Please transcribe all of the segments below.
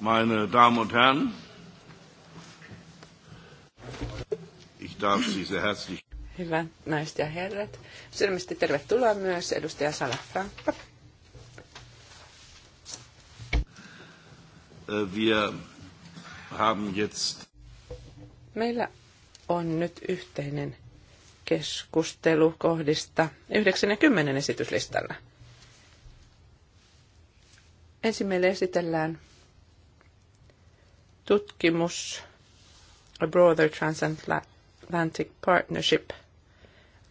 meine Damen und Herren. Ich darf Sie sehr herzlich. Hyvä, naiset ja herrat. Sydämesti tervetuloa myös edustaja Salafra. Äh, wir haben jetzt Meillä on nyt yhteinen keskustelu kohdista 9 ja 10 esityslistalla. Ensin meille esitellään tutkimus A Broader Transatlantic Partnership,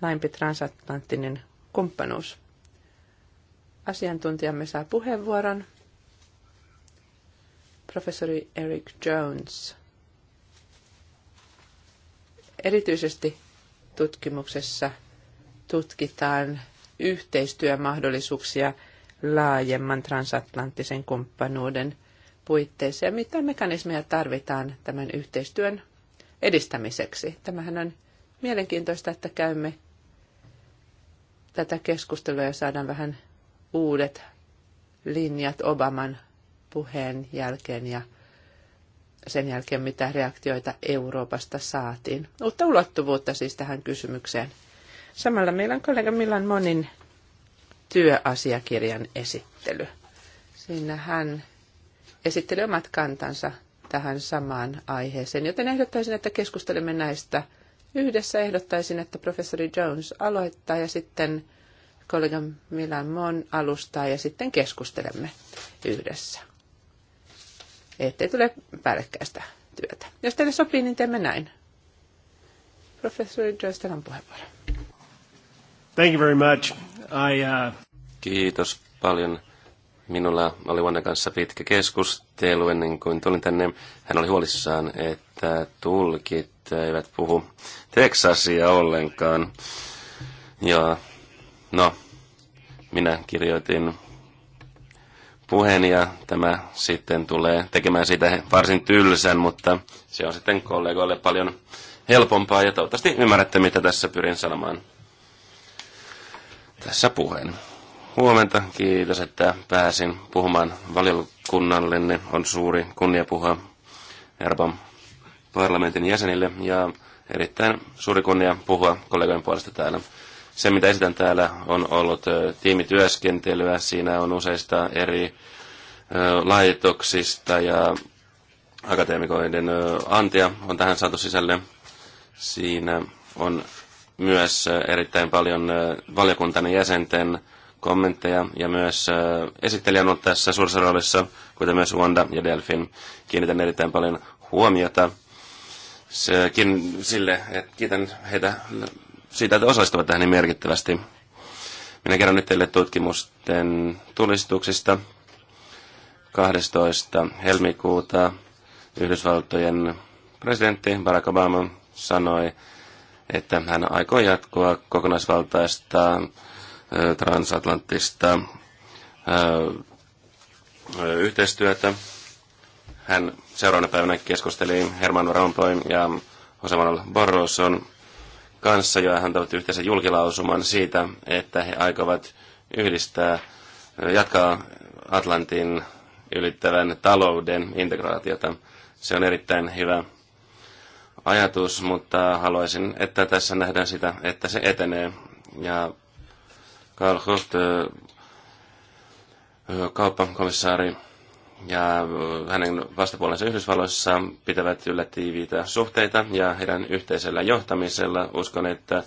laimpi transatlanttinen kumppanuus. Asiantuntijamme saa puheenvuoron. Professori Eric Jones. Erityisesti tutkimuksessa tutkitaan yhteistyömahdollisuuksia laajemman transatlanttisen kumppanuuden – puitteissa ja mitä mekanismeja tarvitaan tämän yhteistyön edistämiseksi. Tämähän on mielenkiintoista, että käymme tätä keskustelua ja saadaan vähän uudet linjat Obaman puheen jälkeen ja sen jälkeen, mitä reaktioita Euroopasta saatiin. Uutta ulottuvuutta siis tähän kysymykseen. Samalla meillä on kollega Milan Monin työasiakirjan esittely. Siinä hän esitteli omat kantansa tähän samaan aiheeseen, joten ehdottaisin, että keskustelemme näistä yhdessä. Ehdottaisin, että professori Jones aloittaa ja sitten kollega Milan Mon alustaa ja sitten keskustelemme yhdessä. Ettei tule päällekkäistä työtä. Jos teille sopii, niin teemme näin. Professori Jones, teillä on puheenvuoro. Thank you very much. I, uh... Kiitos paljon. Minulla oli Vannan kanssa pitkä keskustelu ennen kuin tulin tänne. Hän oli huolissaan, että tulkit eivät puhu Teksasia ollenkaan. Ja no, minä kirjoitin puheen ja tämä sitten tulee tekemään siitä varsin tylsän, mutta se on sitten kollegoille paljon helpompaa ja toivottavasti ymmärrätte, mitä tässä pyrin sanomaan. Tässä puheen huomenta. Kiitos, että pääsin puhumaan Ne On suuri kunnia puhua Euroopan parlamentin jäsenille ja erittäin suuri kunnia puhua kollegojen puolesta täällä. Se, mitä esitän täällä, on ollut tiimityöskentelyä. Siinä on useista eri laitoksista ja akateemikoiden antia on tähän saatu sisälle. Siinä on myös erittäin paljon valiokuntainen jäsenten kommentteja ja myös äh, esittelijä on tässä suurissa roolissa, kuten myös Wanda ja Delfin. Kiinnitän erittäin paljon huomiota Sekin sille, että kiitän heitä siitä, että osallistuvat tähän niin merkittävästi. Minä kerron nyt teille tutkimusten tulistuksista 12. helmikuuta Yhdysvaltojen presidentti Barack Obama sanoi, että hän aikoo jatkoa kokonaisvaltaista transatlanttista yhteistyötä. Hän seuraavana päivänä keskusteli Herman Rompoy ja Jose Manuel Barroson kanssa, ja hän tavoitti yhteisen julkilausuman siitä, että he aikovat yhdistää, jatkaa Atlantin ylittävän talouden integraatiota. Se on erittäin hyvä ajatus, mutta haluaisin, että tässä nähdään sitä, että se etenee. Ja Karl Hoft, äh, äh, kauppakomissaari ja äh, hänen vastapuolensa Yhdysvalloissa pitävät yllä tiiviitä suhteita ja heidän yhteisellä johtamisella uskon, että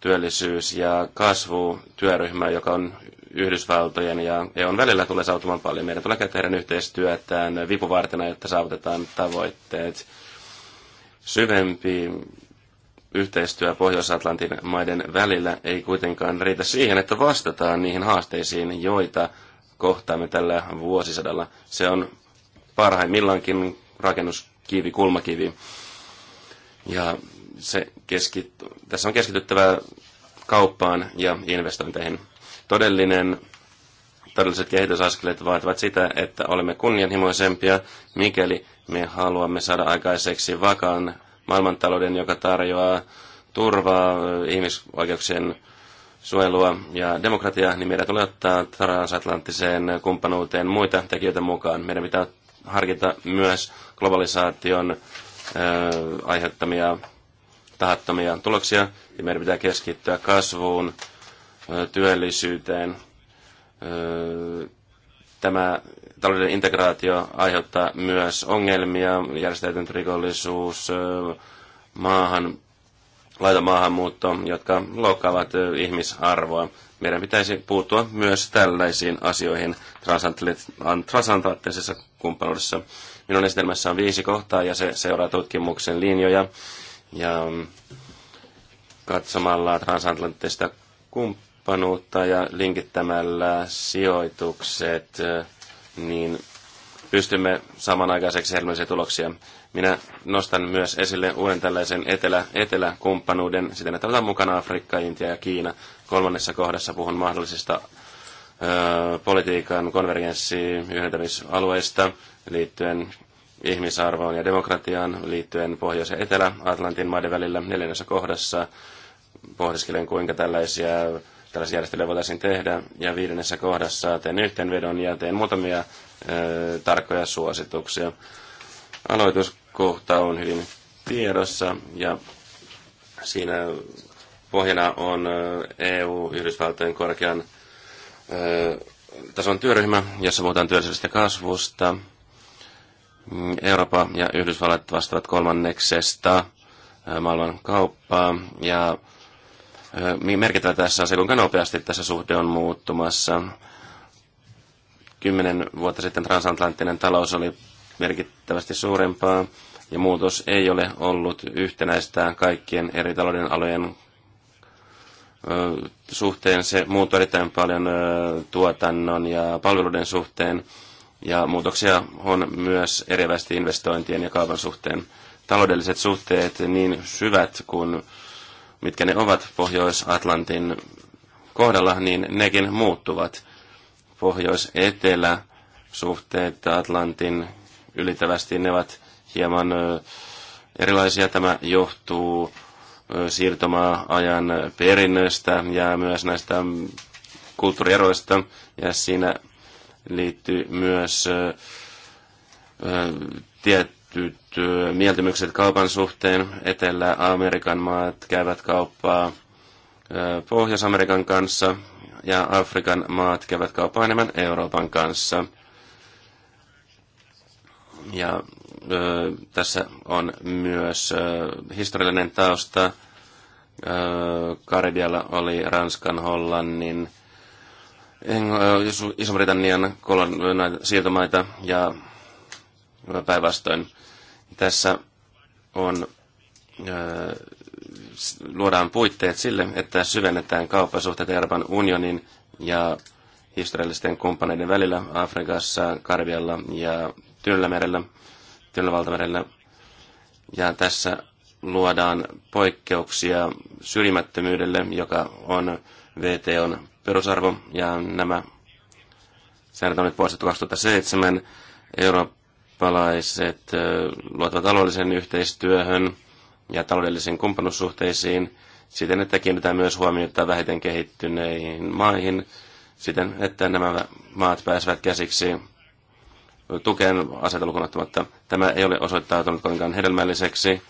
työllisyys- ja kasvutyöryhmä, joka on Yhdysvaltojen ja EUn välillä tulee saavuttamaan paljon. Meidän tulee käyttää heidän yhteistyötään vipuvartena, jotta saavutetaan tavoitteet. Syvempi yhteistyö Pohjois-Atlantin maiden välillä ei kuitenkaan riitä siihen, että vastataan niihin haasteisiin, joita kohtaamme tällä vuosisadalla. Se on parhaimmillaankin rakennuskivi, kulmakivi. Ja se keskit, tässä on keskityttävä kauppaan ja investointeihin. Todellinen, todelliset kehitysaskeleet vaativat sitä, että olemme kunnianhimoisempia, mikäli me haluamme saada aikaiseksi vakaan maailmantalouden, joka tarjoaa turvaa, ihmisoikeuksien suojelua ja demokratiaa, niin meidän tulee ottaa transatlanttiseen kumppanuuteen muita tekijöitä mukaan. Meidän pitää harkita myös globalisaation aiheuttamia tahattomia tuloksia, ja meidän pitää keskittyä kasvuun, työllisyyteen, Tämä taloudellinen integraatio aiheuttaa myös ongelmia, järjestäytynyt rikollisuus, maahan, laita maahanmuutto, jotka loukkaavat ihmisarvoa. Meidän pitäisi puuttua myös tällaisiin asioihin transatlanttisessa kumppanuudessa. Minun esitelmässä on viisi kohtaa ja se seuraa tutkimuksen linjoja. Ja mm, katsomalla transatlanttista kumppanuutta kumppanuutta ja linkittämällä sijoitukset, niin pystymme samanaikaiseksi hedelmällisiä tuloksia. Minä nostan myös esille uuden tällaisen etelä etelä siten että otan mukana Afrikka, Intia ja Kiina. Kolmannessa kohdassa puhun mahdollisista ö, politiikan konvergenssi yhdentämisalueista liittyen ihmisarvoon ja demokratiaan, liittyen Pohjois- ja Etelä-Atlantin maiden välillä. Neljännessä kohdassa pohdiskelen, kuinka tällaisia tällaisia järjestelyjä voitaisiin tehdä. Ja viidennessä kohdassa teen yhteenvedon ja teen muutamia ö, tarkkoja suosituksia. Aloituskohta on hyvin tiedossa ja siinä pohjana on EU-Yhdysvaltojen korkean ö, tason työryhmä, jossa puhutaan työllisyydestä kasvusta. Eurooppa ja Yhdysvallat vastaavat kolmanneksesta maailman kauppaa ja merkittävä tässä on se, kuinka nopeasti tässä suhde on muuttumassa. Kymmenen vuotta sitten transatlanttinen talous oli merkittävästi suurempaa, ja muutos ei ole ollut yhtenäistä kaikkien eri talouden alojen suhteen. Se muuttui erittäin paljon tuotannon ja palveluiden suhteen, ja muutoksia on myös erilaisesti investointien ja kaupan suhteen. Taloudelliset suhteet, niin syvät kuin mitkä ne ovat Pohjois-Atlantin kohdalla, niin nekin muuttuvat. Pohjois-Etelä suhteet Atlantin ylittävästi ne ovat hieman erilaisia. Tämä johtuu siirtomaajan perinnöstä ja myös näistä kulttuurieroista. Ja siinä liittyy myös tietty tietyt mieltymykset kaupan suhteen. Etelä-Amerikan maat käyvät kauppaa Pohjois-Amerikan kanssa ja Afrikan maat käyvät kauppaa enemmän Euroopan kanssa. Ja ö, tässä on myös ö, historiallinen tausta. Ö, Karibialla oli Ranskan, Hollannin, Iso-Britannian kolon, siirtomaita ja päinvastoin. Tässä on, luodaan puitteet sille, että syvennetään kauppasuhteita Euroopan unionin ja historiallisten kumppaneiden välillä Afrikassa, Karvialla ja Tyynellämerellä, Tyynellävaltamerellä. Ja tässä luodaan poikkeuksia syrjimättömyydelle, joka on VTOn perusarvo, ja nämä säännöt on nyt vuosittu 2007. Eurooppa palaiset luotavat alueelliseen yhteistyöhön ja taloudellisiin kumppanuussuhteisiin siten, että kiinnitetään myös huomiota vähiten kehittyneihin maihin siten, että nämä maat pääsevät käsiksi tukeen asetelukunnattomatta. Tämä ei ole osoittautunut kovinkaan hedelmälliseksi.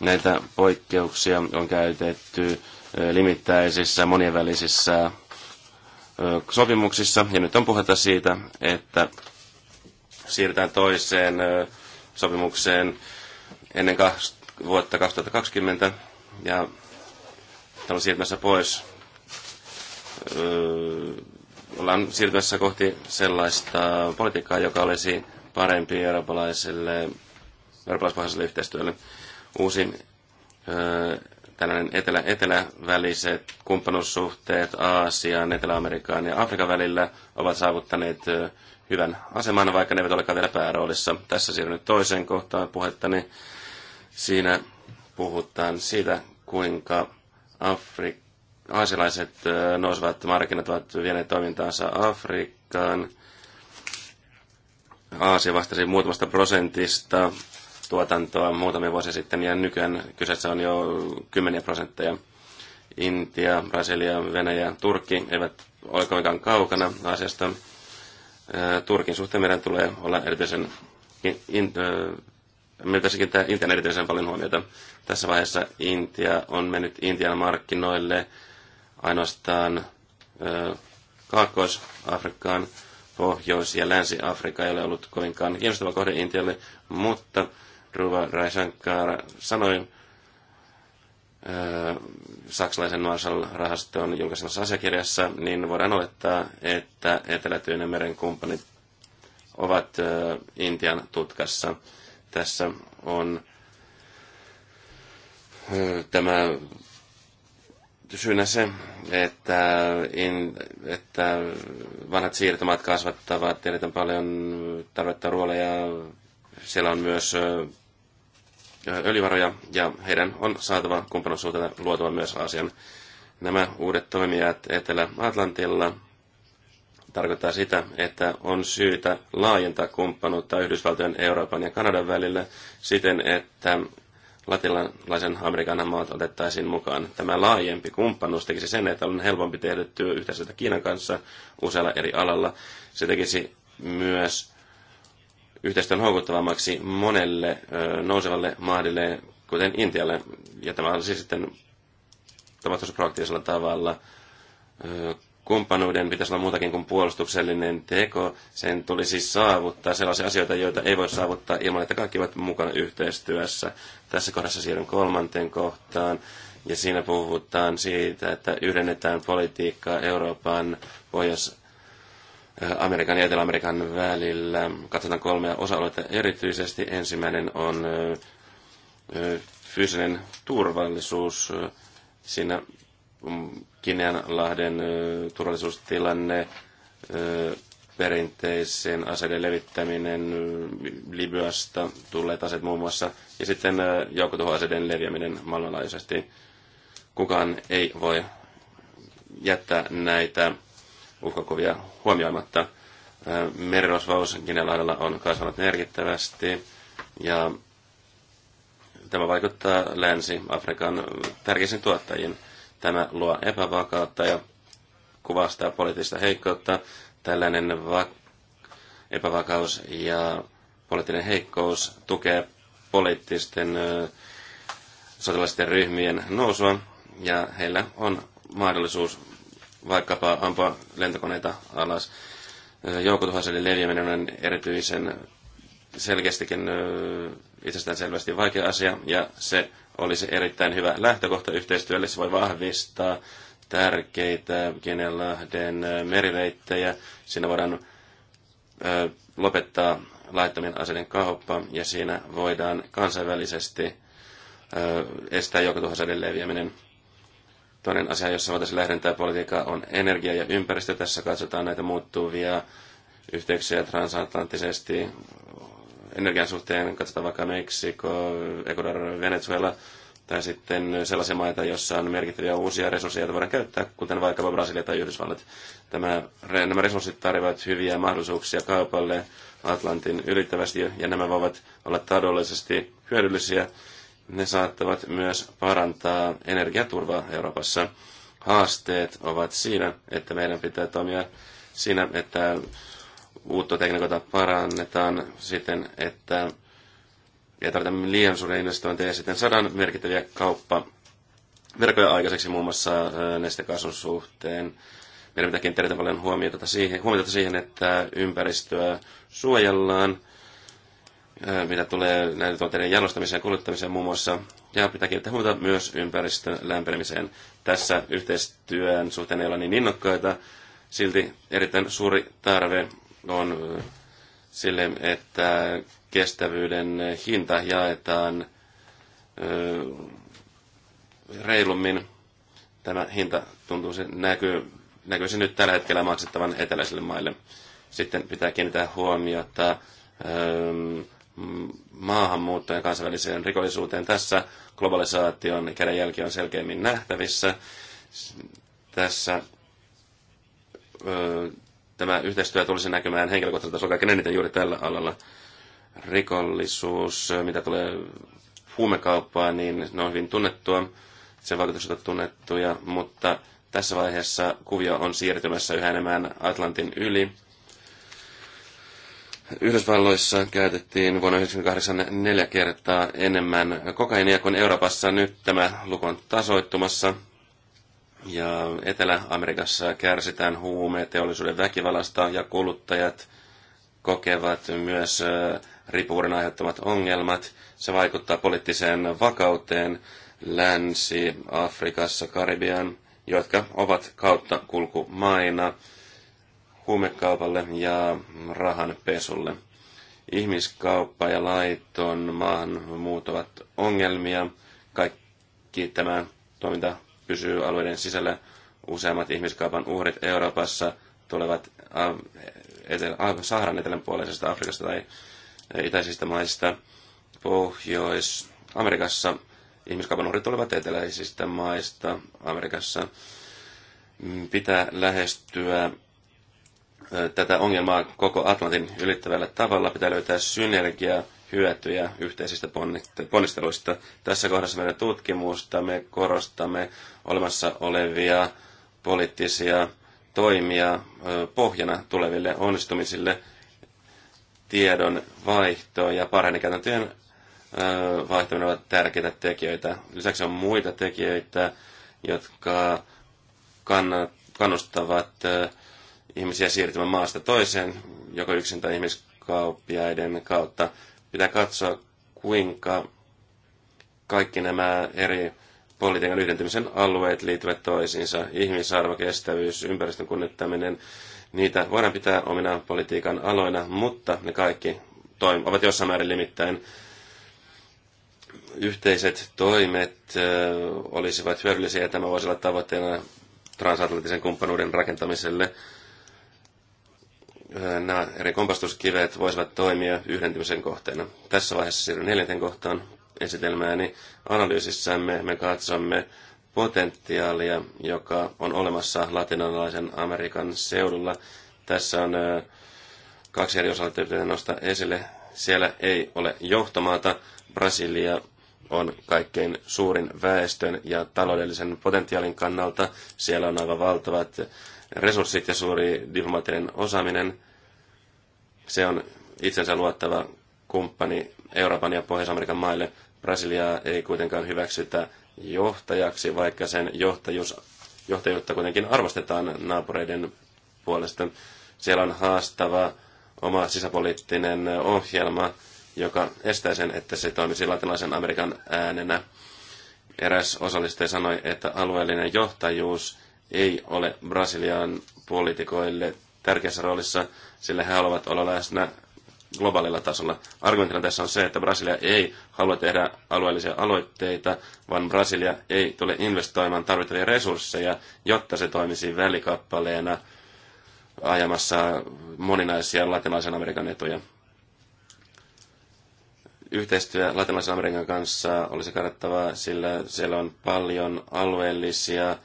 Näitä poikkeuksia on käytetty limittäisissä monivälisissä sopimuksissa, ja nyt on puhetta siitä, että siirrytään toiseen sopimukseen ennen vuotta 2020 ja ollaan siirtymässä pois. ollaan siirtymässä kohti sellaista politiikkaa, joka olisi parempi eurooppalaiselle, eurooppalaispohjaiselle yhteistyölle. Uusi öö, tällainen etelä, eteläväliset kumppanuussuhteet Aasian, Etelä-Amerikan ja Afrikan välillä ovat saavuttaneet hyvän aseman, vaikka ne eivät olekaan vielä pääroolissa. Tässä siirryn nyt toiseen kohtaan niin Siinä puhutaan siitä, kuinka Afri- aasilaiset nousevat markkinat ovat vieneet toimintaansa Afrikkaan. Aasia vastasi muutamasta prosentista tuotantoa muutamia vuosia sitten, ja nykyään kyseessä on jo kymmeniä prosentteja. Intia, Brasilia, Venäjä, Turkki eivät ole kovinkaan kaukana asiasta. Turkin suhteen meidän tulee olla erityisen, in, in, meidän pitäisi tämä Intian erityisen paljon huomiota. Tässä vaiheessa Intia on mennyt Intian markkinoille ainoastaan Kaakkois-Afrikkaan, Pohjois- ja Länsi-Afrikka ei ole ollut kovinkaan kiinnostava kohde Intialle, mutta Ruva Raishankar sanoi, saksalaisen Marshall-rahaston julkaisemassa asiakirjassa, niin voidaan olettaa, että etelä meren kumppanit ovat Intian tutkassa. Tässä on tämä syynä se, että, in, että vanhat siirtomat kasvattavat erittäin paljon tarvetta ruoleja. Siellä on myös öljyvaroja ja heidän on saatava kumppanuussuhteita luotua myös Aasian. Nämä uudet toimijat Etelä-Atlantilla tarkoittaa sitä, että on syytä laajentaa kumppanuutta Yhdysvaltojen, Euroopan ja Kanadan välillä siten, että latinalaisen Amerikan maat otettaisiin mukaan. Tämä laajempi kumppanuus tekisi sen, että on helpompi tehdä työ yhteistyötä Kiinan kanssa usealla eri alalla. Se tekisi myös yhteistyön houkuttavammaksi monelle nousevalle maadille, kuten Intialle. Ja tämä olisi siis sitten tapahtuisi proaktiivisella tavalla. Kumppanuuden pitäisi olla muutakin kuin puolustuksellinen teko. Sen tulisi saavuttaa sellaisia asioita, joita ei voi saavuttaa ilman, että kaikki ovat mukana yhteistyössä. Tässä kohdassa siirryn kolmanteen kohtaan. Ja siinä puhutaan siitä, että yhdennetään politiikkaa Euroopan pohjois Amerikan ja Etelä-Amerikan välillä. Katsotaan kolmea osa-aluetta erityisesti. Ensimmäinen on fyysinen turvallisuus. Siinä Kineanlahden turvallisuustilanne, perinteisen aseiden levittäminen Libyasta, tulleet aseet muun muassa, ja sitten joukkotuhoaseiden leviäminen maailmanlaajuisesti. Kukaan ei voi jättää näitä uhkakuvia huomioimatta. Merirosvaus Ginealaidalla on kasvanut merkittävästi ja tämä vaikuttaa Länsi-Afrikan tärkeisiin tuottajiin. Tämä luo epävakautta ja kuvastaa poliittista heikkoutta. Tällainen va- epävakaus ja poliittinen heikkous tukee poliittisten sotilaisten ryhmien nousua ja heillä on mahdollisuus vaikkapa ampua lentokoneita alas. Joukotuhaseiden leviäminen on erityisen selkeästikin itsestään selvästi vaikea asia, ja se olisi erittäin hyvä lähtökohta yhteistyölle. Se voi vahvistaa tärkeitä Kenelahden merireittejä. Siinä voidaan lopettaa laittomien aseiden kauppa, ja siinä voidaan kansainvälisesti estää joukotuhaseiden leviäminen Toinen asia, jossa voitaisiin lähdentää politiikkaa, on energia ja ympäristö. Tässä katsotaan näitä muuttuvia yhteyksiä transatlanttisesti energian suhteen. Katsotaan vaikka Meksiko, Ecuador, Venezuela tai sitten sellaisia maita, joissa on merkittäviä uusia resursseja, joita voidaan käyttää, kuten vaikkapa Brasilia tai Yhdysvallat. Tämä, nämä resurssit tarjoavat hyviä mahdollisuuksia kaupalle Atlantin ylittävästi, ja nämä voivat olla taloudellisesti hyödyllisiä ne saattavat myös parantaa energiaturvaa Euroopassa. Haasteet ovat siinä, että meidän pitää toimia siinä, että uutta tekniikoita parannetaan siten, että ei tarvita liian suuria investointeja. Sitten saadaan merkittäviä kauppaverkoja aikaiseksi muun muassa äh, nestekasun suhteen. Meidän pitää kiinnittää paljon huomiota siihen, huomiota siihen, että ympäristöä suojellaan – mitä tulee näiden tuotteiden jalostamiseen ja kuluttamiseen muun muassa. Ja pitää kiinnittää huomiota myös ympäristön lämpenemiseen. Tässä yhteistyön suhteen ei olla niin innokkaita. Silti erittäin suuri tarve on sille, että kestävyyden hinta jaetaan reilummin. Tämä hinta tuntuu, se näkyy, näkyy se nyt tällä hetkellä maksettavan eteläisille maille. Sitten pitää kiinnittää huomiota maahanmuuttoon ja kansainväliseen rikollisuuteen. Tässä globalisaation kädenjälki on selkeämmin nähtävissä. Tässä ö, tämä yhteistyö tulisi näkymään henkilökohtaisesti tasolla kaiken eniten juuri tällä alalla. Rikollisuus, mitä tulee huumekauppaan, niin ne on hyvin tunnettua, sen vaikutukset on tunnettuja, mutta tässä vaiheessa kuvio on siirtymässä yhä enemmän Atlantin yli Yhdysvalloissa käytettiin vuonna 1998 neljä kertaa enemmän kokainia kuin Euroopassa. Nyt tämä luku on tasoittumassa. Ja Etelä-Amerikassa kärsitään teollisuuden väkivallasta ja kuluttajat kokevat myös riippuvuuden aiheuttamat ongelmat. Se vaikuttaa poliittiseen vakauteen Länsi-Afrikassa, Karibian, jotka ovat kautta kulkumaina huumekaupalle ja pesulle. Ihmiskauppa ja laiton maahanmuut ovat ongelmia. Kaikki tämä toiminta pysyy alueiden sisällä. Useammat ihmiskaupan uhrit Euroopassa tulevat etelä, Saharan eteläpuoleisesta Afrikasta tai itäisistä maista. Pohjois-Amerikassa ihmiskaupan uhrit tulevat eteläisistä maista Amerikassa. Mm, pitää lähestyä tätä ongelmaa koko Atlantin ylittävällä tavalla. Pitää löytää synergiaa, hyötyjä yhteisistä ponnisteluista. Tässä kohdassa meidän tutkimusta me korostamme olemassa olevia poliittisia toimia pohjana tuleville onnistumisille tiedon vaihto ja parhaiden käytäntöjen vaihtaminen ovat tärkeitä tekijöitä. Lisäksi on muita tekijöitä, jotka kannustavat ihmisiä siirtymään maasta toiseen, joko yksin tai ihmiskauppiaiden kautta. Pitää katsoa, kuinka kaikki nämä eri politiikan yhdentymisen alueet liittyvät toisiinsa. Ihmisarvo, kestävyys, ympäristön kunnittaminen, niitä voidaan pitää omina politiikan aloina, mutta ne kaikki toim- ovat jossain määrin limittäin yhteiset toimet olisivat hyödyllisiä ja tämä voisi olla tavoitteena transatlanttisen kumppanuuden rakentamiselle. Öö, nämä eri kompastuskivet voisivat toimia yhdentymisen kohteena. Tässä vaiheessa siirryn neljänteen kohtaan esitelmääni. Niin analyysissämme me katsomme potentiaalia, joka on olemassa latinalaisen Amerikan seudulla. Tässä on öö, kaksi eri osalta nostaa esille. Siellä ei ole johtomaata. Brasilia on kaikkein suurin väestön ja taloudellisen potentiaalin kannalta. Siellä on aivan valtavat resurssit ja suuri diplomaattinen osaaminen. Se on itsensä luottava kumppani Euroopan ja Pohjois-Amerikan maille. Brasiliaa ei kuitenkaan hyväksytä johtajaksi, vaikka sen johtajuus, johtajuutta kuitenkin arvostetaan naapureiden puolesta. Siellä on haastava oma sisäpoliittinen ohjelma, joka estää sen, että se toimisi latinalaisen Amerikan äänenä. Eräs osallistuja sanoi, että alueellinen johtajuus ei ole Brasilian poliitikoille tärkeässä roolissa, sillä he haluavat olla läsnä globaalilla tasolla. Argumentina tässä on se, että Brasilia ei halua tehdä alueellisia aloitteita, vaan Brasilia ei tule investoimaan tarvittavia resursseja, jotta se toimisi välikappaleena ajamassa moninaisia latinalaisen Amerikan etuja. Yhteistyö latinalaisen Amerikan kanssa olisi kannattavaa, sillä siellä on paljon alueellisia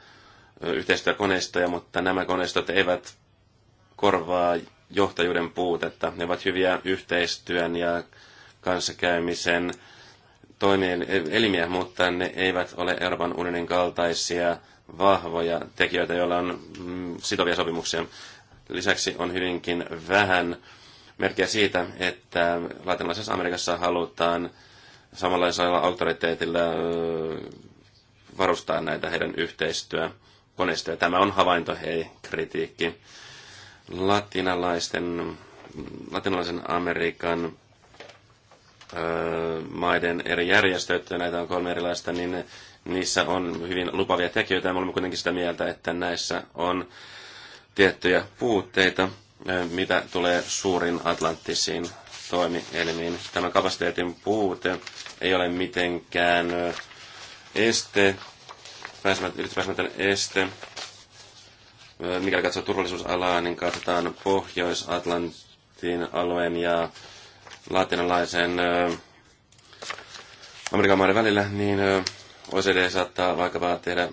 koneistoja, mutta nämä koneistot eivät korvaa johtajuuden puutetta. Ne ovat hyviä yhteistyön ja kanssakäymisen toimien elimiä, mutta ne eivät ole Euroopan unionin kaltaisia vahvoja tekijöitä, joilla on mm, sitovia sopimuksia. Lisäksi on hyvinkin vähän merkkiä siitä, että latinalaisessa Amerikassa halutaan samanlaisella auktoriteetillä varustaa näitä heidän yhteistyö Koneisto ja Tämä on havainto, hei, kritiikki. Latinalaisten, latinalaisen Amerikan ö, maiden eri järjestöt, näitä on kolme erilaista, niin niissä on hyvin lupavia tekijöitä, ja me olemme kuitenkin sitä mieltä, että näissä on tiettyjä puutteita, mitä tulee suurin Atlanttisiin toimielimiin. Tämä kapasiteetin puute ei ole mitenkään este ylitsepääsemätön este. Mikäli katsoo turvallisuusalaa, niin katsotaan Pohjois-Atlantin alueen ja latinalaisen Amerikan maiden välillä, niin OCD saattaa vaikkapa tehdä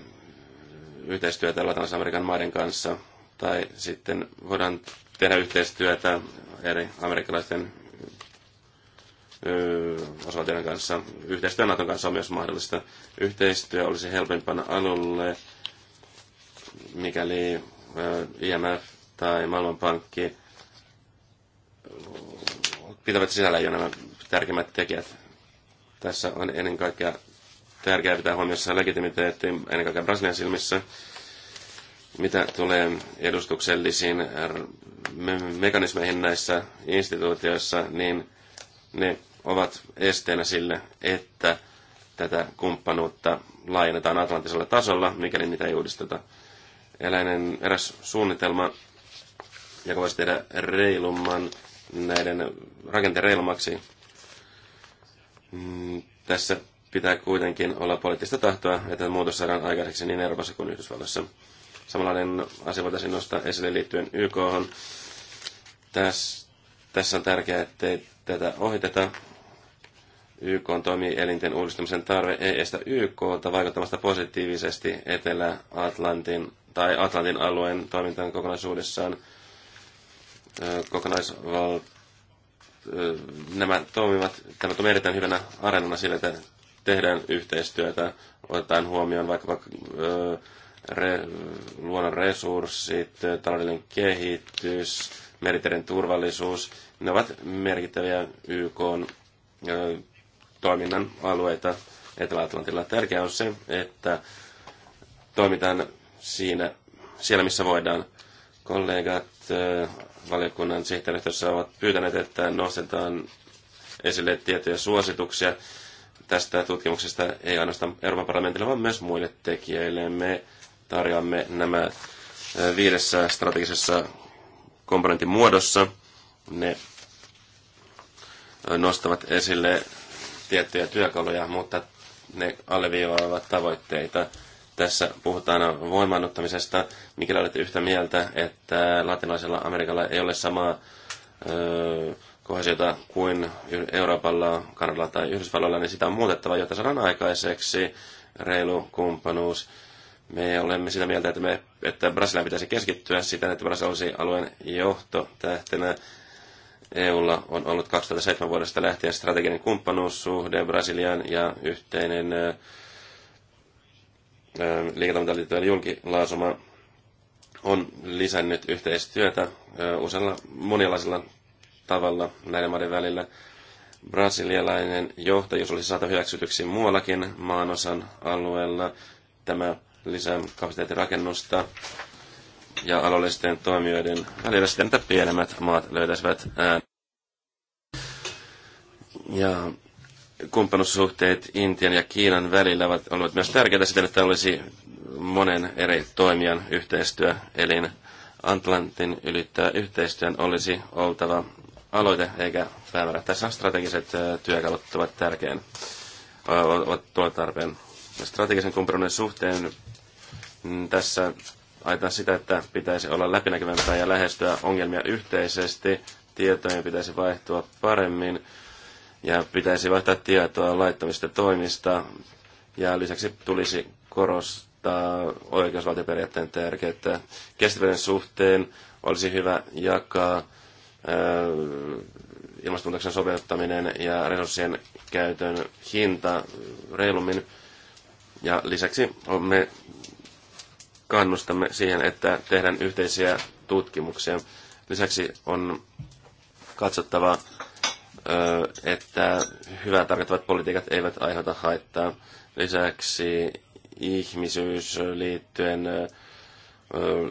yhteistyötä Latinalaisen Amerikan maiden kanssa, tai sitten voidaan tehdä yhteistyötä eri amerikkalaisten osavaltioiden kanssa. Yhteistyö Naton kanssa on myös mahdollista. Yhteistyö olisi helpompana alulle, mikäli IMF tai Maailmanpankki pitävät sisällä jo nämä tärkeimmät tekijät. Tässä on ennen kaikkea tärkeää pitää huomioissa legitimiteetti ennen kaikkea Brasilian silmissä. Mitä tulee edustuksellisiin mekanismeihin näissä instituutioissa, niin ne ovat esteenä sille, että tätä kumppanuutta laajennetaan atlantisella tasolla, mikäli niitä ei uudisteta. Eläinen eräs suunnitelma, joka voisi tehdä reilumman näiden rakenteen reilumaksi. Mm, tässä pitää kuitenkin olla poliittista tahtoa, että muutos saadaan aikaiseksi niin Euroopassa kuin Yhdysvalloissa. Samanlainen asia voitaisiin nostaa esille liittyen YK. Tässä, tässä on tärkeää, ettei tätä ohiteta. YK toimielinten uudistamisen tarve ei estä YKta vaikuttamasta positiivisesti Etelä-Atlantin tai Atlantin alueen toimintaan kokonaisuudessaan. Kokonaisval... Nämä toimivat, tämä toimii erittäin hyvänä arenana sille, että tehdään yhteistyötä, otetaan huomioon vaikka re, luonnon resurssit, taloudellinen kehitys, meriteiden turvallisuus. Ne ovat merkittäviä YK toiminnan alueita Etelä-Atlantilla. Tärkeää on se, että toimitaan siinä, siellä, missä voidaan. Kollegat äh, valiokunnan sihteeristössä ovat pyytäneet, että nostetaan esille tiettyjä suosituksia tästä tutkimuksesta, ei ainoastaan Euroopan parlamentille, vaan myös muille tekijöille. Me tarjoamme nämä äh, viidessä strategisessa komponentin muodossa. Ne äh, nostavat esille tiettyjä työkaluja, mutta ne alleviivaavat tavoitteita. Tässä puhutaan voimaannuttamisesta. Mikäli olette yhtä mieltä, että latinalaisella Amerikalla ei ole samaa kohesiota kuin Euroopalla, Kanadalla tai Yhdysvalloilla, niin sitä on muutettava, jotta saadaan aikaiseksi reilu kumppanuus. Me olemme sitä mieltä, että, me, että Brasilia pitäisi keskittyä siten, että Brasilia olisi alueen johtotähtenä EUlla on ollut 2007 vuodesta lähtien strateginen kumppanuussuhde Brasilian ja yhteinen liiketoimintaliittojen julkilausuma on lisännyt yhteistyötä usealla monialaisella tavalla näiden maiden välillä. Brasilialainen johtajuus olisi saatu hyväksytyksi muuallakin maanosan alueella. Tämä lisää kapasiteettirakennusta rakennusta ja alueellisten toimijoiden välillä siten, että pienemmät maat löytäisivät ään ja kumppanussuhteet Intian ja Kiinan välillä ovat olleet myös tärkeitä siten, että olisi monen eri toimijan yhteistyö, eli Atlantin ylittää yhteistyön olisi oltava aloite eikä päämäärä. Tässä strategiset työkalut ovat tärkeän, ovat tuon tarpeen. Strategisen kumppanuuden suhteen mm, tässä aitaan sitä, että pitäisi olla läpinäkyvämpää ja lähestyä ongelmia yhteisesti, tietojen pitäisi vaihtua paremmin, ja pitäisi vaihtaa tietoa laittomista toimista ja lisäksi tulisi korostaa oikeusvaltioperiaatteen tärkeyttä. Kestävyyden suhteen olisi hyvä jakaa äh, ilmastonmuutoksen sopeuttaminen ja resurssien käytön hinta reilummin. Ja lisäksi me kannustamme siihen, että tehdään yhteisiä tutkimuksia. Lisäksi on katsottava että hyvää tarkoittavat politiikat eivät aiheuta haittaa. Lisäksi ihmisyys liittyen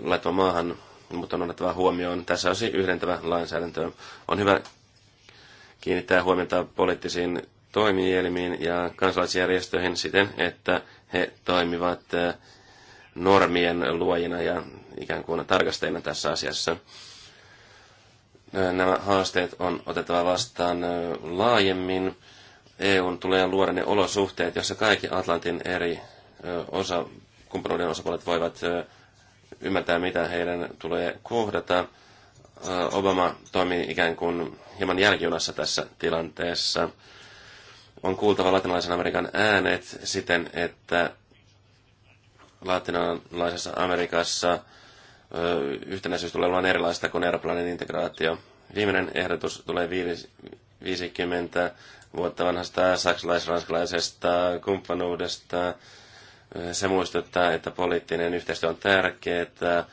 laittava maahan, mutta on annettava huomioon. Tässä on yhdentävä lainsäädäntö. On hyvä kiinnittää huomiota poliittisiin toimielimiin ja kansalaisjärjestöihin siten, että he toimivat normien luojina ja ikään kuin tarkastajina tässä asiassa. Nämä haasteet on otettava vastaan laajemmin. EUn tulee luoda ne olosuhteet, jossa kaikki Atlantin eri osa, kumppanuuden osapuolet voivat ymmärtää, mitä heidän tulee kohdata. Obama toimii ikään kuin hieman jälkijunassa tässä tilanteessa. On kuultava latinalaisen Amerikan äänet siten, että latinalaisessa Amerikassa yhtenäisyys tulee olemaan erilaista kuin aeroplanin integraatio. Viimeinen ehdotus tulee 50 vuotta vanhasta saksalais-ranskalaisesta kumppanuudesta. Se muistuttaa, että poliittinen yhteistyö on tärkeää,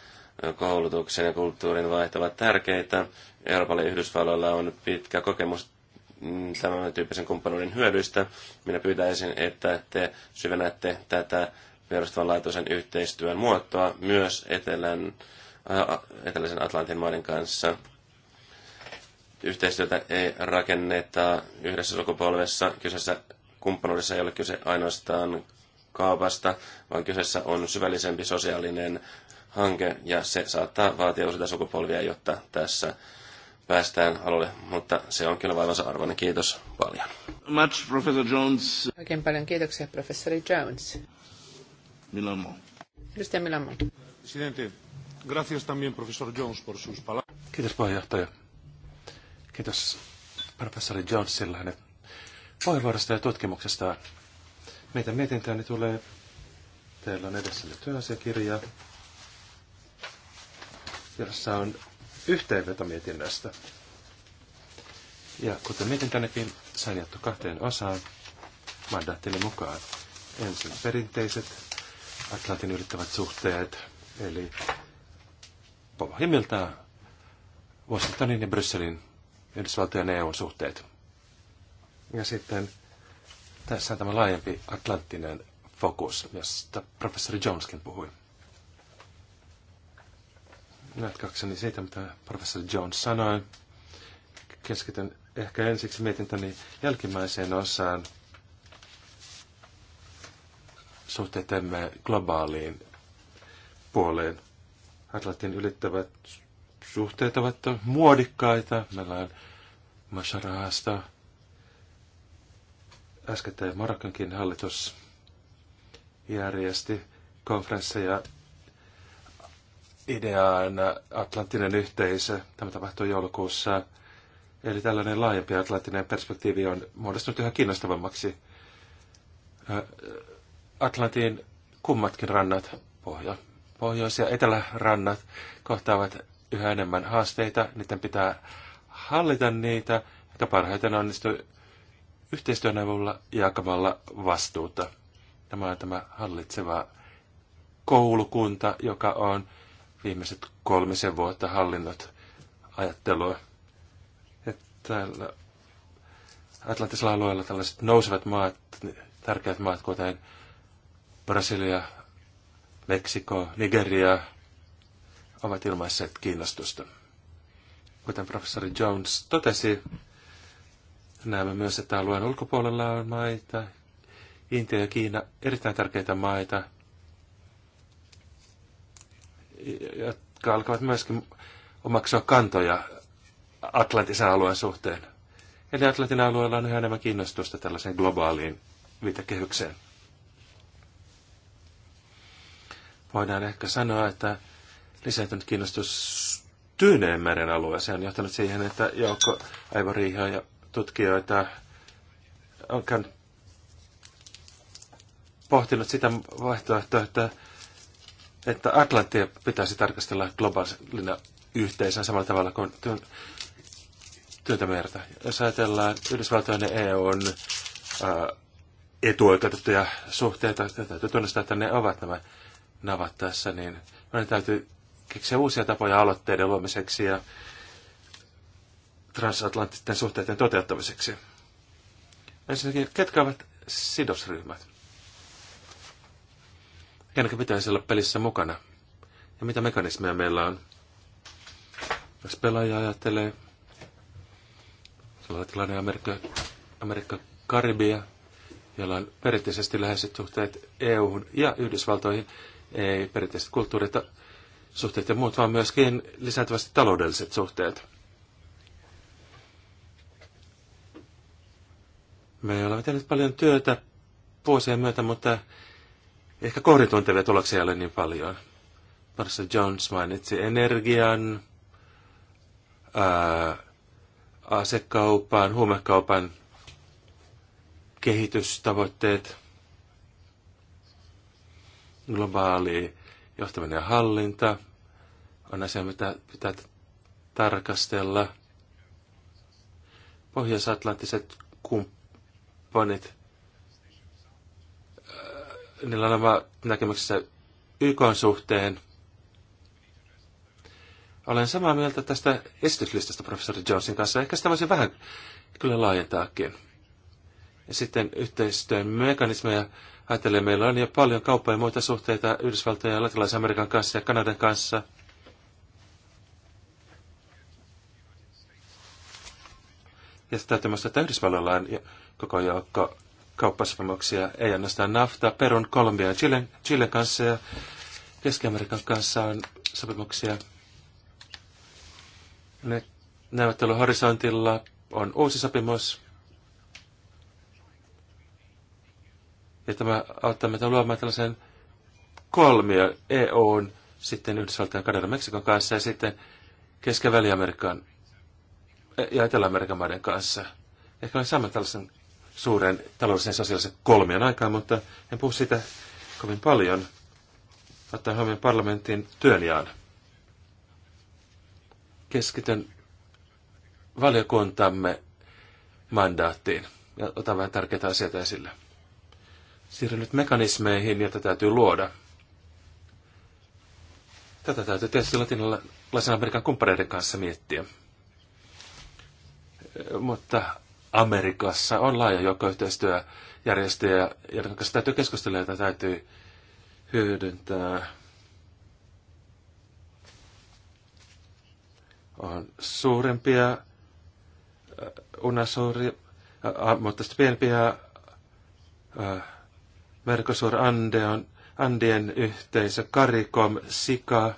koulutuksen ja kulttuurin vaihto ovat tärkeitä. Euroopalle ja Yhdysvalloilla on pitkä kokemus mm, tämän tyyppisen kumppanuuden hyödyistä. Minä pyytäisin, että te syvennätte tätä perustavanlaatuisen yhteistyön muotoa myös etelän, äh, eteläisen Atlantin maiden kanssa. Yhteistyötä ei rakenneta yhdessä sukupolvessa. Kyseessä kumppanuudessa ei ole kyse ainoastaan kaupasta, vaan kyseessä on syvällisempi sosiaalinen hanke, ja se saattaa vaatia useita sukupolvia, jotta tässä päästään alulle, mutta se on kyllä vaivansa arvoinen. Kiitos paljon. Much, Professor Jones. Oikein paljon kiitoksia, professori Jones. Milamo. Edustaja Milamo. Presidente, gracias también Jones por sus palabras. Kiitos puheenjohtaja. Kiitos professori Jonesille hänen puheenvuorosta ja tutkimuksestaan. Meitä mietintöäni tulee. Teillä on edessäni työasiakirja, jossa on yhteenveto mietinnästä. Ja kuten mietintönekin, se on kahteen osaan mandaattini mukaan. Ensin perinteiset Atlantin ylittävät suhteet, eli pohjimmiltaan Washingtonin ja Brysselin Yhdysvaltojen ja EUn suhteet. Ja sitten tässä on tämä laajempi atlanttinen fokus, josta professori Joneskin puhui. Jatkakseni siitä, mitä professori Jones sanoi, keskityn ehkä ensiksi mietintäni jälkimmäiseen osaan – suhteetemme globaaliin puoleen. Atlantin ylittävät suhteet ovat muodikkaita. Meillä on Masharaasta. äskettäin Marokkankin hallitus järjesti konferensseja ideaan Atlanttinen yhteisö. Tämä tapahtui joulukuussa. Eli tällainen laajempi atlanttinen perspektiivi on muodostunut yhä kiinnostavammaksi Atlantin kummatkin rannat, pohjo, pohjois- ja etelärannat, kohtaavat yhä enemmän haasteita. Niiden pitää hallita niitä, jotka parhaiten onnistuu yhteistyön avulla jakamalla vastuuta. Tämä on tämä hallitseva koulukunta, joka on viimeiset kolmisen vuotta hallinnut ajattelua. Että täällä Atlantisella alueella tällaiset nousevat maat, tärkeät maat, kuten Brasilia, Meksiko, Nigeria ovat ilmaisseet kiinnostusta. Kuten professori Jones totesi, näemme myös, että alueen ulkopuolella on maita, Intia ja Kiina, erittäin tärkeitä maita, jotka alkavat myöskin omaksua kantoja Atlantisen alueen suhteen. Eli Atlantin alueella on yhä enemmän kiinnostusta tällaiseen globaaliin viitekehykseen. voidaan ehkä sanoa, että lisääntynyt kiinnostus Tyyneenmeren alueeseen on johtanut siihen, että joukko aivoriihoja ja tutkijoita on käynyt pohtinut sitä vaihtoehtoa, että, että Atlantia pitäisi tarkastella globaalina yhteisön samalla tavalla kuin merta. Jos ajatellaan Yhdysvaltojen ja EUn etuoikeutettuja suhteita, täytyy tunnistaa, että ne ovat nämä navat tässä, niin meidän täytyy keksiä uusia tapoja aloitteiden luomiseksi ja transatlanttisten suhteiden toteuttamiseksi. Ensinnäkin, ketkä ovat sidosryhmät? Kenkä pitäisi olla pelissä mukana? Ja mitä mekanismeja meillä on? Jos pelaaja ajattelee, sellainen tilanne Amerikka, Amerikka Karibia, jolla on perinteisesti läheiset suhteet EU-hun ja Yhdysvaltoihin, ei perinteiset kulttuurisuhteet ja muut, vaan myöskin lisääntyvästi taloudelliset suhteet. Me olemme tehneet paljon työtä vuosien myötä, mutta ehkä kohdentuntevia tuloksia ei ole niin paljon. Marissa Jones mainitsi energian, ää, asekaupan, huumekaupan kehitystavoitteet – globaali johtaminen ja hallinta on asia, mitä pitää tarkastella. Pohjois-Atlanttiset kumppanit, äh, niillä on oma näkemyksessä YK suhteen. Olen samaa mieltä tästä esityslistasta professori Johnson kanssa. Ehkä sitä voisi vähän kyllä laajentaakin. Ja sitten yhteistyön mekanismeja ajattelee, meillä on jo paljon kauppa- ja muita suhteita Yhdysvaltojen ja Latinalaisen Amerikan kanssa ja Kanadan kanssa. Ja sitä täytyy muistaa, että Yhdysvalloilla on koko joukko kauppasopimuksia, ei ainoastaan NAFTA, Perun, Kolumbia ja Chilen, Chilen kanssa ja Keski-Amerikan kanssa on sopimuksia. Ne neuvotteluhorisontilla on uusi sopimus, Ja tämä auttaa meitä luomaan tällaisen kolmio EUn, sitten Yhdysvaltain, Kanadan, Meksikon kanssa ja sitten Keski- amerikan ja Etelä-Amerikan maiden kanssa. Ehkä olen saman tällaisen suuren taloudellisen sosiaalisen kolmion aikaan, mutta en puhu siitä kovin paljon. Ottaen huomioon parlamentin työnjaan. Keskityn valiokuntamme mandaattiin ja otan vähän tärkeitä asioita esille siirry nyt mekanismeihin, tätä täytyy luoda. Tätä täytyy tietysti latinalaisen Amerikan kumppaneiden kanssa miettiä. Mutta Amerikassa on laaja joukko yhteistyöjärjestöjä, joiden kanssa täytyy keskustella, ja täytyy hyödyntää. On suurempia äh, unasuuri, äh, äh, mutta sitten pienempiä Mercosur Ande on Andien yhteisö, Karikom, Sika.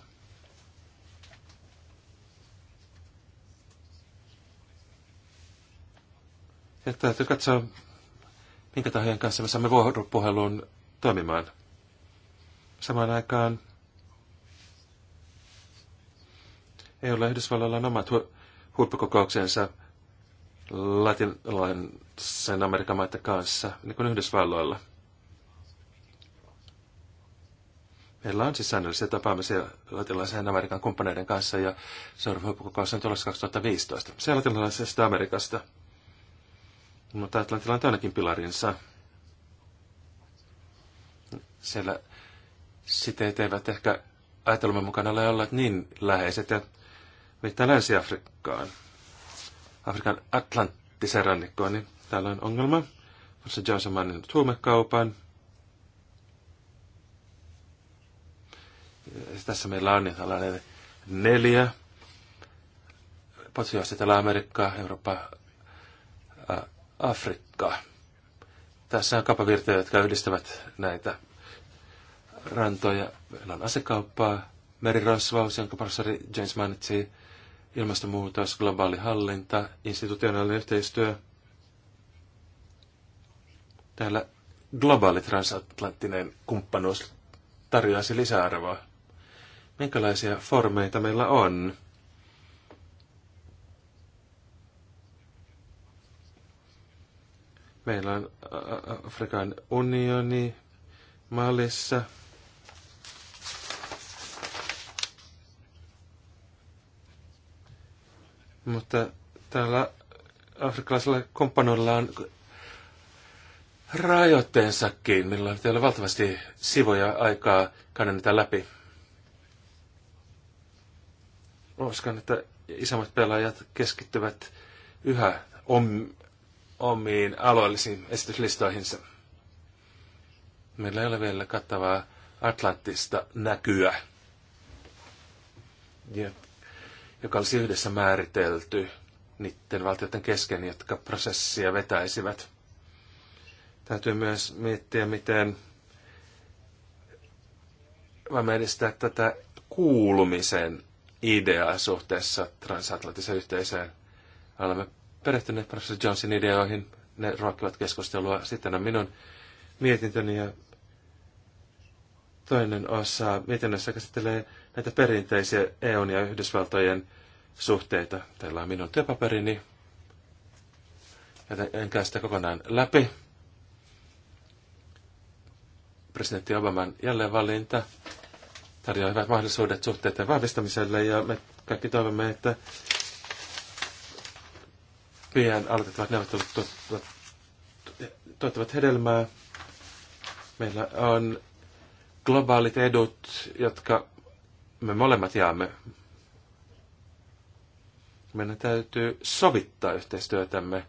Ja täytyy katsoa, minkä tahojen kanssa me saamme vuoropuheluun toimimaan. Samaan aikaan ei ole Yhdysvalloilla on omat hu- huippukokouksensa latinalaisen Amerikan maiden kanssa, niin kuin Yhdysvalloilla – Meillä on siis säännöllisiä tapaamisia latinalaisen Amerikan kumppaneiden kanssa ja seuraava huippukokous on tulossa 2015. Se latinalaisesta Amerikasta. Mutta Atlantilla on toinenkin pilarinsa. Siellä siteet eivät ehkä ajatelumme mukana ole olleet niin läheiset ja viittaa Länsi-Afrikkaan. Afrikan atlanttisen rannikkoon, niin täällä on ongelma. Johnson maininnut huumekaupan, tässä meillä on niin tällainen neljä. Paitsi Etelä-Amerikka, Eurooppa, Afrikka. Tässä on kapavirtoja, jotka yhdistävät näitä rantoja. Meillä on asekauppaa, merirosvaus, jonka professori James mainitsi, ilmastonmuutos, globaali hallinta, institutionaalinen yhteistyö. Täällä globaali transatlanttinen kumppanuus tarjoaisi lisäarvoa minkälaisia formeita meillä on. Meillä on Afrikan unioni mallissa. Mutta täällä afrikkalaisella komppanoilla on rajoitteensakin, milloin teillä on valtavasti sivoja aikaa käydä niitä läpi uskon, että isommat pelaajat keskittyvät yhä om, omiin alueellisiin esityslistoihinsa. Meillä ei ole vielä kattavaa Atlantista näkyä, joka olisi yhdessä määritelty niiden valtioiden kesken, jotka prosessia vetäisivät. Täytyy myös miettiä, miten voimme edistää tätä kuulumisen ideaa suhteessa transatlanttiseen yhteiseen. Olemme perehtyneet professor Johnson ideoihin, ne ruokkivat keskustelua. Sitten on minun mietintöni ja toinen osa mietinnössä käsittelee näitä perinteisiä EUn ja Yhdysvaltojen suhteita. Täällä on minun työpaperini, joten en käy sitä kokonaan läpi. Presidentti Obaman jälleenvalinta tarjoaa hyvät mahdollisuudet suhteiden vahvistamiselle ja me kaikki toivomme, että pian aloitettavat neuvottelut tuottavat, tuottavat hedelmää. Meillä on globaalit edut, jotka me molemmat jaamme. Meidän täytyy sovittaa yhteistyötämme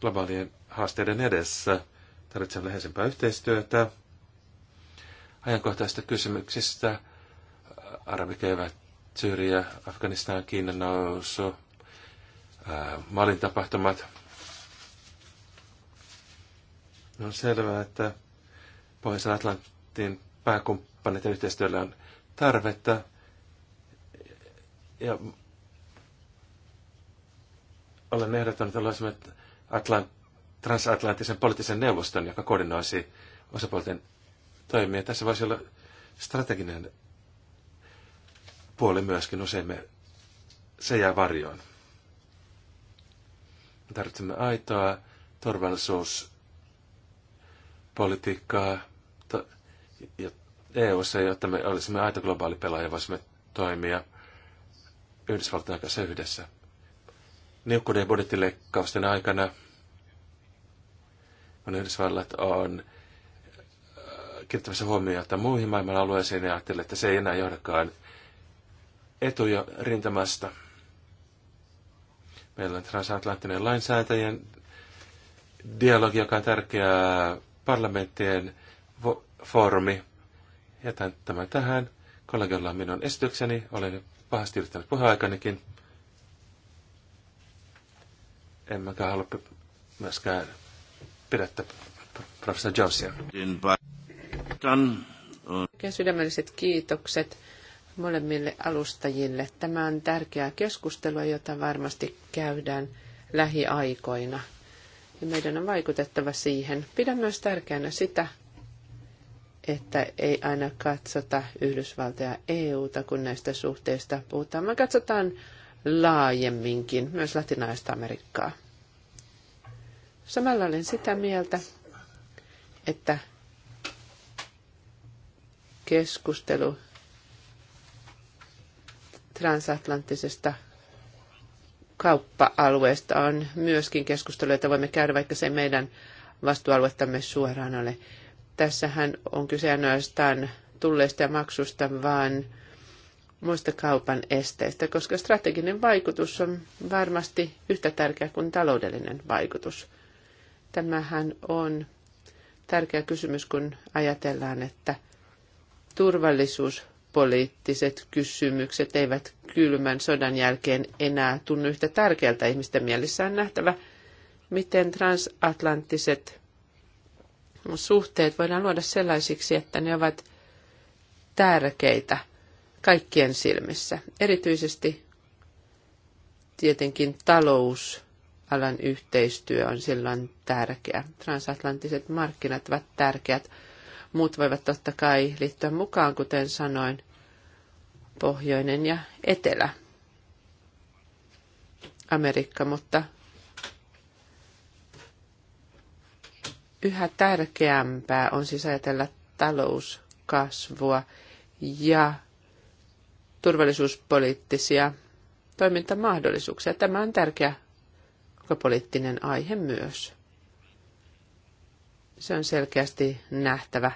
globaalien haasteiden edessä. Tarvitsemme läheisempää yhteistyötä ajankohtaisista kysymyksistä. Arabikevät, Syyriä, Afganistan, Kiinan nousu, Malin tapahtumat. On selvää, että pohjois Atlantin ja yhteistyöllä on tarvetta. Ja olen ehdottanut, että olisimme Atlant- transatlanttisen poliittisen neuvoston, joka koordinoisi osapuolten toimia. Tässä voisi olla strateginen puoli myöskin. Usein me, se jää varjoon. Me tarvitsemme aitoa turvallisuuspolitiikkaa to, ja EU-ssa, jotta me olisimme aito globaali pelaaja, voisimme toimia Yhdysvaltain kanssa yhdessä. Niukkuuden budjettileikkausten aikana, kun Yhdysvallat on kiinnittämässä huomiota muihin maailman alueisiin ja ajattelin, että se ei enää johdakaan etuja rintamasta. Meillä on transatlanttinen lainsäätäjien dialogi, joka on tärkeä parlamenttien foorumi. Jätän tämän tähän. Kollegalla on minun esitykseni. Olen pahasti yrittänyt puheaikanikin. En mäkään halua myöskään pidättä professor Jonesia. Oikein sydämelliset kiitokset molemmille alustajille. Tämä on tärkeää keskustelua, jota varmasti käydään lähiaikoina. Ja meidän on vaikutettava siihen. Pidän myös tärkeänä sitä, että ei aina katsota Yhdysvaltoja EUta, kun näistä suhteista puhutaan, vaan katsotaan laajemminkin, myös latinalaista Amerikkaa. Samalla olen sitä mieltä, että keskustelu transatlanttisesta kauppa-alueesta on myöskin keskustelu, jota voimme käydä, vaikka se meidän vastuualuettamme suoraan ole. Tässähän on kyse ainoastaan tulleista ja maksusta, vaan muista kaupan esteistä, koska strateginen vaikutus on varmasti yhtä tärkeä kuin taloudellinen vaikutus. Tämähän on tärkeä kysymys, kun ajatellaan, että turvallisuuspoliittiset kysymykset eivät kylmän sodan jälkeen enää tunnu yhtä tärkeältä ihmisten mielissä. On nähtävä, miten transatlanttiset suhteet voidaan luoda sellaisiksi, että ne ovat tärkeitä kaikkien silmissä. Erityisesti tietenkin talousalan yhteistyö on silloin tärkeä. Transatlanttiset markkinat ovat tärkeät Muut voivat totta kai liittyä mukaan, kuten sanoin, pohjoinen ja etelä. Amerikka, mutta yhä tärkeämpää on siis ajatella talouskasvua ja turvallisuuspoliittisia toimintamahdollisuuksia. Tämä on tärkeä poliittinen aihe myös. Se on selkeästi nähtävä,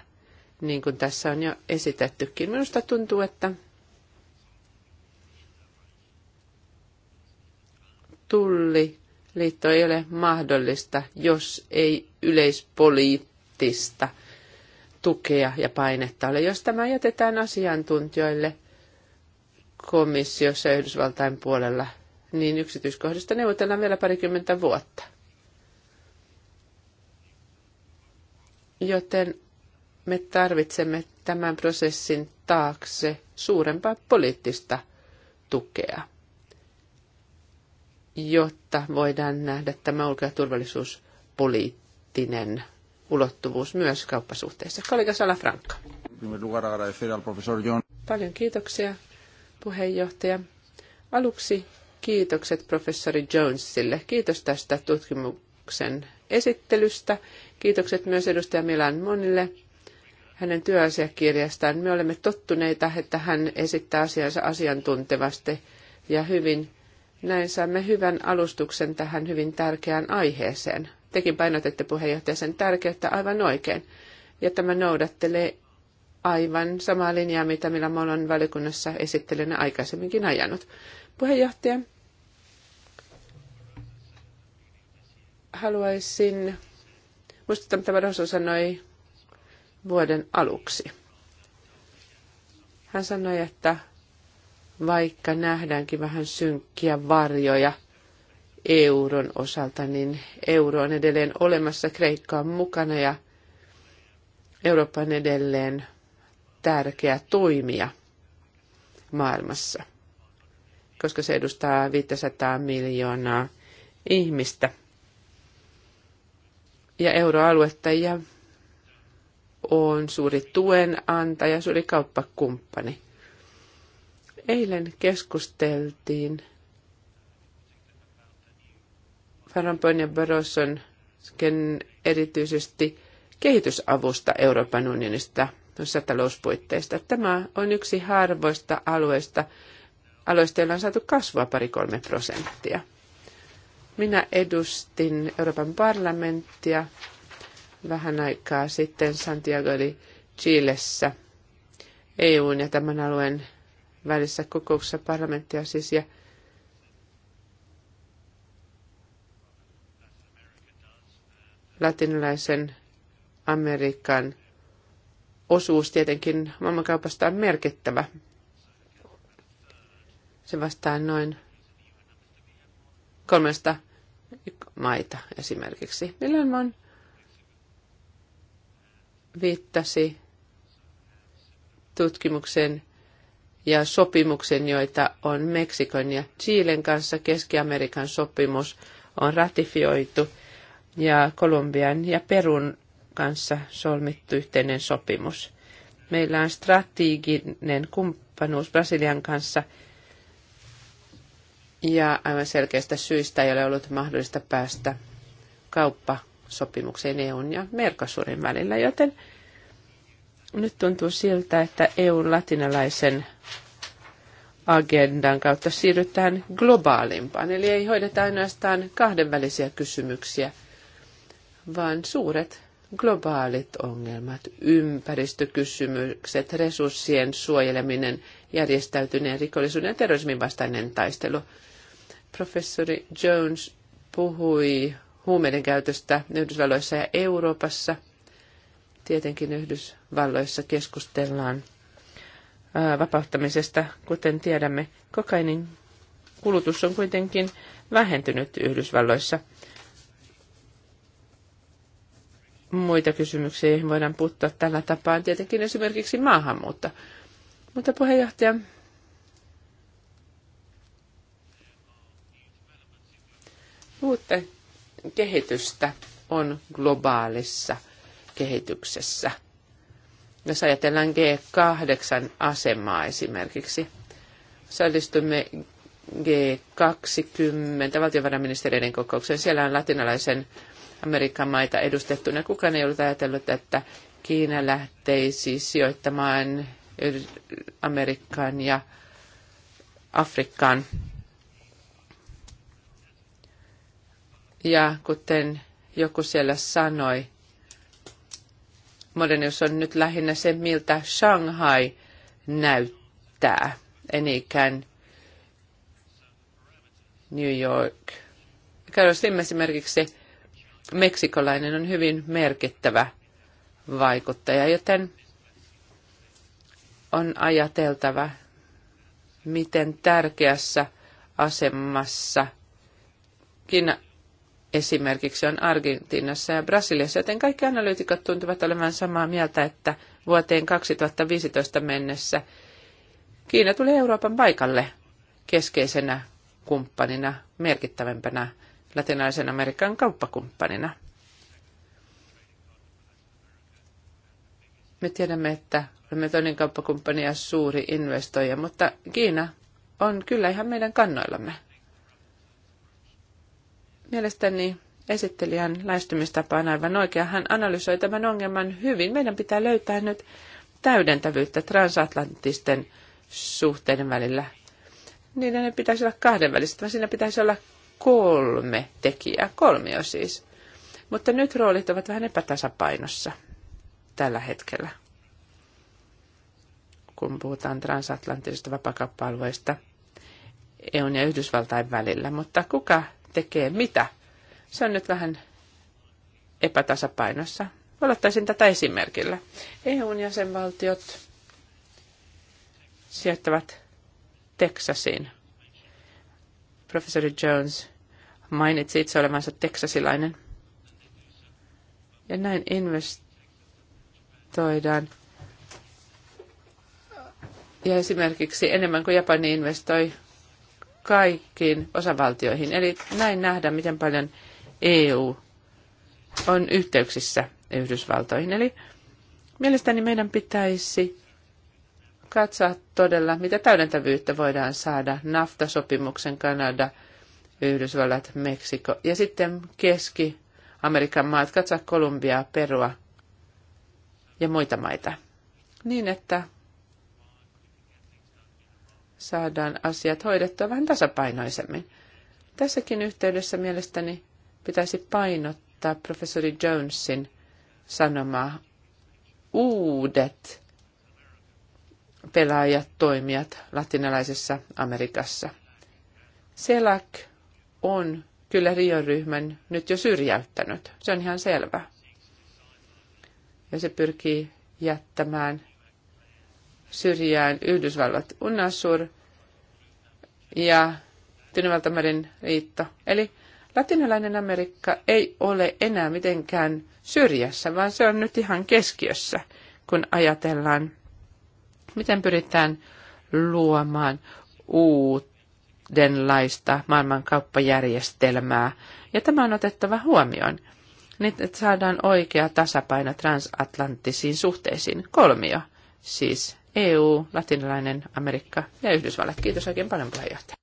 niin kuin tässä on jo esitettykin. Minusta tuntuu, että tulliliitto ei ole mahdollista, jos ei yleispoliittista tukea ja painetta ole. Jos tämä jätetään asiantuntijoille komissiossa Yhdysvaltain puolella, niin yksityiskohdista neuvotellaan vielä parikymmentä vuotta. Joten me tarvitsemme tämän prosessin taakse suurempaa poliittista tukea, jotta voidaan nähdä tämä ulko- ja turvallisuuspoliittinen ulottuvuus myös kauppasuhteissa. Kollega Salafranca. Paljon kiitoksia, puheenjohtaja. Aluksi kiitokset professori Jonesille. Kiitos tästä tutkimuksen esittelystä. Kiitokset myös edustaja Milan Monille hänen työasiakirjastaan. Me olemme tottuneita, että hän esittää asiansa asiantuntevasti ja hyvin. Näin saamme hyvän alustuksen tähän hyvin tärkeään aiheeseen. Tekin painotette puheenjohtaja sen tärkeyttä aivan oikein. Ja tämä noudattelee aivan samaa linjaa, mitä millä on valiokunnassa esittelynä aikaisemminkin ajanut. Puheenjohtaja, haluaisin muistuttaa, mitä Barroso sanoi vuoden aluksi. Hän sanoi, että vaikka nähdäänkin vähän synkkiä varjoja euron osalta, niin euro on edelleen olemassa, Kreikka on mukana ja Eurooppa on edelleen tärkeä toimija maailmassa, koska se edustaa 500 miljoonaa ihmistä ja euroaluetta ja on suuri tuenantaja, suuri kauppakumppani. Eilen keskusteltiin Farampoin ja Barroson erityisesti kehitysavusta Euroopan unionista noissa talouspuitteista. Tämä on yksi harvoista alueista, aloista, joilla on saatu kasvua pari-kolme prosenttia. Minä edustin Euroopan parlamenttia vähän aikaa sitten Santiago de Chilessä EUn ja tämän alueen välissä kokouksessa parlamenttia siis. Ja latinalaisen Amerikan osuus tietenkin maailmankaupasta on merkittävä. Se vastaa noin kolmesta maita esimerkiksi. Vilhelman viittasi tutkimuksen ja sopimuksen, joita on Meksikon ja Chilen kanssa. Keski-Amerikan sopimus on ratifioitu ja Kolumbian ja Perun kanssa solmittu yhteinen sopimus. Meillä on strateginen kumppanuus Brasilian kanssa – ja aivan selkeästä syistä ei ole ollut mahdollista päästä kauppasopimukseen EUn ja Mercosurin välillä, joten nyt tuntuu siltä, että EUn latinalaisen agendan kautta siirrytään globaalimpaan. Eli ei hoideta ainoastaan kahdenvälisiä kysymyksiä, vaan suuret globaalit ongelmat, ympäristökysymykset, resurssien suojeleminen, järjestäytyneen rikollisuuden ja terrorismin vastainen taistelu – professori Jones puhui huumeiden käytöstä Yhdysvalloissa ja Euroopassa. Tietenkin Yhdysvalloissa keskustellaan vapauttamisesta, kuten tiedämme. Kokainin kulutus on kuitenkin vähentynyt Yhdysvalloissa. Muita kysymyksiä, joihin voidaan puuttua tällä tapaa, tietenkin esimerkiksi maahanmuutta. Mutta puheenjohtaja, Uutta kehitystä on globaalissa kehityksessä. Jos ajatellaan G8 asemaa esimerkiksi, osallistumme G20 valtiovarainministeriöiden kokoukseen. Siellä on latinalaisen Amerikan maita edustettuna. Kukaan ei ollut ajatellut, että Kiina lähteisi sijoittamaan Amerikkaan ja Afrikkaan Ja kuten joku siellä sanoi, modernius on nyt lähinnä se, miltä Shanghai näyttää, enikään New York. Carol Slim esimerkiksi meksikolainen on hyvin merkittävä vaikuttaja, joten on ajateltava, miten tärkeässä asemassa Kiina esimerkiksi on Argentiinassa ja Brasiliassa, joten kaikki analyytikot tuntuvat olevan samaa mieltä, että vuoteen 2015 mennessä Kiina tulee Euroopan paikalle keskeisenä kumppanina, merkittävämpänä latinalaisen Amerikan kauppakumppanina. Me tiedämme, että olemme toinen kauppakumppani ja suuri investoija, mutta Kiina on kyllä ihan meidän kannoillamme. Mielestäni esittelijän lähestymistapa on aivan oikea. Hän analysoi tämän ongelman hyvin. Meidän pitää löytää nyt täydentävyyttä transatlanttisten suhteiden välillä. Niiden ei pitäisi olla kahdenväliset, vaan siinä pitäisi olla kolme tekijää, kolmio siis. Mutta nyt roolit ovat vähän epätasapainossa tällä hetkellä, kun puhutaan transatlanttisista vapakauppa alueista EUn ja Yhdysvaltain välillä. Mutta kuka tekee mitä. Se on nyt vähän epätasapainossa. Valottaisin tätä esimerkillä. EUn jäsenvaltiot sijoittavat Teksasiin. Professori Jones mainitsi itse olevansa teksasilainen. Ja näin investoidaan. Ja esimerkiksi enemmän kuin Japani investoi kaikkiin osavaltioihin. Eli näin nähdään, miten paljon EU on yhteyksissä Yhdysvaltoihin. Eli mielestäni meidän pitäisi katsoa todella, mitä täydentävyyttä voidaan saada NAFTA-sopimuksen Kanada, Yhdysvallat, Meksiko ja sitten Keski-Amerikan maat, katsoa Kolumbiaa, Perua ja muita maita. Niin, että saadaan asiat hoidettua vähän tasapainoisemmin. Tässäkin yhteydessä mielestäni pitäisi painottaa professori Jonesin sanomaa uudet pelaajat, toimijat latinalaisessa Amerikassa. Selak on kyllä Rio-ryhmän nyt jo syrjäyttänyt. Se on ihan selvä. Ja se pyrkii jättämään syrjään Yhdysvallat UNASUR ja Tynvaltamerin liitto. Eli latinalainen Amerikka ei ole enää mitenkään syrjässä, vaan se on nyt ihan keskiössä, kun ajatellaan, miten pyritään luomaan uudenlaista maailmankauppajärjestelmää. Ja tämä on otettava huomioon, niin että saadaan oikea tasapaino transatlanttisiin suhteisiin. Kolmio siis EU, latinalainen Amerikka ja Yhdysvallat. Kiitos oikein paljon puheenjohtaja.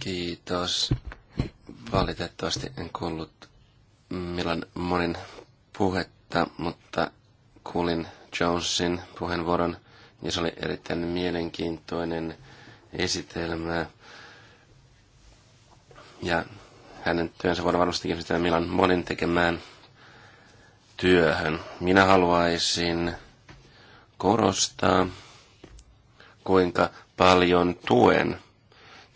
Kiitos. Valitettavasti en kuullut Milan Monin puhetta, mutta kuulin Jonesin puheenvuoron ja se oli erittäin mielenkiintoinen esitelmä. Ja hänen työnsä voidaan varmasti sitä Milan Monin tekemään työhön. Minä haluaisin korostaa, kuinka paljon tuen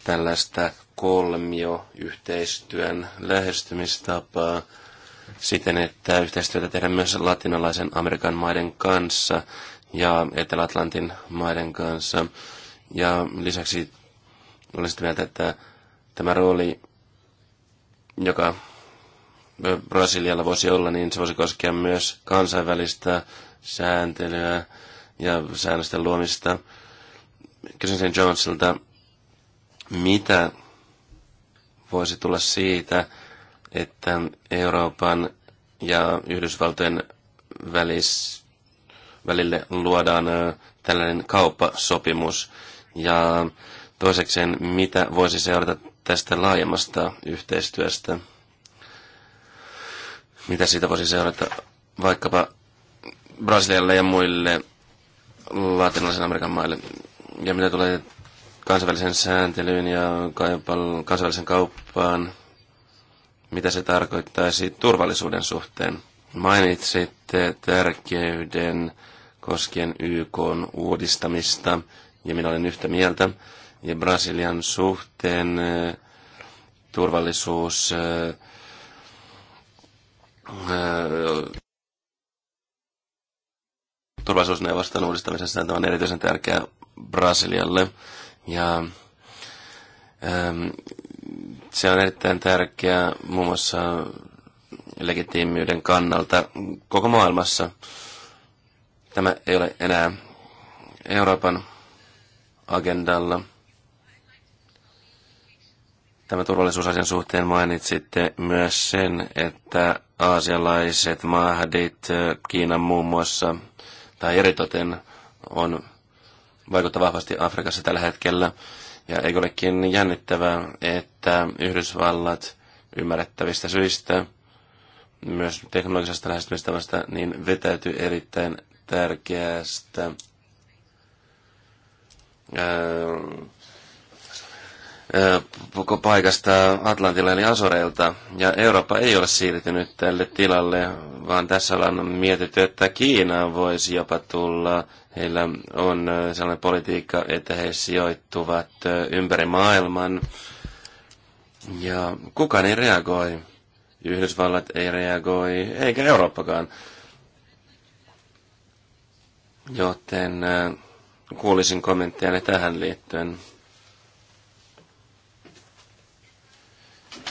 tällaista kolmio-yhteistyön lähestymistapaa siten, että yhteistyötä tehdään myös latinalaisen Amerikan maiden kanssa ja Etelä-Atlantin maiden kanssa. Ja lisäksi olen sitä mieltä, että tämä rooli, joka Brasilialla voisi olla, niin se voisi koskea myös kansainvälistä sääntelyä ja säännösten luomista. sen Jonesilta, mitä voisi tulla siitä, että Euroopan ja Yhdysvaltojen välis, välille luodaan tällainen kauppasopimus. Ja toisekseen, mitä voisi seurata tästä laajemmasta yhteistyöstä? mitä siitä voisi seurata vaikkapa Brasilialle ja muille latinalaisen Amerikan maille. Ja mitä tulee kansainväliseen sääntelyyn ja kansainväliseen kauppaan, mitä se tarkoittaisi turvallisuuden suhteen. Mainitsitte tärkeyden koskien YK uudistamista, ja minä olen yhtä mieltä. Ja Brasilian suhteen eh, turvallisuus äh, Öö, turvallisuusneuvoston uudistamisessa tämä on erityisen tärkeä Brasilialle. Ja öö, se on erittäin tärkeää muun muassa legitiimiyden kannalta koko maailmassa. Tämä ei ole enää Euroopan agendalla – Tämän turvallisuusasian suhteen mainitsitte myös sen, että aasialaiset mahdit, Kiinan muun muassa, tai eritoten on vaikuttaa vahvasti Afrikassa tällä hetkellä. Ja eikö olekin jännittävää, että Yhdysvallat ymmärrettävistä syistä, myös teknologisesta lähestymistavasta, niin vetäytyy erittäin tärkeästä ää, koko paikasta Atlantilla eli Asoreilta. Ja Eurooppa ei ole siirtynyt tälle tilalle, vaan tässä ollaan mietitty, että Kiinaan voisi jopa tulla. Heillä on sellainen politiikka, että he sijoittuvat ympäri maailman. Ja kukaan ei reagoi. Yhdysvallat ei reagoi, eikä Eurooppakaan. Joten kuulisin kommentteja tähän liittyen.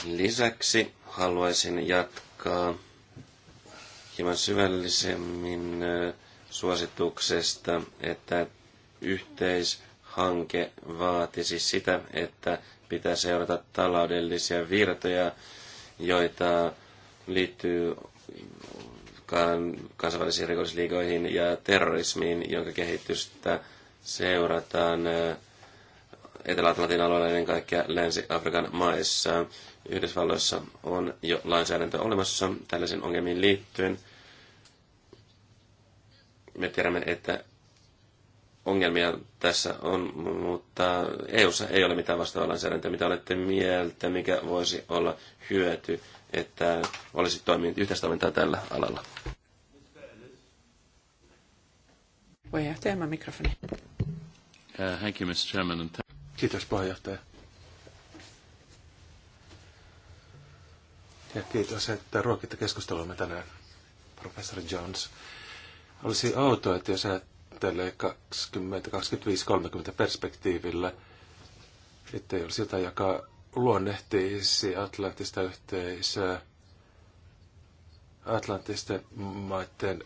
Lisäksi haluaisin jatkaa hieman syvällisemmin äh, suosituksesta, että yhteishanke vaatisi sitä, että pitää seurata taloudellisia virtoja, joita liittyy kansainvälisiin rikollisliigoihin ja terrorismiin, jonka kehitystä seurataan äh, Etelä-Atlantin alueella ennen kaikkea Länsi-Afrikan maissa. Yhdysvalloissa on jo lainsäädäntö olemassa tällaisiin ongelmiin liittyen. Me tiedämme, että ongelmia tässä on, mutta EUssa ei ole mitään vastaavaa lainsäädäntöä. Mitä olette mieltä, mikä voisi olla hyöty, että olisi toiminut yhteistoimintaa tällä alalla? Puheenjohtaja, mikrofoni. Uh, Kiitos puheenjohtaja. Ja kiitos, että ruokitte keskustelumme tänään, professori Jones. Olisi outoa, että jos ajattelee 20, 25, 30 perspektiivillä, että olisi jotain, joka luonnehtiisi Atlantista yhteisöä Atlantisten maiden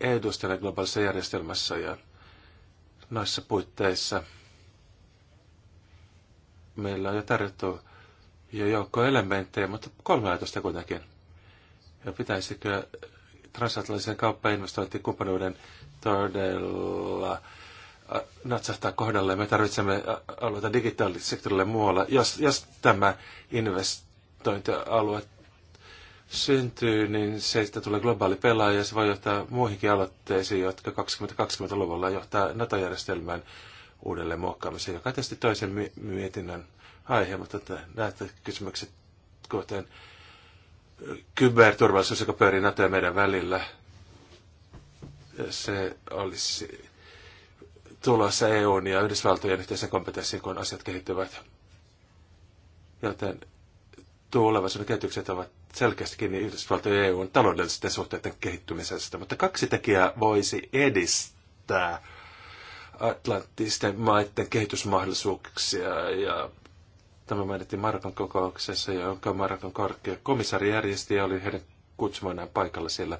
edustajana globaalissa järjestelmässä ja noissa puitteissa meillä on jo tarjottu ja joukko elementtejä, mutta kolme ajatusta kuitenkin. Ja pitäisikö transatlanttisen kauppa- investointikumppanuuden todella natsahtaa kohdalle. Me tarvitsemme alueita sektorille muualla. Jos, jos tämä investointialue syntyy, niin että tulee globaali pelaaja ja se voi johtaa muihinkin aloitteisiin, jotka 2020-luvulla johtaa NATO-järjestelmän uudelleen muokkaamiseen, joka tietysti toisen mietinnön aihe, mutta näitä kysymykset, kuten kyberturvallisuus, joka pyörii NATO ja meidän välillä, se olisi tulossa EUn ja Yhdysvaltojen yhteisen kompetenssiin, kun asiat kehittyvät. Joten tulevaisuuden kehitykset ovat selkeästi kiinni Yhdysvaltojen ja EUn taloudellisten suhteiden kehittymisestä, mutta kaksi tekijää voisi edistää atlanttisten maiden kehitysmahdollisuuksia ja Tämä mainittiin Marokon kokouksessa, jonka Marokon korkea komissari järjesti ja oli heidän kutsumanaan paikalla siellä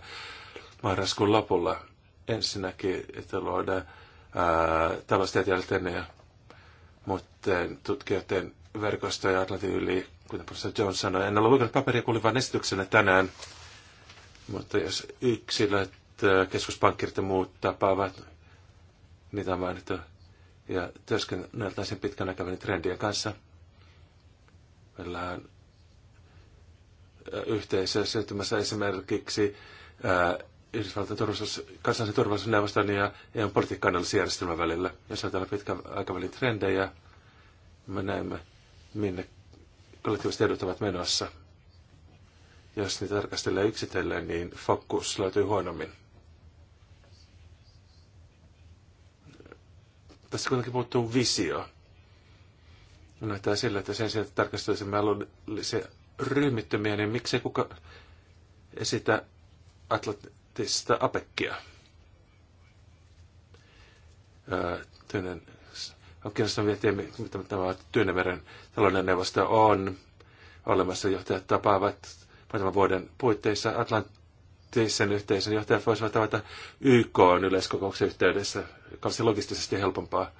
marraskuun lopulla. Ensinnäkin, että luoda taloustieteilijöiden ja muiden tutkijoiden verkostoja Atlantin yli, kuten professori Jones sanoi. En ole lukenut paperia, kuulin vain esityksenä tänään. Mutta jos yksilöt, keskuspankkirjat ja muut tapaavat, niitä on mainittu, ja työskenneltäisiin pitkän aikavälin trendien kanssa – Meillähän äh, yhteisö syntymässä esimerkiksi äh, Yhdysvaltain kansallisen turvallisuusneuvoston ja EUn politiikan järjestelmän välillä. Jos ajatellaan pitkän aikavälin trendejä, me näemme, minne kollektiiviset edut ovat menossa. Jos niitä tarkastellaan yksitellen, niin fokus löytyy huonommin. Tässä kuitenkin puuttuu visio näyttää sillä, että sen sijaan, että tarkastelisimme alueellisia ryhmittymiä, niin miksei kuka esitä Atlantista apekkia? Tyynen, kiinnostavaa miettiä, mitä tämä Tyynemeren talouden neuvosto on olemassa. Johtajat tapaavat muutaman vuoden puitteissa Atlantisen yhteisön johtajat voisivat tavata YK on yleiskokouksen yhteydessä, joka olisi logistisesti helpompaa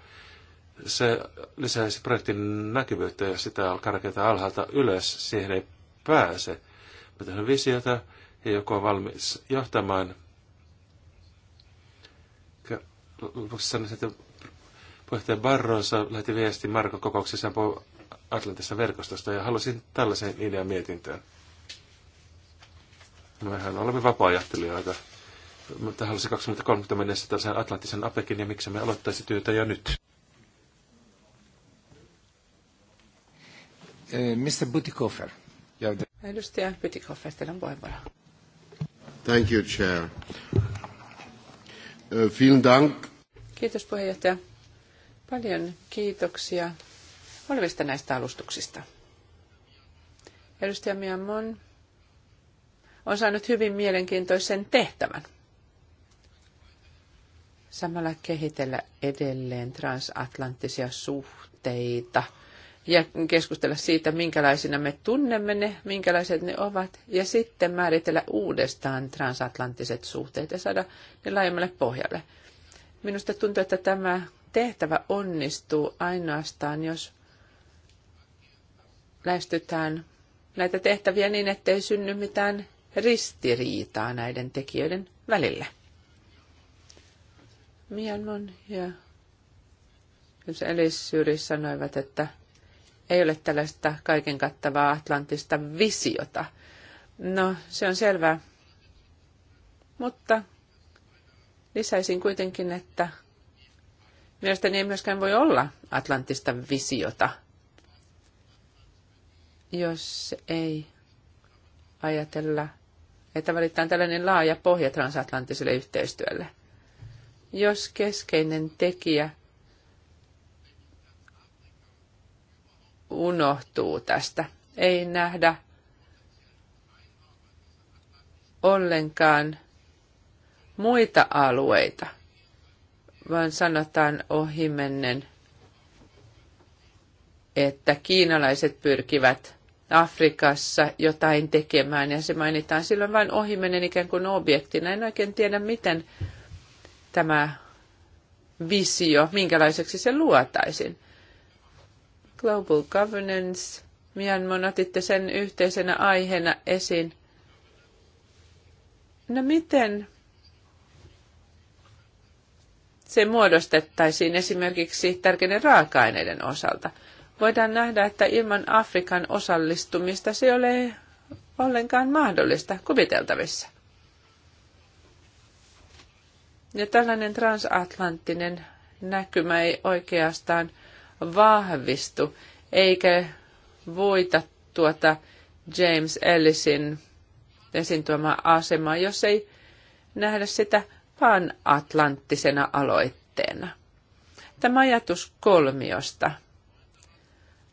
se lisäisi projektin näkyvyyttä ja sitä alkaa rakentaa alhaalta ylös. Siihen ei pääse. Mutta on visiota ja joku on valmis johtamaan. Lopuksi sanoisin, että puheenjohtaja Barronsa lähti viesti Marko kokouksessa Atlantissa verkostosta ja halusin tällaisen idean mietintöön. No, mehän olemme vapaa-ajattelijoita. Mutta halusin 2030 mennessä tällaisen Atlantisen apekin ja miksi me aloittaisi työtä jo nyt. Eh, Mr. Butikofer. Edustaja Butikofer, teidän puheenvuoro. Thank you, Chair. Eh, vielen Dank. Kiitos puheenjohtaja. Paljon kiitoksia olevista näistä alustuksista. Edustaja Miamon on saanut hyvin mielenkiintoisen tehtävän. Samalla kehitellä edelleen transatlanttisia suhteita – ja keskustella siitä, minkälaisina me tunnemme ne, minkälaiset ne ovat, ja sitten määritellä uudestaan transatlanttiset suhteet ja saada ne laajemmalle pohjalle. Minusta tuntuu, että tämä tehtävä onnistuu ainoastaan, jos lähestytään näitä tehtäviä niin, ettei synny mitään ristiriitaa näiden tekijöiden välillä. mon ja Syri sanoivat, että ei ole tällaista kaiken kattavaa atlanttista visiota. No, se on selvää. Mutta lisäisin kuitenkin, että mielestäni ei myöskään voi olla atlanttista visiota, jos ei ajatella, että valitaan tällainen laaja pohja transatlanttiselle yhteistyölle. Jos keskeinen tekijä – unohtuu tästä. Ei nähdä ollenkaan muita alueita, vaan sanotaan ohimennen, että kiinalaiset pyrkivät Afrikassa jotain tekemään ja se mainitaan silloin vain ohimennen ikään kuin objektina. En oikein tiedä, miten tämä visio, minkälaiseksi se luotaisin. Global Governance. Myanmar otitte sen yhteisenä aiheena esiin. No miten se muodostettaisiin esimerkiksi tärkeiden raaka-aineiden osalta? Voidaan nähdä, että ilman Afrikan osallistumista se ei ole ollenkaan mahdollista kuviteltavissa. Ja tällainen transatlanttinen näkymä ei oikeastaan – vahvistu, eikä voita tuota James Ellisin esiin asema, asemaa, jos ei nähdä sitä vaan atlanttisena aloitteena. Tämä ajatus kolmiosta,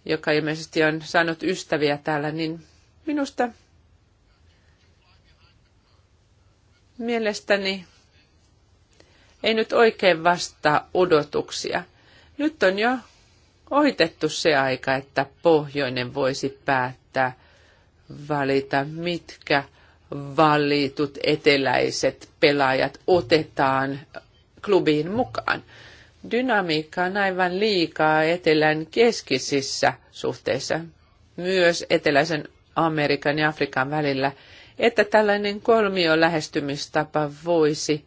joka ilmeisesti on saanut ystäviä täällä, niin minusta mielestäni ei nyt oikein vastaa odotuksia. Nyt on jo ohitettu se aika, että pohjoinen voisi päättää valita, mitkä valitut eteläiset pelaajat otetaan klubiin mukaan. Dynamiikka on aivan liikaa etelän keskisissä suhteissa, myös eteläisen Amerikan ja Afrikan välillä, että tällainen kolmio lähestymistapa voisi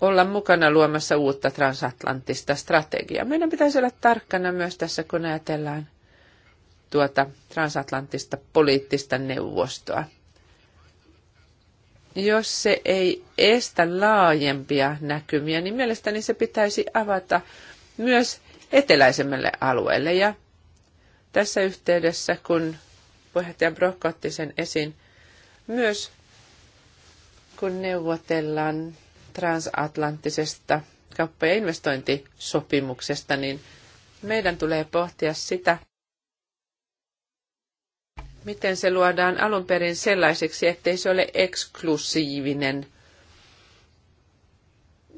olla mukana luomassa uutta transatlanttista strategiaa. Meidän pitäisi olla tarkkana myös tässä, kun ajatellaan tuota transatlanttista poliittista neuvostoa. Jos se ei estä laajempia näkymiä, niin mielestäni se pitäisi avata myös eteläisemmälle alueelle. Ja tässä yhteydessä, kun puheenjohtaja Brokko otti sen esiin, myös kun neuvotellaan transatlanttisesta kauppa- ja investointisopimuksesta, niin meidän tulee pohtia sitä, miten se luodaan alun perin sellaiseksi, ettei se ole eksklusiivinen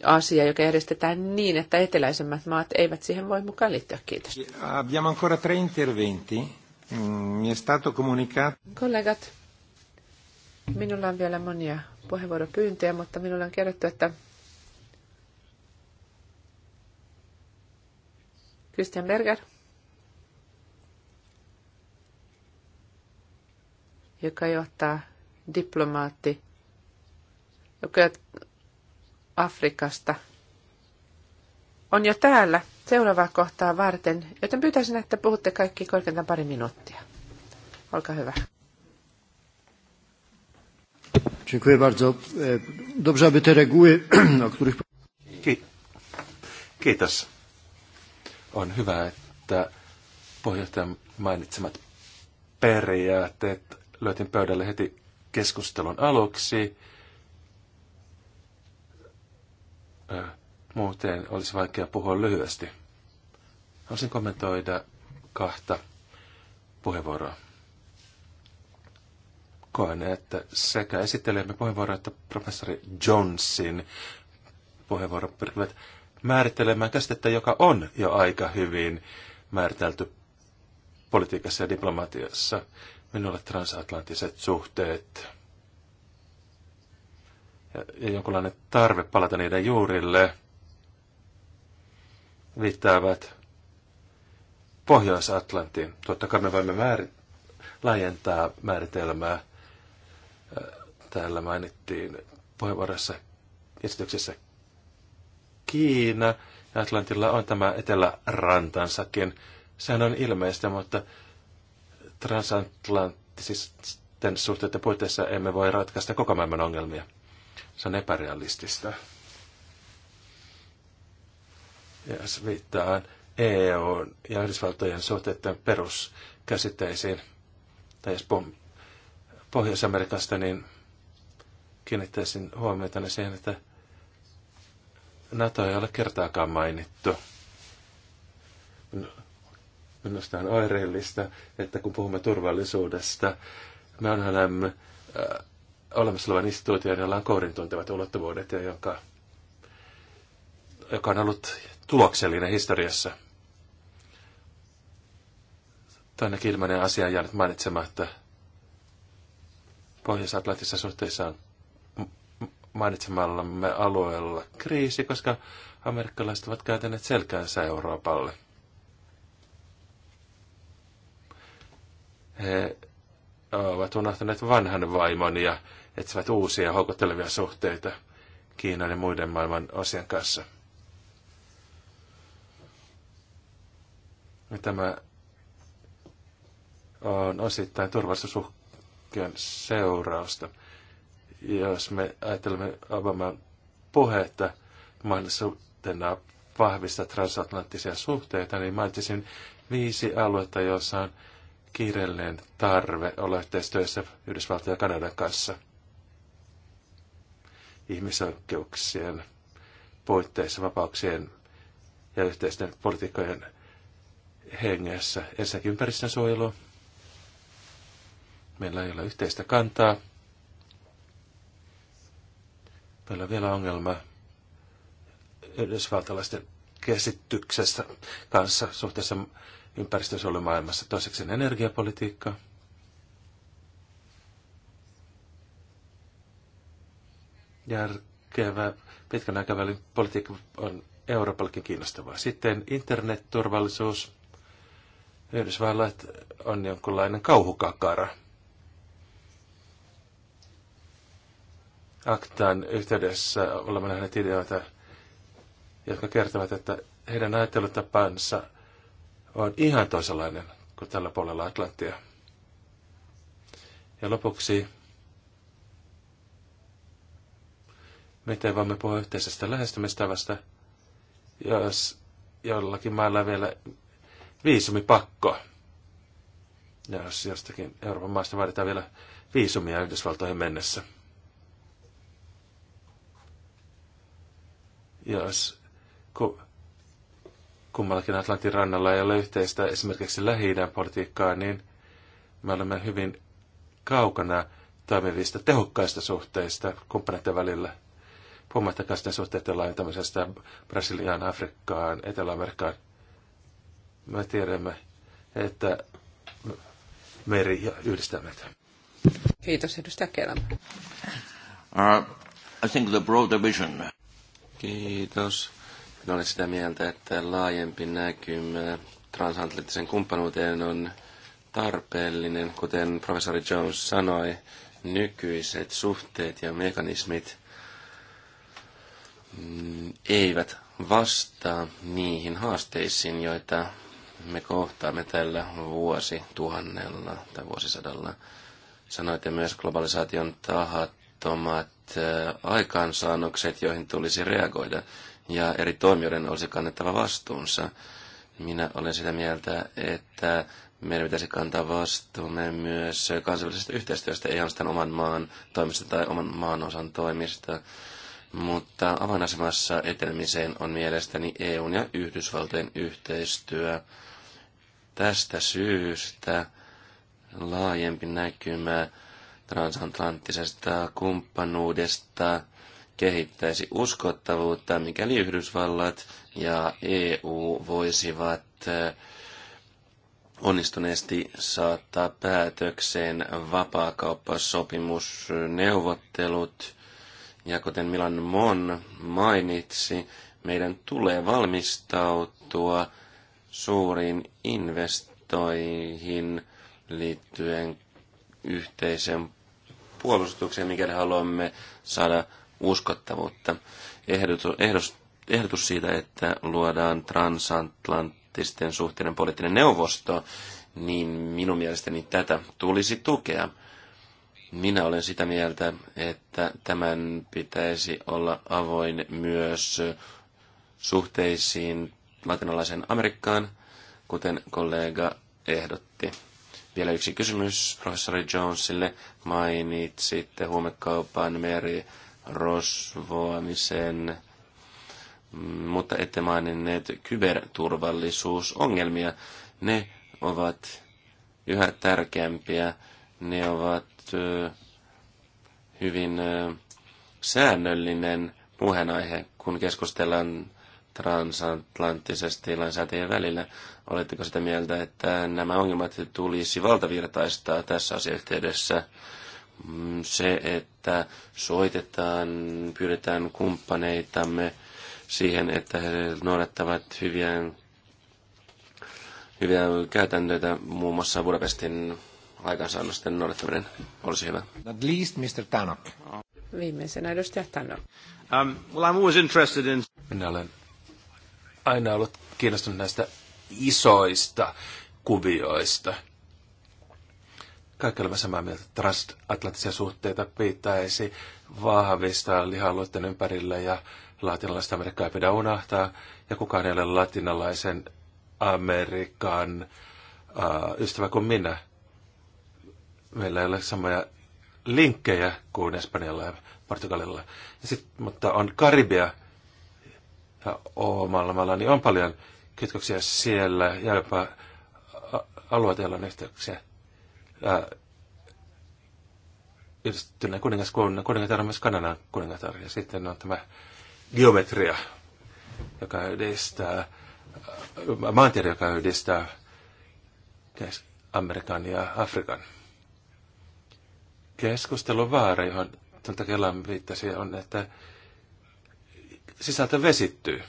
asia, joka järjestetään niin, että eteläisemmät maat eivät siihen voi mukaan liittyä. Kiitos. Abbiamo ancora tre interventi. Mm, mi è stato comunicato. Kollegat, minulla on vielä monia puheenvuoropyyntöjä, mutta minulle on kerrottu, että Christian Berger, joka johtaa diplomaatti, joka Afrikasta, on jo täällä seuraavaa kohtaa varten, joten pyytäisin, että puhutte kaikki korkeintaan pari minuuttia. Olkaa hyvä. Dziękuję bardzo. E, dobrze, aby te reguły, o których... Kiitos. On hyvä, että puheenjohtajan mainitsemat periaatteet löytin pöydälle heti keskustelun aluksi. Muuten olisi vaikea puhua lyhyesti. Haluaisin kommentoida kahta puheenvuoroa. Kukkoinen, että sekä esittelemme puheenvuoro että professori Johnson puheenvuoro pyrkivät määrittelemään käsitettä, joka on jo aika hyvin määritelty politiikassa ja diplomatiassa. Minulle transatlanttiset suhteet ja, ja jonkinlainen tarve palata niiden juurille viittaavat Pohjois-Atlantiin. Totta kai me voimme määrit- laajentaa määritelmää Täällä mainittiin puheenvuorossa esityksessä Kiina. Ja Atlantilla on tämä etelärantansakin. Sehän on ilmeistä, mutta transatlanttisten suhteiden puitteissa emme voi ratkaista koko maailman ongelmia. Se on epärealistista. Ja jos viittaan EU ja Yhdysvaltojen suhteiden peruskäsitteisiin, tai jos Pohjois-Amerikasta, niin kiinnittäisin huomiota siihen, että NATO ei ole kertaakaan mainittu. Minusta on oireellista, että kun puhumme turvallisuudesta, me olemme äh, olemassa olevan instituution, jolla on kourin tuntevat ulottuvuudet ja jonka, joka on ollut tuloksellinen historiassa. Toinen ilmeinen asia on jäänyt mainitsematta. Pohjois-Atlantissa suhteissaan mainitsemallamme alueella kriisi, koska amerikkalaiset ovat käytäneet selkäänsä Euroopalle. He ovat unohtaneet vanhan vaimon ja etsivät uusia houkuttelevia suhteita Kiinan ja muiden maailman osien kanssa. Ja tämä on osittain turvallisuusuhka kaikkien seurausta. Jos me ajattelemme Obaman puhetta mahdollisuutena vahvistaa transatlanttisia suhteita, niin mainitsin viisi aluetta, joissa on kiireellinen tarve olla yhteistyössä Yhdysvaltojen ja Kanadan kanssa ihmisoikeuksien puitteissa, vapauksien ja yhteisten politiikkojen hengessä. Ensinnäkin ympäristönsuojelu, Meillä ei ole yhteistä kantaa. Meillä on vielä ongelma yhdysvaltalaisten käsityksessä kanssa suhteessa maailmassa. Toiseksi energiapolitiikka. Järkevä pitkän aikavälin politiikka on Euroopallekin kiinnostavaa. Sitten internetturvallisuus. Yhdysvallat on jonkunlainen kauhukakara. aktaan yhteydessä olemme nähneet ideoita, jotka kertovat, että heidän ajattelutapansa on ihan toisenlainen kuin tällä puolella Atlantia. Ja lopuksi, miten voimme puhua yhteisestä lähestymistavasta, jos jollakin maalla vielä viisumipakko. Ja jos jostakin Euroopan maasta vaaditaan vielä viisumia Yhdysvaltoihin mennessä. jos ku, kummallakin Atlantin rannalla ei ole yhteistä esimerkiksi lähi politiikkaa, niin me olemme hyvin kaukana toimivista tehokkaista suhteista kumppaneiden välillä. Puhumattakaan sitten suhteiden laajentamisesta Brasiliaan, Afrikkaan, Etelä-Amerikkaan. Me tiedämme, että meri yhdistää meitä. Kiitos, edustaja Kelam. Uh, I think the broader vision. Kiitos. Minä olen sitä mieltä, että laajempi näkymä transatlanttisen kumppanuuteen on tarpeellinen, kuten professori Jones sanoi, nykyiset suhteet ja mekanismit mm, eivät vastaa niihin haasteisiin, joita me kohtaamme tällä vuosituhannella tai vuosisadalla. Sanoitte myös globalisaation tahattomat aikaansaannokset, joihin tulisi reagoida, ja eri toimijoiden olisi kannettava vastuunsa. Minä olen sitä mieltä, että meidän pitäisi kantaa vastuumme myös kansainvälisestä yhteistyöstä, ei ainoastaan oman maan toimista tai oman maan osan toimista, mutta avainasemassa etenemiseen on mielestäni EUn ja Yhdysvaltojen yhteistyö. Tästä syystä laajempi näkymä transatlanttisesta kumppanuudesta kehittäisi uskottavuutta, mikäli Yhdysvallat ja EU voisivat onnistuneesti saattaa päätökseen vapaakauppasopimusneuvottelut. Ja kuten Milan Mon mainitsi, meidän tulee valmistautua suuriin investoihin liittyen yhteisen puolustukseen, mikäli haluamme saada uskottavuutta. Ehdotus, ehdotus, ehdotus siitä, että luodaan transatlanttisten suhteiden poliittinen neuvosto, niin minun mielestäni tätä tulisi tukea. Minä olen sitä mieltä, että tämän pitäisi olla avoin myös suhteisiin latinalaisen Amerikkaan, kuten kollega ehdotti. Vielä yksi kysymys professori Jonesille. Mainitsitte huumekaupan meri rosvoamisen, mm, mutta ette maininneet kyberturvallisuusongelmia. Ne ovat yhä tärkeämpiä. Ne ovat hyvin säännöllinen puheenaihe, kun keskustellaan transatlanttisesti lainsäätäjien välillä. Oletteko sitä mieltä, että nämä ongelmat tulisi valtavirtaistaa tässä asiayhteydessä? Mm, se, että soitetaan, pyydetään kumppaneitamme siihen, että he noudattavat hyviä, hyviä käytäntöitä, muun muassa Budapestin aikaansaannosten noudattaminen olisi hyvä. At least Mr. Tanok. Viimeisenä edustaja Tanok. Um, well, I'm always interested in... Minä olen aina ollut kiinnostunut näistä isoista kuvioista. Kaikki olemme samaa mieltä, että transatlanttisia suhteita pitäisi vahvistaa lihaluiden ympärillä ja latinalaista Amerikkaa ei pidä unohtaa. Ja kukaan ei ole latinalaisen Amerikan äh, ystävä kuin minä. Meillä ei ole samoja linkkejä kuin Espanjalla ja Portugalilla. Ja sit, mutta on Karibia ja omalla niin on paljon kytköksiä siellä ja jopa alueita, joilla on yhteyksiä. Yhdistyneen kuningaskunnan kuningatar myös Kanadan kuningatar. Ja sitten on tämä geometria, joka yhdistää, maantiede, joka yhdistää Amerikan ja Afrikan. Keskustelun vaara, johon tuon takia viittasi, on, että sisältö vesittyy.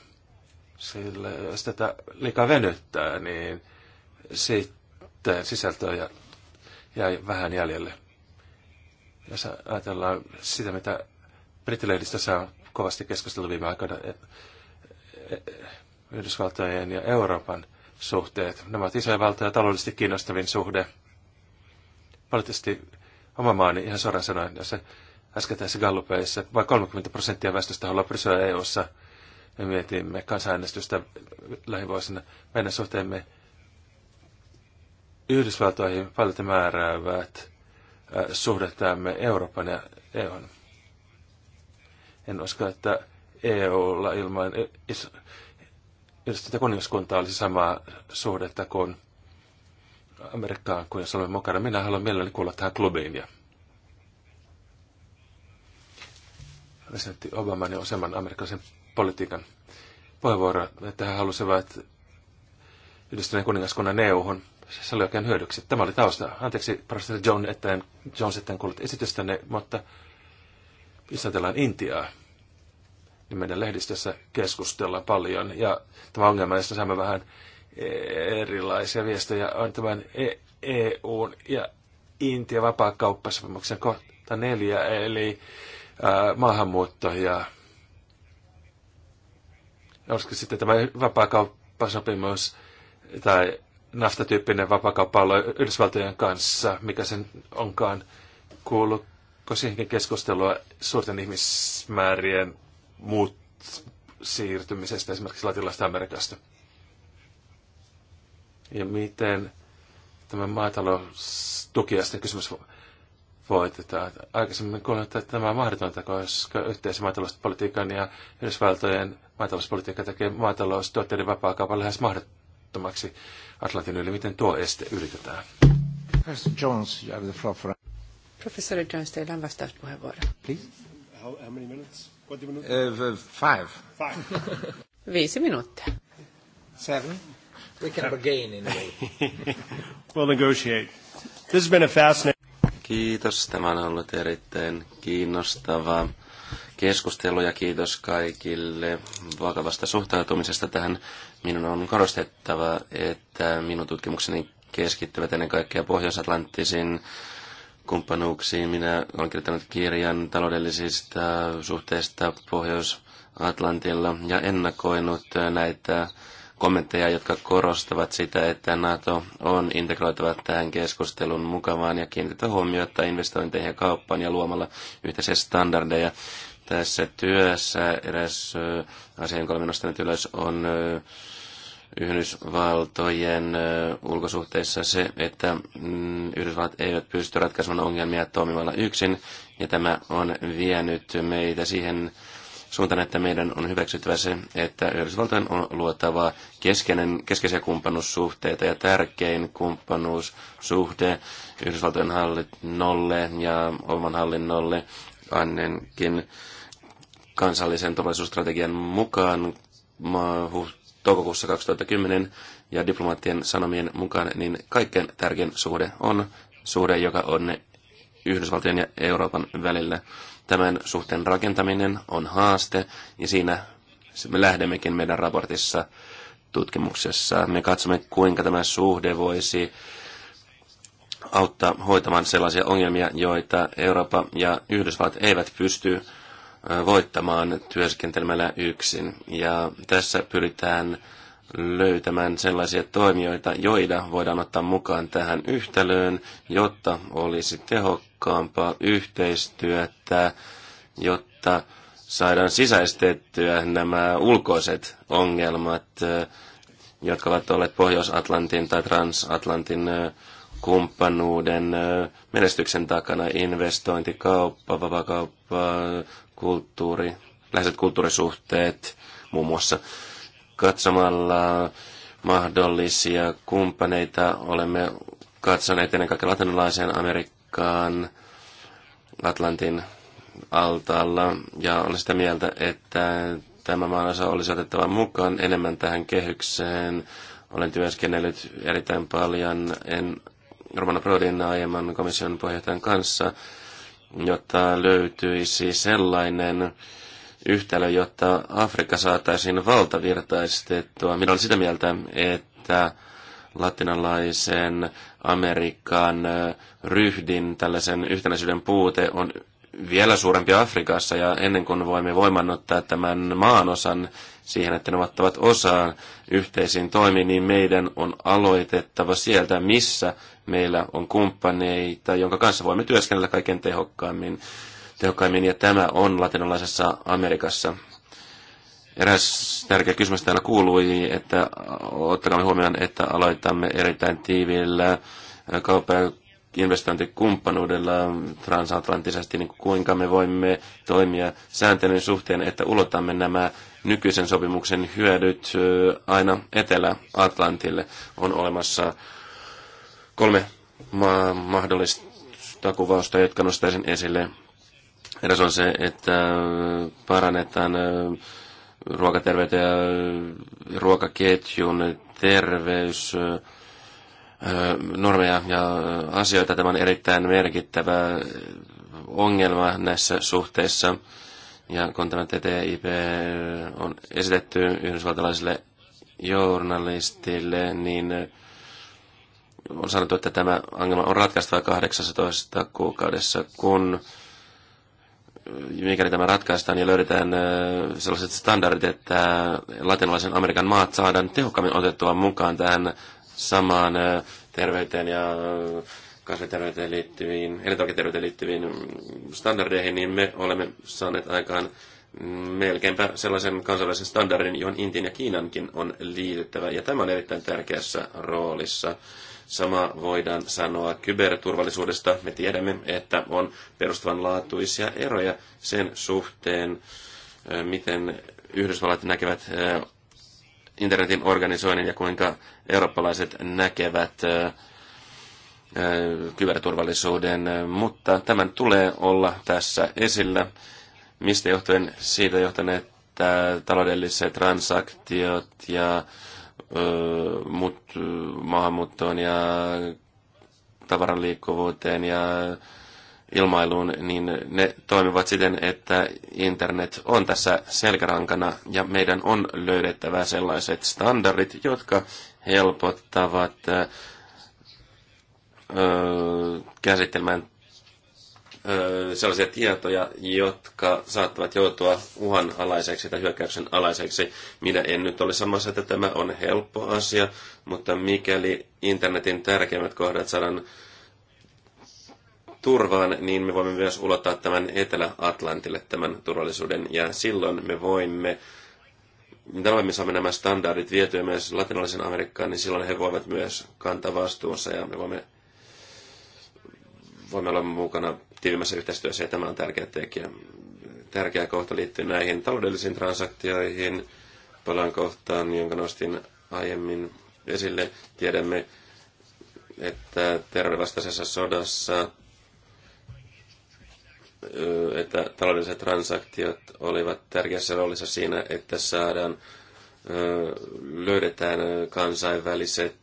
Sille, jos tätä liikaa venyttää, niin sitten sisältöä jää vähän jäljelle. Jos ajatellaan sitä, mitä brittilehdistössä saa kovasti keskustella viime aikoina, Yhdysvaltojen ja Euroopan suhteet. Nämä ovat isoja valtoja taloudellisesti kiinnostavin suhde. Valitettavasti oma maani ihan suoraan sanoen, jos äsken tässä Gallupeissa, vain 30 prosenttia väestöstä haluaa pysyä EU-ssa – me mietimme kansanäänestystä lähivuosina. Meidän suhteemme Yhdysvaltoihin paljon määräävät suhdettaamme Euroopan ja EUn. En usko, että EUlla ilman yhdistettä kuningaskuntaa olisi samaa suhdetta kuin Amerikkaan, kun jos olemme mukana. Minä haluan mielelläni kuulla tähän klubiin. Ja presidentti Obaman ja useamman amerikkalaisen politiikan puheenvuoroa, että he halusivat yhdistyneen kuningaskunnan EU-hun. Se oli oikein hyödyksi. Tämä oli tausta. Anteeksi, professori John, että en, John sitten kuullut esitystänne, mutta jos ajatellaan Intiaa, niin meidän lehdistössä keskustellaan paljon. Ja tämä ongelma, josta saamme vähän erilaisia viestejä, on tämän EUn e ja Intian vapaakauppasopimuksen kohta neljä, eli maahanmuutto ja olisiko sitten tämä vapaakauppasopimus tai naftatyyppinen vapaakauppa Yhdysvaltojen kanssa, mikä sen onkaan kuullut siihenkin keskustelua suurten ihmismäärien muut siirtymisestä esimerkiksi Latinalaisesta Amerikasta. Ja miten tämä maataloustukiaisten kysymys voitetaan. Aikaisemmin kuulla, että tämä on mahdotonta, koska yhteisen maatalouspolitiikan ja Yhdysvaltojen maatalouspolitiikka tekee maataloustuotteiden vapaa-kaupan lähes mahdottomaksi Atlantin yli. Miten tuo este ylitetään? Professor Jones, you have the floor for... Professori Jones, teillä on vastauspuheenvuoro. Please. How, how many minutes? What minutes? Uh, five. Five. Viisi minuuttia. Seven. We can bargain in a way. we'll negotiate. This has been a fascinating... Kiitos, tämä on ollut erittäin kiinnostava keskustelu ja kiitos kaikille vakavasta suhtautumisesta tähän. Minun on korostettava, että minun tutkimukseni keskittyvät ennen kaikkea Pohjois-Atlanttisiin kumppanuuksiin. Minä olen kirjoittanut kirjan taloudellisista suhteista Pohjois-Atlantilla ja ennakoinut näitä kommentteja, jotka korostavat sitä, että NATO on integroitava tähän keskustelun mukavaan ja kiinnitetä huomiota investointeihin ja kauppaan ja luomalla yhteisiä standardeja. Tässä työssä eräs asia, jonka olemme nostaneet ylös, on Yhdysvaltojen ulkosuhteissa se, että mm, Yhdysvallat eivät pysty ratkaisemaan ongelmia toimimalla yksin, ja tämä on vienyt meitä siihen suuntaan, että meidän on hyväksyttävä se, että Yhdysvaltain on luotava keskeinen, keskeisiä kumppanuussuhteita ja tärkein kumppanuussuhde Yhdysvaltojen hallinnolle ja oman hallinnolle annenkin kansallisen turvallisuusstrategian mukaan toukokuussa 2010 ja diplomaattien sanomien mukaan, niin kaikkein tärkein suhde on suhde, joka on Yhdysvaltojen ja Euroopan välillä. Tämän suhteen rakentaminen on haaste ja siinä me lähdemmekin meidän raportissa tutkimuksessa. Me katsomme, kuinka tämä suhde voisi auttaa hoitamaan sellaisia ongelmia, joita Eurooppa ja Yhdysvallat eivät pysty voittamaan työskentelemällä yksin. Ja tässä pyritään löytämään sellaisia toimijoita, joita voidaan ottaa mukaan tähän yhtälöön, jotta olisi tehokkaampaa yhteistyötä, jotta saadaan sisäistettyä nämä ulkoiset ongelmat, eh, jotka ovat olleet Pohjois-Atlantin tai Transatlantin eh, kumppanuuden eh, menestyksen takana, investointi, kauppa, vapakauppa, kulttuuri, läheiset kulttuurisuhteet muun muassa katsomalla mahdollisia kumppaneita olemme katsoneet ennen kaikkea latinalaiseen Amerikkaan Atlantin altaalla ja olen sitä mieltä, että tämä maanosa olisi otettava mukaan enemmän tähän kehykseen. Olen työskennellyt erittäin paljon en Romano Prodin aiemman komission puheenjohtajan kanssa, jotta löytyisi sellainen yhtälö, jotta Afrikka saataisiin valtavirtaistettua. Minä olen sitä mieltä, että latinalaisen Amerikan ryhdin, tällaisen yhtenäisyyden puute on vielä suurempi Afrikassa ja ennen kuin voimme voimannuttaa tämän maanosan siihen, että ne ottavat osaan yhteisiin toimiin, niin meidän on aloitettava sieltä, missä meillä on kumppaneita, jonka kanssa voimme työskennellä kaiken tehokkaammin tehokkaimmin, ja tämä on latinalaisessa Amerikassa. Eräs tärkeä kysymys täällä kuului, että ottakaa huomioon, että aloitamme erittäin tiiviillä kauppa- ja investointikumppanuudella transatlanttisesti, niin kuinka me voimme toimia sääntelyn suhteen, että ulotamme nämä nykyisen sopimuksen hyödyt aina Etelä-Atlantille. On olemassa kolme ma- mahdollista kuvausta, jotka nostaisin esille. Eräs on se, että parannetaan ruokaterveyttä ja ruokaketjun terveys, normeja ja asioita. Tämä on erittäin merkittävä ongelma näissä suhteissa. Ja kun tämä TTIP on esitetty yhdysvaltalaisille journalistille, niin on sanottu, että tämä ongelma on ratkaistava 18 kuukaudessa, kun mikäli tämä ratkaistaan ja löydetään äh, sellaiset standardit, että latinalaisen Amerikan maat saadaan tehokkaammin otettua mukaan tähän samaan äh, terveyteen ja äh, kasviterveyteen liittyviin, elintarviketerveyteen liittyviin mm, standardeihin, niin me olemme saaneet aikaan mm, melkeinpä sellaisen kansainvälisen standardin, johon Intian ja Kiinankin on liityttävä. Ja tämä on erittäin tärkeässä roolissa Sama voidaan sanoa kyberturvallisuudesta. Me tiedämme, että on perustavanlaatuisia eroja sen suhteen, miten Yhdysvallat näkevät internetin organisoinnin ja kuinka eurooppalaiset näkevät kyberturvallisuuden, mutta tämän tulee olla tässä esillä, mistä johtuen siitä johtuen, että taloudelliset transaktiot ja mut, maahanmuuttoon ja tavaran liikkuvuuteen ja ilmailuun, niin ne toimivat siten, että internet on tässä selkärankana ja meidän on löydettävä sellaiset standardit, jotka helpottavat ö, käsittelemään sellaisia tietoja, jotka saattavat joutua uhanalaiseksi tai hyökkäyksen alaiseksi. Minä en nyt ole samassa, että tämä on helppo asia, mutta mikäli internetin tärkeimmät kohdat saadaan turvaan, niin me voimme myös ulottaa tämän Etelä-Atlantille tämän turvallisuuden, ja silloin me voimme Tällöin me saamme nämä standardit vietyä myös latinalaisen Amerikkaan, niin silloin he voivat myös kantaa vastuunsa ja me voimme voimme olla mukana tiivimmässä yhteistyössä, ja tämä on tärkeä tekijä. Tärkeä kohta liittyy näihin taloudellisiin transaktioihin, palaan kohtaan, jonka nostin aiemmin esille. Tiedämme, että terrorivastaisessa sodassa että taloudelliset transaktiot olivat tärkeässä roolissa siinä, että saadaan, löydetään kansainväliset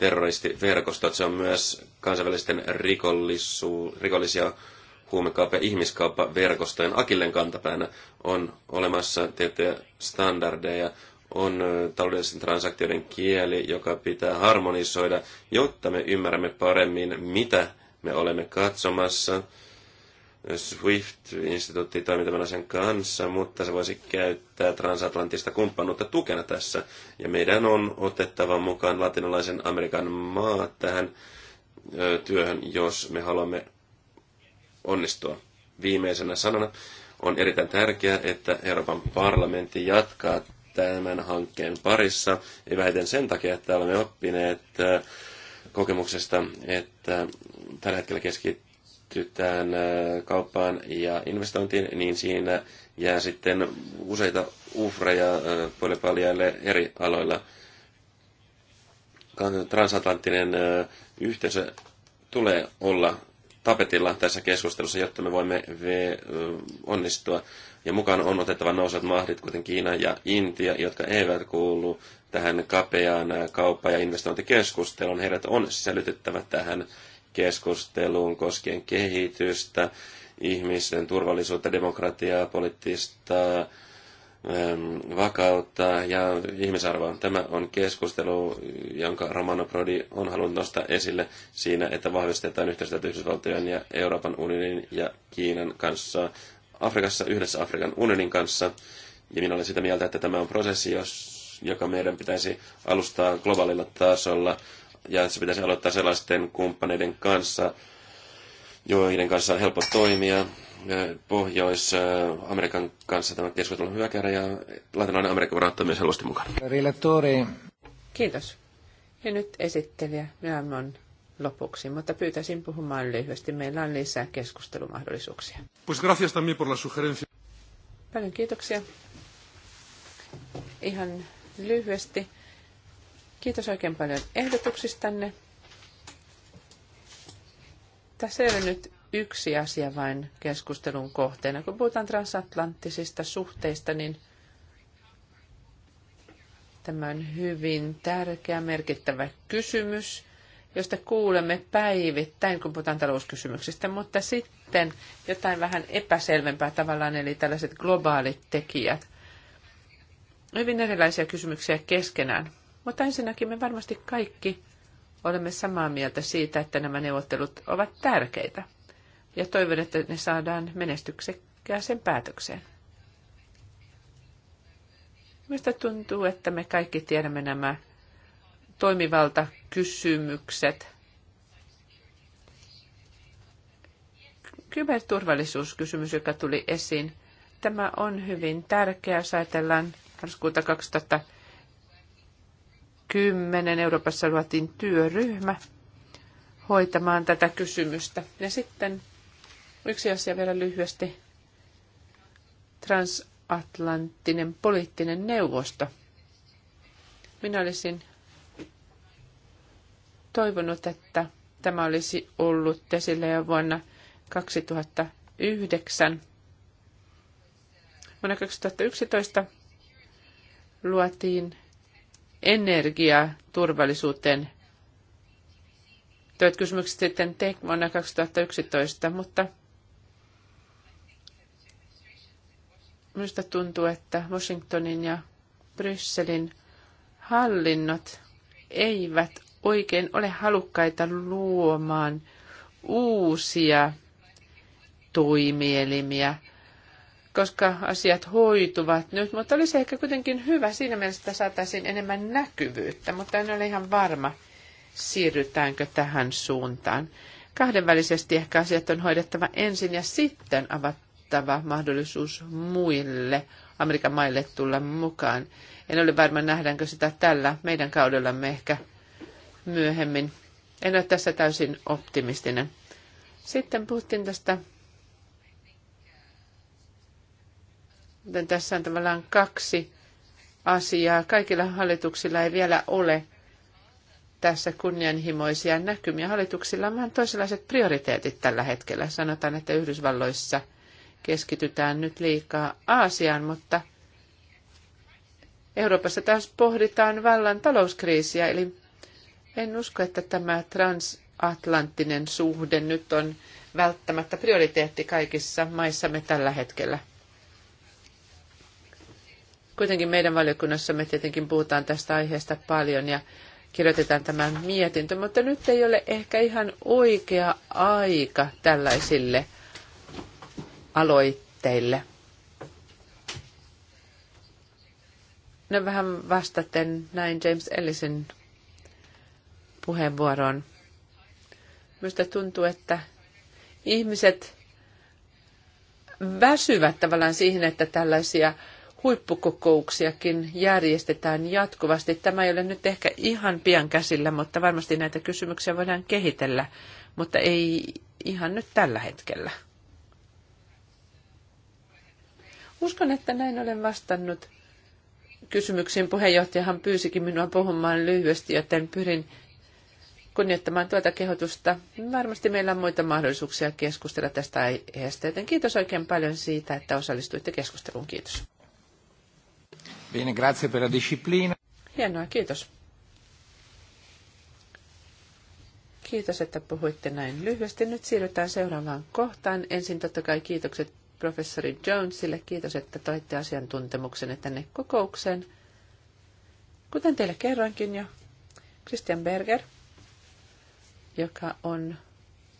että Se on myös kansainvälisten rikollisu- rikollisia huumekauppa- ja ihmiskauppaverkostojen akillen kantapäänä on olemassa tiettyjä standardeja, on taloudellisten transaktioiden kieli, joka pitää harmonisoida, jotta me ymmärrämme paremmin, mitä me olemme katsomassa – SWIFT-instituutti toimi sen kanssa, mutta se voisi käyttää transatlanttista kumppanuutta tukena tässä. Ja meidän on otettava mukaan latinalaisen Amerikan maat tähän työhön, jos me haluamme onnistua. Viimeisenä sanana on erittäin tärkeää, että Euroopan parlamentti jatkaa tämän hankkeen parissa. Ei vähiten sen takia, että olemme oppineet kokemuksesta, että tällä hetkellä keskittyy keskitytään äh, kauppaan ja investointiin, niin siinä jää sitten useita uhreja äh, puolipaljaille eri aloilla. Transatlanttinen äh, yhteisö tulee olla tapetilla tässä keskustelussa, jotta me voimme onnistua. Ja mukaan on otettava nousevat mahdit, kuten Kiina ja Intia, jotka eivät kuulu tähän kapeaan kauppa- ja investointikeskusteluun. Heidät on sisällytettävä tähän keskusteluun koskien kehitystä, ihmisten turvallisuutta, demokratiaa, poliittista vakautta ja ihmisarvoa. Tämä on keskustelu, jonka Romano Prodi on halunnut nostaa esille siinä, että vahvistetaan yhteistyötä Yhdysvaltojen ja Euroopan unionin ja Kiinan kanssa Afrikassa yhdessä Afrikan unionin kanssa. Ja minä olen sitä mieltä, että tämä on prosessi, jos, joka meidän pitäisi alustaa globaalilla tasolla ja se pitäisi aloittaa sellaisten kumppaneiden kanssa, joiden kanssa on helppo toimia. Pohjois-Amerikan kanssa tämä keskustelu on hyvä käydä ja Latinalainen Amerikka voidaan ottaa myös helposti mukaan. Kiitos. Ja nyt esittelijä Myamon lopuksi, mutta pyytäisin puhumaan lyhyesti. Meillä on lisää keskustelumahdollisuuksia. Pues gracias también por la sugerencia. Paljon kiitoksia. Ihan lyhyesti Kiitos oikein paljon ehdotuksistanne. Tässä ei ole nyt yksi asia vain keskustelun kohteena. Kun puhutaan transatlanttisista suhteista, niin tämä on hyvin tärkeä, merkittävä kysymys, josta kuulemme päivittäin, kun puhutaan talouskysymyksistä, mutta sitten jotain vähän epäselvempää tavallaan, eli tällaiset globaalit tekijät. Hyvin erilaisia kysymyksiä keskenään. Mutta ensinnäkin me varmasti kaikki olemme samaa mieltä siitä, että nämä neuvottelut ovat tärkeitä. Ja toivon, että ne saadaan menestyksekkääseen päätökseen. Minusta tuntuu, että me kaikki tiedämme nämä toimivaltakysymykset. Kyberturvallisuuskysymys, joka tuli esiin, tämä on hyvin tärkeä, jos ajatellaan marraskuuta 2000 2010 Euroopassa luotiin työryhmä hoitamaan tätä kysymystä. Ja sitten yksi asia vielä lyhyesti. Transatlanttinen poliittinen neuvosto. Minä olisin toivonut, että tämä olisi ollut esille jo vuonna 2009. Vuonna 2011 luotiin energiaturvallisuuteen toit kysymykset sitten te vuonna 2011, mutta minusta tuntuu, että Washingtonin ja Brysselin hallinnot eivät oikein ole halukkaita luomaan uusia toimielimiä – koska asiat hoituvat nyt, mutta olisi ehkä kuitenkin hyvä siinä mielessä, että saataisiin enemmän näkyvyyttä, mutta en ole ihan varma, siirrytäänkö tähän suuntaan. Kahdenvälisesti ehkä asiat on hoidettava ensin ja sitten avattava mahdollisuus muille Amerikan maille tulla mukaan. En ole varma, nähdäänkö sitä tällä meidän kaudellamme ehkä myöhemmin. En ole tässä täysin optimistinen. Sitten puhuttiin tästä Joten tässä on tavallaan kaksi asiaa. Kaikilla hallituksilla ei vielä ole tässä kunnianhimoisia näkymiä. Hallituksilla on vähän toisenlaiset prioriteetit tällä hetkellä. Sanotaan, että Yhdysvalloissa keskitytään nyt liikaa Aasiaan, mutta Euroopassa taas pohditaan vallan talouskriisiä, eli en usko, että tämä transatlanttinen suhde nyt on välttämättä prioriteetti kaikissa maissamme tällä hetkellä. Kuitenkin meidän valiokunnassamme tietenkin puhutaan tästä aiheesta paljon ja kirjoitetaan tämä mietintö, mutta nyt ei ole ehkä ihan oikea aika tällaisille aloitteille. No vähän vastaten näin James Ellison puheenvuoroon. Minusta tuntuu, että ihmiset väsyvät tavallaan siihen, että tällaisia huippukokouksiakin järjestetään jatkuvasti. Tämä ei ole nyt ehkä ihan pian käsillä, mutta varmasti näitä kysymyksiä voidaan kehitellä, mutta ei ihan nyt tällä hetkellä. Uskon, että näin olen vastannut kysymyksiin. Puheenjohtajahan pyysikin minua puhumaan lyhyesti, joten pyrin kunnioittamaan tuota kehotusta. Varmasti meillä on muita mahdollisuuksia keskustella tästä aiheesta, joten kiitos oikein paljon siitä, että osallistuitte keskusteluun. Kiitos. Bene, grazie per la disciplina. Hienoa, kiitos. Kiitos, että puhuitte näin lyhyesti. Nyt siirrytään seuraavaan kohtaan. Ensin totta kai kiitokset professori Jonesille. Kiitos, että toitte asiantuntemuksenne tänne kokoukseen. Kuten teille kerrankin jo, Christian Berger, joka on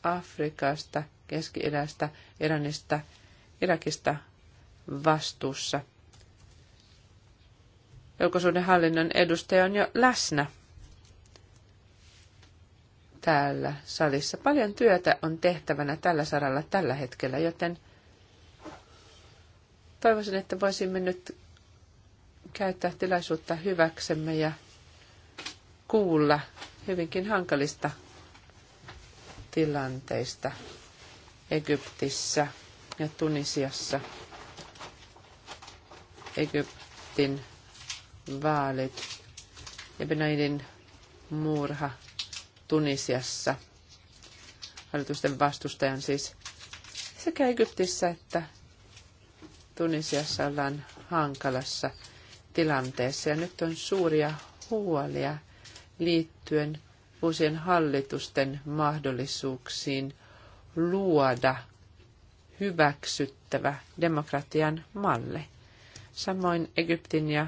Afrikasta, Keski-idästä, Iranista, Irakista vastuussa – ulkosuhdehallinnon edustaja on jo läsnä täällä salissa. Paljon työtä on tehtävänä tällä saralla tällä hetkellä, joten toivoisin, että voisimme nyt käyttää tilaisuutta hyväksemme ja kuulla hyvinkin hankalista tilanteista Egyptissä ja Tunisiassa. Egyptin vaalit ja Benaidin murha Tunisiassa, hallitusten vastustajan siis, sekä Egyptissä että Tunisiassa ollaan hankalassa tilanteessa. Ja nyt on suuria huolia liittyen uusien hallitusten mahdollisuuksiin luoda hyväksyttävä demokratian malli. Samoin Egyptin ja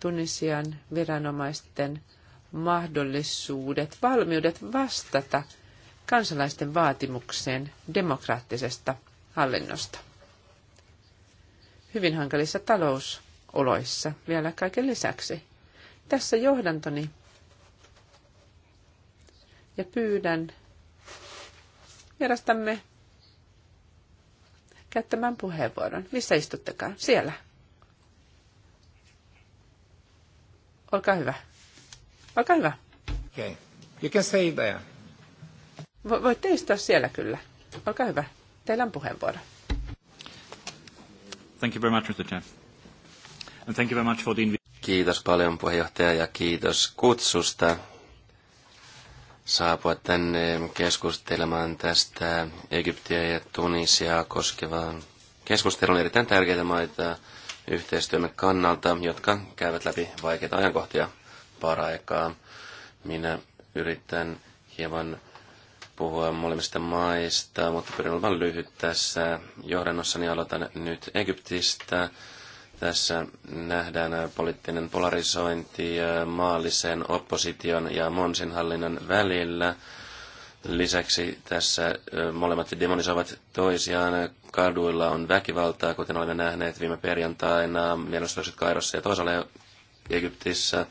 Tunisian viranomaisten mahdollisuudet, valmiudet vastata kansalaisten vaatimukseen demokraattisesta hallinnosta. Hyvin hankalissa talousoloissa vielä kaiken lisäksi. Tässä johdantoni ja pyydän vierastamme käyttämään puheenvuoron. Missä istuttekaan? Siellä. Olkaa hyvä. Olkaa hyvä. Okay. You can stay there. Vo- voitte istua siellä kyllä. Olkaa hyvä. Teillä on puheenvuoro. Thank you very much, Mr. Chair. And thank you very much for the Kiitos paljon puheenjohtaja ja kiitos kutsusta saapua tänne keskustelemaan tästä Egyptiä ja Tunisiaa koskevaan keskusteluun. Erittäin tärkeitä maita yhteistyömme kannalta, jotka käyvät läpi vaikeita ajankohtia paraikaa. Minä yritän hieman puhua molemmista maista, mutta pyrin olemaan lyhyt tässä. Johdannossani aloitan nyt Egyptistä. Tässä nähdään poliittinen polarisointi maallisen opposition ja Monsin hallinnon välillä. Lisäksi tässä molemmat demonisoivat toisiaan kaduilla on väkivaltaa, kuten olemme nähneet viime perjantaina mielenosoitukset Kairossa ja toisaalla Egyptissä.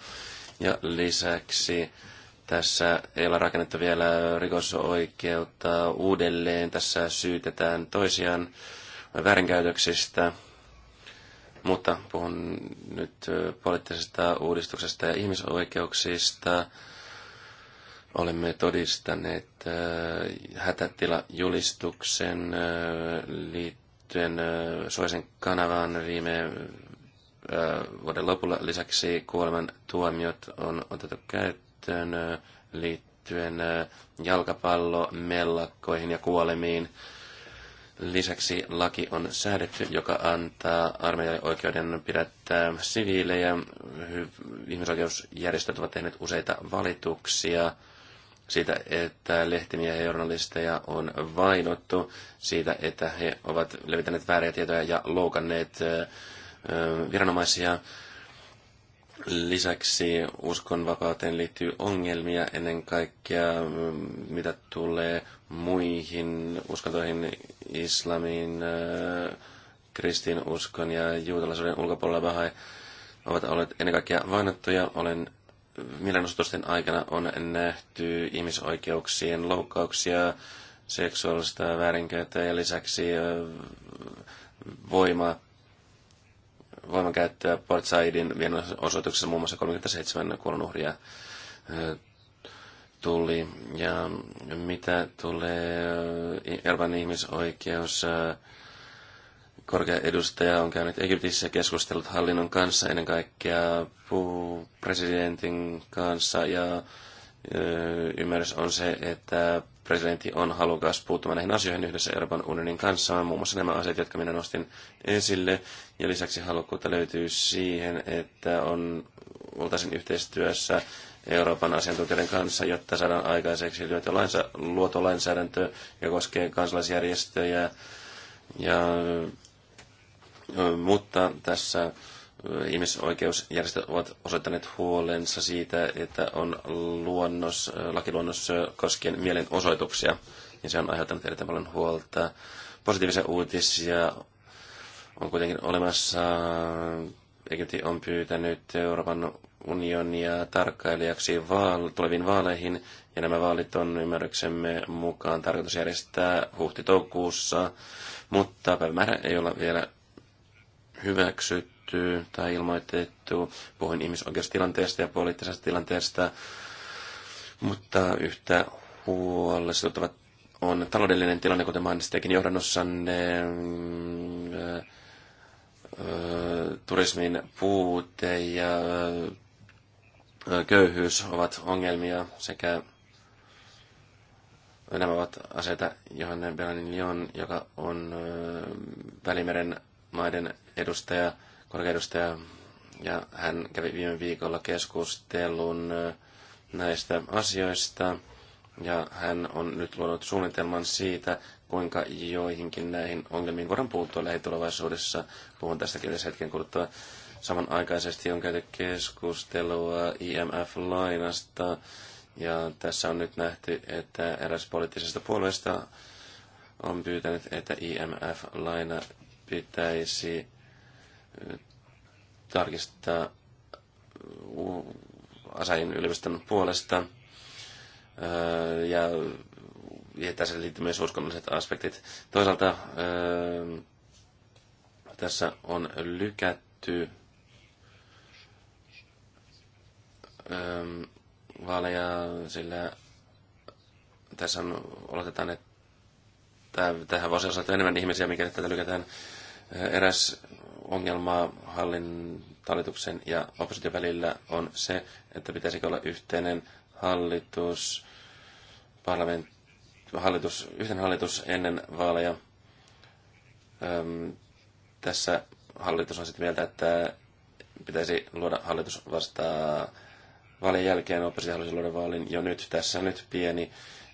Ja lisäksi tässä ei ole rakennettu vielä rikosoikeutta uudelleen. Tässä syytetään toisiaan väärinkäytöksistä, mutta puhun nyt poliittisesta uudistuksesta ja ihmisoikeuksista. Olemme todistaneet äh, hätätilajulistuksen äh, liittyen äh, Soisen kanavaan viime vuoden lopulla. Lisäksi kuoleman tuomiot on otettu käyttöön liittyen jalkapallomellakkoihin ja kuolemiin. Lisäksi laki on säädetty, joka antaa armeijalle oikeuden pidättää siviilejä. Ihmisoikeusjärjestöt ovat tehneet useita valituksia siitä, että lehtimiä ja journalisteja on vainottu, siitä, että he ovat levittäneet vääriä tietoja ja loukanneet viranomaisia. Lisäksi uskonvapauteen liittyy ongelmia ennen kaikkea, mitä tulee muihin uskontoihin, islamiin, kristinuskon ja juutalaisuuden ulkopuolella bahai ovat olleet ennen kaikkea vainottuja. Olen mielenosoitusten aikana on nähty ihmisoikeuksien loukkauksia, seksuaalista väärinkäyttöä ja lisäksi voima, voimakäyttöä Port Saidin mielenosoituksessa muun muassa 37 kuolonuhria tuli. Ja mitä tulee Euroopan ihmisoikeus korkea edustaja on käynyt Egyptissä keskustelut hallinnon kanssa, ennen kaikkea presidentin kanssa, ja ymmärrys on se, että presidentti on halukas puuttumaan näihin asioihin yhdessä Euroopan unionin kanssa, muun muassa nämä asiat, jotka minä nostin esille, ja lisäksi halukkuutta löytyy siihen, että on oltaisiin yhteistyössä Euroopan asiantuntijoiden kanssa, jotta saadaan aikaiseksi luotu lainsäädäntö, joka koskee kansalaisjärjestöjä ja mutta tässä ihmisoikeusjärjestöt ovat osoittaneet huolensa siitä, että on luonnos, lakiluonnos koskien mielenosoituksia, ja se on aiheuttanut erittäin paljon huolta. Positiivisia uutisia on kuitenkin olemassa. Egypti on pyytänyt Euroopan unionia tarkkailijaksi vaal- tuleviin vaaleihin, ja nämä vaalit on ymmärryksemme mukaan tarkoitus järjestää huhti-toukokuussa, mutta päivämäärä ei olla vielä hyväksytty tai ilmoitettu. Puhuin ihmisoikeustilanteesta ja poliittisesta tilanteesta, mutta yhtä huolestuttava on taloudellinen tilanne, kuten mainitsitkin johdannossanne, äh, äh, turismin puute ja äh, köyhyys ovat ongelmia sekä nämä ovat aseita Johanne Belanin Lyon, joka on Välimeren maiden edustaja, korkeudustaja, ja hän kävi viime viikolla keskustelun näistä asioista, ja hän on nyt luonut suunnitelman siitä, kuinka joihinkin näihin ongelmiin voidaan puuttua lähitulevaisuudessa. Puhun tästäkin tässä hetken kuluttua. Samanaikaisesti on käyty keskustelua IMF-lainasta, ja tässä on nyt nähty, että eräs poliittisesta puolueesta on pyytänyt, että IMF-laina pitäisi tarkistaa Asain yliopiston puolesta. Ja, ja tässä liittyy myös uskonnolliset aspektit. Toisaalta tässä on lykätty vaaleja, sillä tässä on, oletetaan, että tähän voisi osata enemmän ihmisiä, mikäli tätä lykätään Eräs ongelma hallintalituksen ja opposition välillä on se, että pitäisikö olla yhteinen hallitus, hallitus, yhteinen hallitus ennen vaaleja. Öm, tässä hallitus on sitten mieltä, että pitäisi luoda hallitus vasta vaalien jälkeen, oppositio haluaisi luoda vaalin jo nyt. Tässä nyt pieni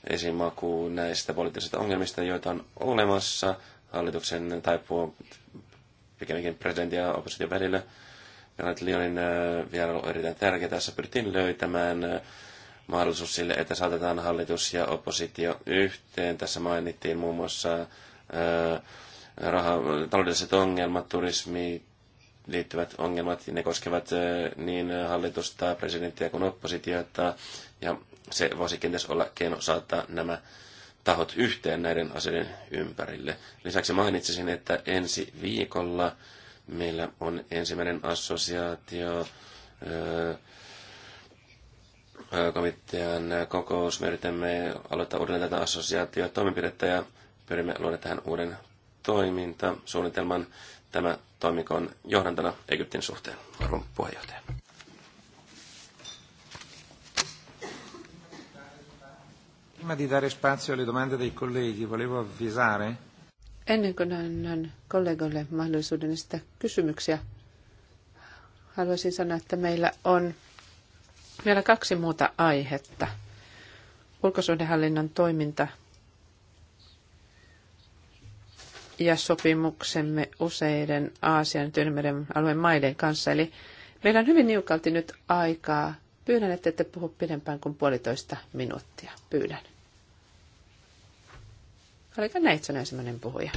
esimaku näistä poliittisista ongelmista, joita on olemassa hallituksen tai puo, pikemminkin presidentin ja opposition välillä. Lyonin äh, vierailu on erittäin tärkeä. Tässä pyrittiin löytämään äh, mahdollisuus sille, että saatetaan hallitus ja oppositio yhteen. Tässä mainittiin muun muassa äh, raha, taloudelliset ongelmat, turismi, liittyvät ongelmat, ne koskevat niin hallitusta, presidenttiä kuin oppositiota, ja se voisi kenties olla keino saattaa nämä tahot yhteen näiden asioiden ympärille. Lisäksi mainitsisin, että ensi viikolla meillä on ensimmäinen assosiaatio komitean kokous. Me yritämme aloittaa uudelleen tätä toimenpidettä ja pyrimme luoda tähän uuden toimintasuunnitelman. Tämä toimikon johdantana Egyptin suhteen, arvon puheenjohtaja. Prima di dare spazio alle domande dei colleghi, volevo avvisare. Ennen kuin annan kollegoille mahdollisuuden esittää kysymyksiä, haluaisin sanoa, että meillä on vielä kaksi muuta aihetta. Ulkosuhdehallinnon toiminta ja sopimuksemme useiden Aasian Tyynemeren alueen maiden kanssa. Eli meillä on hyvin niukalti nyt aikaa. Pyydän, että ette puhu pidempään kuin puolitoista minuuttia. Pyydän. Kollega Neitson ensimmäinen puhuja.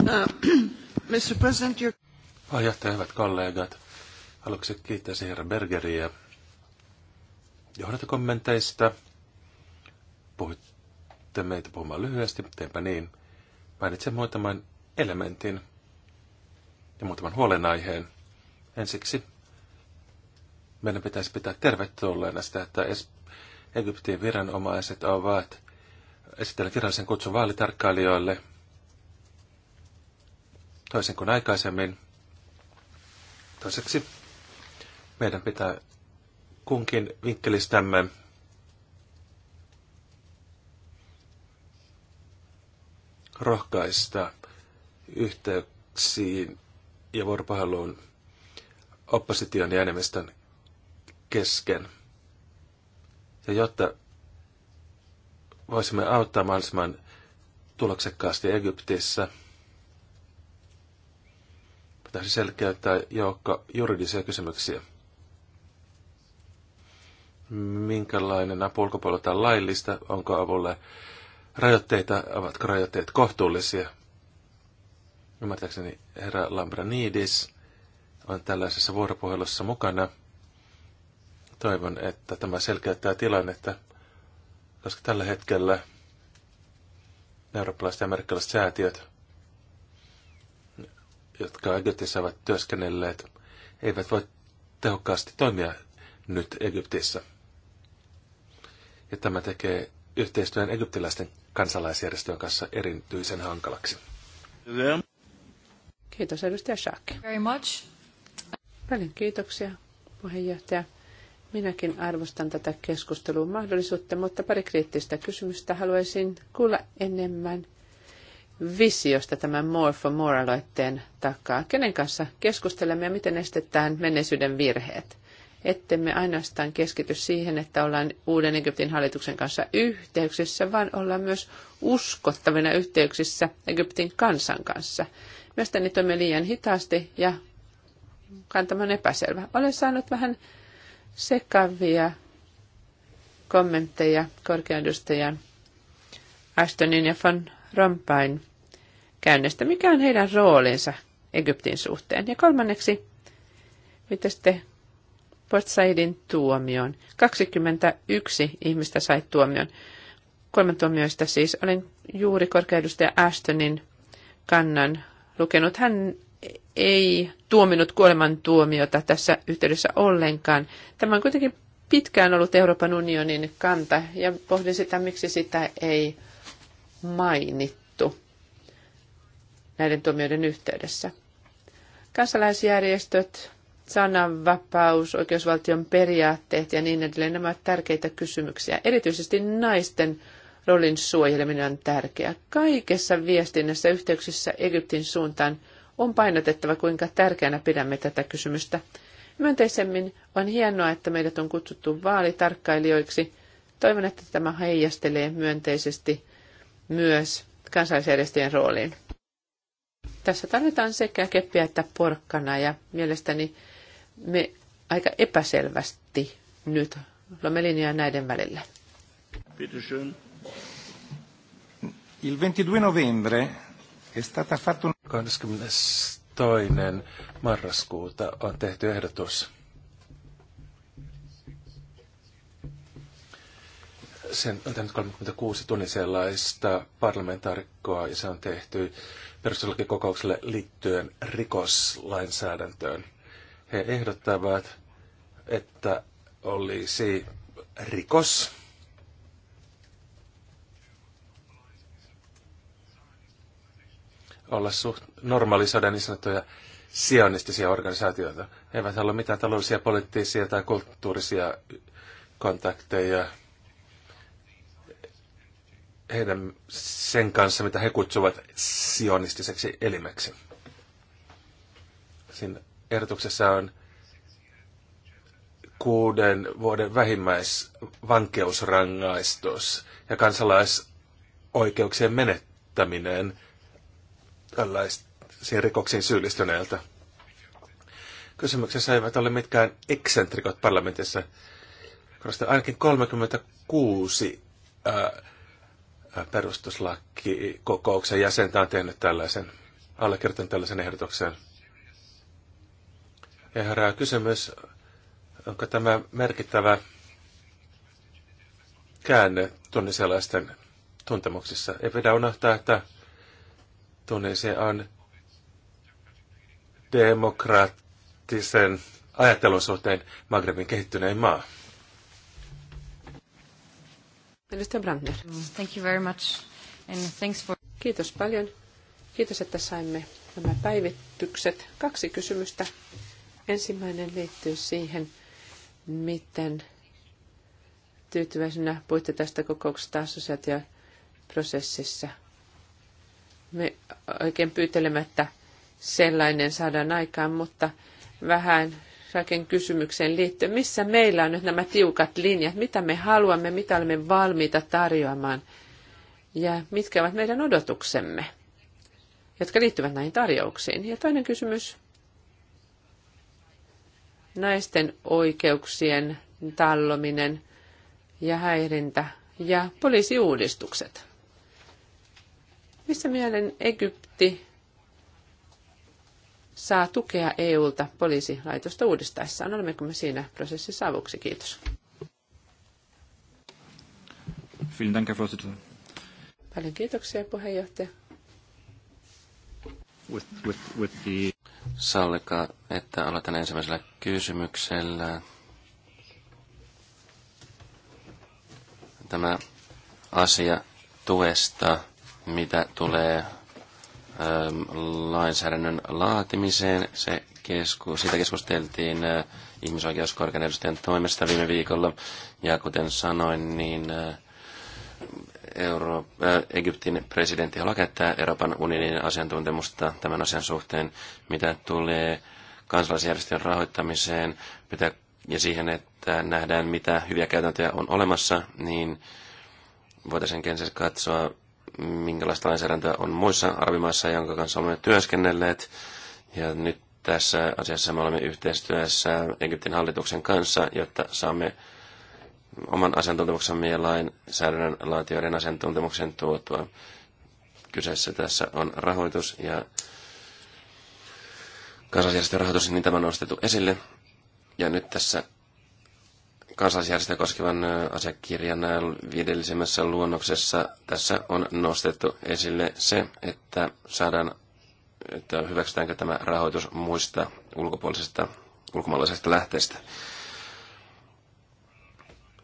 Uh, Mr. President, your... Puheenjohtaja, hyvät kollegat. Aluksi kiittäisin herra Bergeriä johdantokommenteista. Puhutte meitä puhumaan lyhyesti, teenpä niin. Mainitsen muutaman elementin ja muutaman huolenaiheen. Ensiksi meidän pitäisi pitää tervetulleena sitä, että Egyptin viranomaiset ovat esitellä virallisen kutsun vaalitarkkailijoille. Toisin kuin aikaisemmin. Toiseksi meidän pitää kunkin vinkkelistämme rohkaista yhteyksiin ja vuoropuheluun opposition ja enemmistön kesken. Ja jotta voisimme auttaa mahdollisimman tuloksekkaasti Egyptissä. Pitäisi selkeyttää joukko juridisia kysymyksiä. Minkälainen apu ulkopuolelta on laillista? Onko avulle rajoitteita? Ovatko rajoitteet kohtuullisia? Ymmärtääkseni herra Lambranidis on tällaisessa vuoropuhelussa mukana. Toivon, että tämä selkeyttää tilannetta koska tällä hetkellä eurooppalaiset ja amerikkalaiset säätiöt, jotka Egyptissä ovat työskennelleet, eivät voi tehokkaasti toimia nyt Egyptissä. Ja tämä tekee yhteistyön egyptiläisten kansalaisjärjestöjen kanssa erityisen hankalaksi. Kiitos edustaja Schaak. Very much. Paljon kiitoksia puheenjohtaja. Minäkin arvostan tätä keskustelun mahdollisuutta, mutta pari kriittistä kysymystä haluaisin kuulla enemmän visiosta tämän More for More-aloitteen takaa. Kenen kanssa keskustelemme ja miten estetään menneisyyden virheet? Ettemme ainoastaan keskity siihen, että ollaan uuden Egyptin hallituksen kanssa yhteyksissä, vaan ollaan myös uskottavina yhteyksissä Egyptin kansan kanssa. Mielestäni toimme liian hitaasti ja kantaman epäselvä. Olen saanut vähän sekavia kommentteja korkeadustajan Ashtonin ja von Rompain käynnistä. Mikä on heidän roolinsa Egyptin suhteen? Ja kolmanneksi, mitä sitten Port Saidin tuomioon? 21 ihmistä sai tuomion. Kolme tuomioista siis. Olin juuri korkeadustaja Ashtonin kannan lukenut. Hän ei tuominut kuolemantuomiota tässä yhteydessä ollenkaan. Tämä on kuitenkin pitkään ollut Euroopan unionin kanta ja pohdin sitä, miksi sitä ei mainittu näiden tuomioiden yhteydessä. Kansalaisjärjestöt, sananvapaus, oikeusvaltion periaatteet ja niin edelleen, nämä ovat tärkeitä kysymyksiä. Erityisesti naisten roolin suojeleminen on tärkeää. Kaikessa viestinnässä yhteyksissä Egyptin suuntaan – on painotettava, kuinka tärkeänä pidämme tätä kysymystä. Myönteisemmin on hienoa, että meidät on kutsuttu vaalitarkkailijoiksi. Toivon, että tämä heijastelee myönteisesti myös kansalaisjärjestöjen rooliin. Tässä tarvitaan sekä keppiä että porkkana ja mielestäni me aika epäselvästi nyt olemme linjaa näiden välillä. Il 22 novembre 22. marraskuuta on tehty ehdotus. Sen on tehnyt 36 tunniselaista parlamentaarikkoa ja se on tehty perustuslakikokoukselle liittyen rikoslainsäädäntöön. He ehdottavat, että olisi rikos olla suht normalisoida niin sanottuja sionistisia organisaatioita. He eivät halua mitään taloudellisia, poliittisia tai kulttuurisia kontakteja heidän sen kanssa, mitä he kutsuvat sionistiseksi elimeksi. Siinä ehdotuksessa on kuuden vuoden vähimmäisvankeusrangaistus ja kansalaisoikeuksien menettäminen – tällaisiin rikoksiin syyllistyneeltä. Kysymyksessä eivät ole mitkään eksentrikot parlamentissa, koska ainakin 36 ää, perustuslakikokouksen jäsentä on tehnyt tällaisen, allekirjoittanut tällaisen ehdotuksen. Ja herää kysymys, onko tämä merkittävä käänne tunnisellaisten tuntemuksissa. Ei pidä unohtaa, että se on demokraattisen ajattelun suhteen Magrebin kehittyneen maa. Edustaja Brandner. Thank you very much. And thanks for... Kiitos paljon. Kiitos, että saimme nämä päivitykset. Kaksi kysymystä. Ensimmäinen liittyy siihen, miten tyytyväisenä puhutte tästä kokouksesta assosiaatioprosessissa – me oikein pyytelemättä sellainen saadaan aikaan, mutta vähän kaiken kysymykseen liittyen, missä meillä on nyt nämä tiukat linjat, mitä me haluamme, mitä olemme valmiita tarjoamaan ja mitkä ovat meidän odotuksemme, jotka liittyvät näihin tarjouksiin. Ja toinen kysymys naisten oikeuksien tallominen ja häirintä ja poliisiuudistukset. Missä mielen Egypti saa tukea EUlta poliisilaitosta uudistaessaan? Olemmeko me siinä prosessissa avuksi? Kiitos. Vielen Dank, Herr Paljon kiitoksia, puheenjohtaja. With, with, with the... Sallika, että aloitan ensimmäisellä kysymyksellä. Tämä asia tuesta mitä tulee ähm, lainsäädännön laatimiseen, se kesku, siitä keskusteltiin äh, ihmisoikeuskorkean edustajan toimesta viime viikolla. Ja kuten sanoin, niin äh, Euro, ä, äh, Egyptin presidentti haluaa käyttää Euroopan unionin asiantuntemusta tämän asian suhteen, mitä tulee kansalaisjärjestön rahoittamiseen mitä, ja siihen, että nähdään mitä hyviä käytäntöjä on olemassa, niin voitaisiin kenties katsoa minkälaista lainsäädäntöä on muissa arabimaissa, jonka kanssa olemme työskennelleet. Ja nyt tässä asiassa me olemme yhteistyössä Egyptin hallituksen kanssa, jotta saamme oman asiantuntemuksemme ja lainsäädännön laatioiden asiantuntemuksen tuotua. Kyseessä tässä on rahoitus ja kansalaisjärjestön rahoitus, niin tämä on nostettu esille. Ja nyt tässä kansalaisjärjestöä koskevan asiakirjan viidellisemmässä luonnoksessa tässä on nostettu esille se, että saadaan, että hyväksytäänkö tämä rahoitus muista ulkopuolisista ulkomaalaisista lähteistä.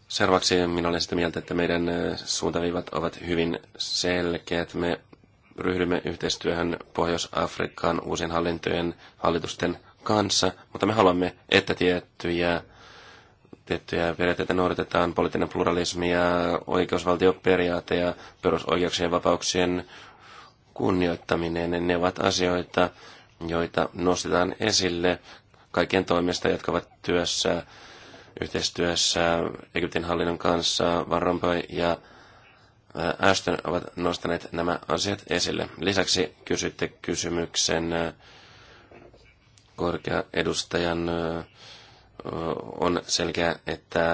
Seuraavaksi minä olen sitä mieltä, että meidän suuntaviivat ovat hyvin selkeät. Me ryhdymme yhteistyöhön Pohjois-Afrikkaan uusien hallintojen hallitusten kanssa, mutta me haluamme, että tiettyjä tiettyjä periaatteita noudatetaan, poliittinen pluralismi ja oikeusvaltioperiaate ja perusoikeuksien ja vapauksien kunnioittaminen, ne ovat asioita, joita nostetaan esille kaikkien toimesta, jotka ovat työssä, yhteistyössä Egyptin hallinnon kanssa, Van Rompuy ja äh, Ashton ovat nostaneet nämä asiat esille. Lisäksi kysytte kysymyksen äh, korkea edustajan äh, on selkeä, että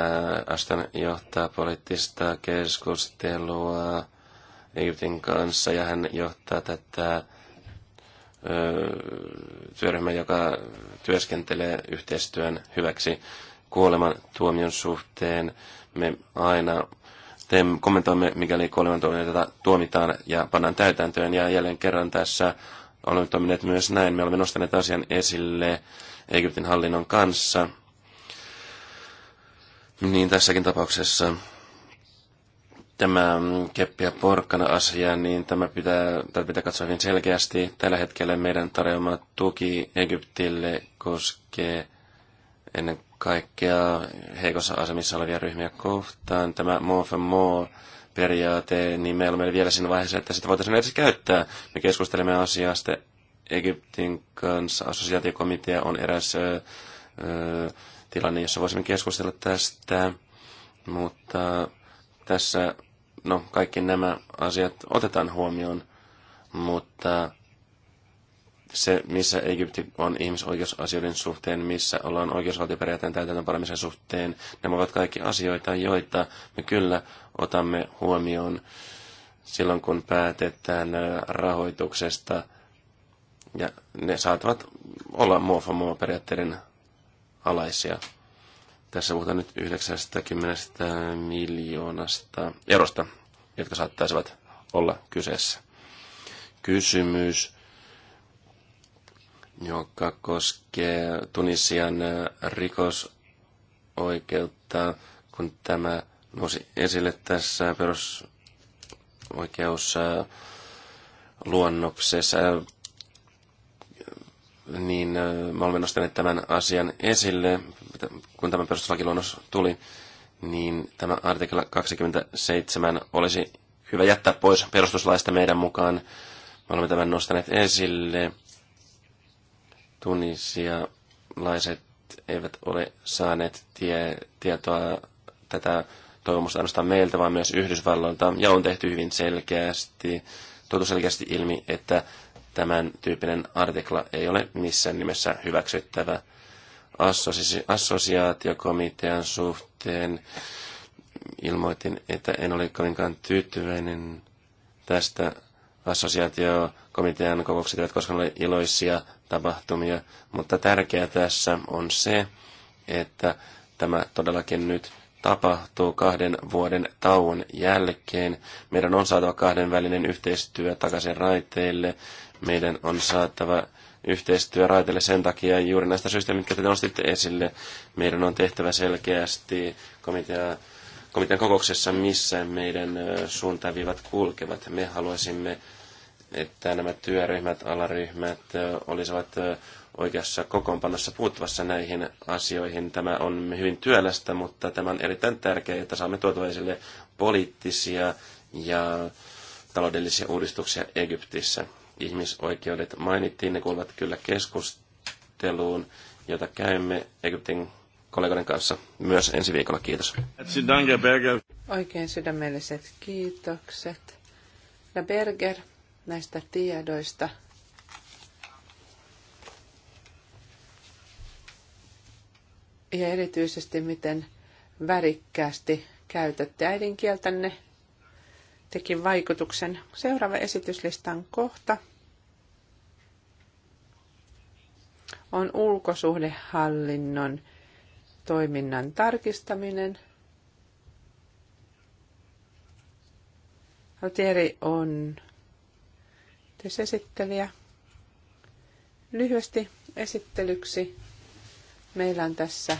Aston johtaa poliittista keskustelua Egyptin kanssa ja hän johtaa tätä työryhmää, joka työskentelee yhteistyön hyväksi kuoleman tuomion suhteen. Me aina teemme, kommentoimme, mikäli kuolemantuomioita tuomitaan ja pannaan täytäntöön. Ja jälleen kerran tässä olemme toimineet myös näin. Me olemme nostaneet asian esille Egyptin hallinnon kanssa – niin tässäkin tapauksessa tämä keppi- ja porkkana-asia, niin tämä pitää, tämä pitää katsoa hyvin selkeästi. Tällä hetkellä meidän tarjoama tuki Egyptille koskee ennen kaikkea heikossa asemissa olevia ryhmiä kohtaan. Tämä more for more periaate, niin on meillä vielä siinä vaiheessa, että sitä voitaisiin edes käyttää. Me keskustelemme asiasta. Egyptin kanssa assosiaatiokomitea on eräs öö, tilanne, jossa voisimme keskustella tästä, mutta tässä no, kaikki nämä asiat otetaan huomioon, mutta se, missä Egypti on ihmisoikeusasioiden suhteen, missä ollaan oikeusvaltioperiaatteen täytäntöön panemisen suhteen, nämä ovat kaikki asioita, joita me kyllä otamme huomioon silloin, kun päätetään rahoituksesta. Ja ne saattavat olla periaatteiden alaisia. Tässä puhutaan nyt 90 miljoonasta erosta, jotka saattaisivat olla kyseessä. Kysymys, joka koskee Tunisian rikosoikeutta, kun tämä nousi esille tässä perusoikeusluonnoksessa. Äh, luonnoksessa niin äh, me olemme nostaneet tämän asian esille, kun tämä perustuslakiluonnos tuli, niin tämä artikla 27 olisi hyvä jättää pois perustuslaista meidän mukaan. Me olemme tämän nostaneet esille. Tunisialaiset eivät ole saaneet tie, tietoa tätä toivomusta ainoastaan meiltä, vaan myös Yhdysvalloilta, ja on tehty hyvin selkeästi, tuotu selkeästi ilmi, että Tämän tyyppinen artikla ei ole missään nimessä hyväksyttävä assosiaatiokomitean suhteen. Ilmoitin, että en ole kovinkaan tyytyväinen tästä assosiaatiokomitean kokoukset eivät koskaan ole iloisia tapahtumia, mutta tärkeää tässä on se, että tämä todellakin nyt tapahtuu kahden vuoden tauon jälkeen. Meidän on saatava kahdenvälinen yhteistyö takaisin raiteille. Meidän on saatava yhteistyö raiteille sen takia juuri näistä syistä, mitkä te nostitte esille. Meidän on tehtävä selkeästi komitea, komitean kokouksessa, missä meidän suuntaviivat kulkevat. Me haluaisimme, että nämä työryhmät, alaryhmät olisivat oikeassa kokoonpanossa puuttuvassa näihin asioihin. Tämä on hyvin työlästä, mutta tämä on erittäin tärkeää, että saamme tuotua esille poliittisia ja taloudellisia uudistuksia Egyptissä ihmisoikeudet mainittiin, ne kuuluvat kyllä keskusteluun, jota käymme Egyptin kollegoiden kanssa myös ensi viikolla. Kiitos. Oikein sydämelliset kiitokset. Ja Berger näistä tiedoista. Ja erityisesti miten värikkäästi käytätte äidinkieltänne teki vaikutuksen. Seuraava esityslistan kohta on ulkosuhdehallinnon toiminnan tarkistaminen. Altieri on tässä esittelijä. Lyhyesti esittelyksi meillä on tässä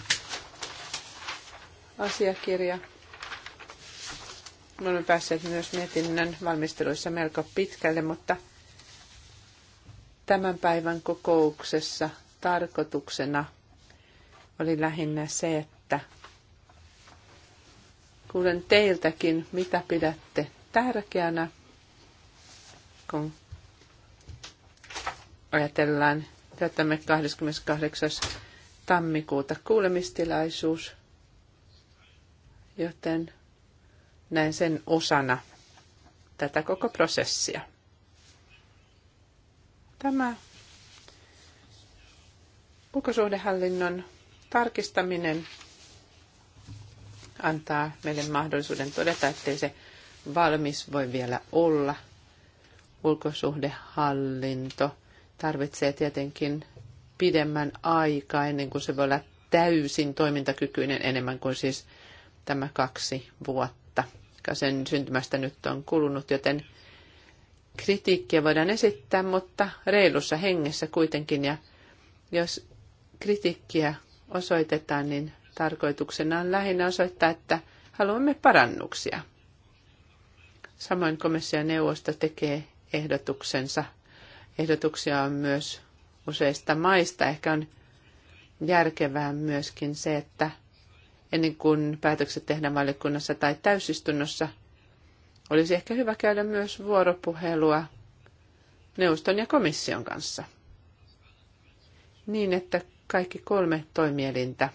asiakirja. Me olemme päässeet myös mietinnön valmisteluissa melko pitkälle, mutta tämän päivän kokouksessa tarkoituksena oli lähinnä se, että kuulen teiltäkin, mitä pidätte tärkeänä, kun ajatellaan tätämme 28. tammikuuta kuulemistilaisuus, joten näen sen osana tätä koko prosessia. Tämä ulkosuhdehallinnon tarkistaminen antaa meille mahdollisuuden todeta, ettei se valmis voi vielä olla. Ulkosuhdehallinto tarvitsee tietenkin pidemmän aikaa ennen kuin se voi olla täysin toimintakykyinen enemmän kuin siis tämä kaksi vuotta jotka sen syntymästä nyt on kulunut, joten kritiikkiä voidaan esittää, mutta reilussa hengessä kuitenkin. Ja jos kritiikkiä osoitetaan, niin tarkoituksena on lähinnä osoittaa, että haluamme parannuksia. Samoin komission neuvosto tekee ehdotuksensa. Ehdotuksia on myös useista maista. Ehkä on järkevää myöskin se, että ennen kuin päätökset tehdään valiokunnassa tai täysistunnossa, olisi ehkä hyvä käydä myös vuoropuhelua neuvoston ja komission kanssa. Niin, että kaikki kolme toimielintä,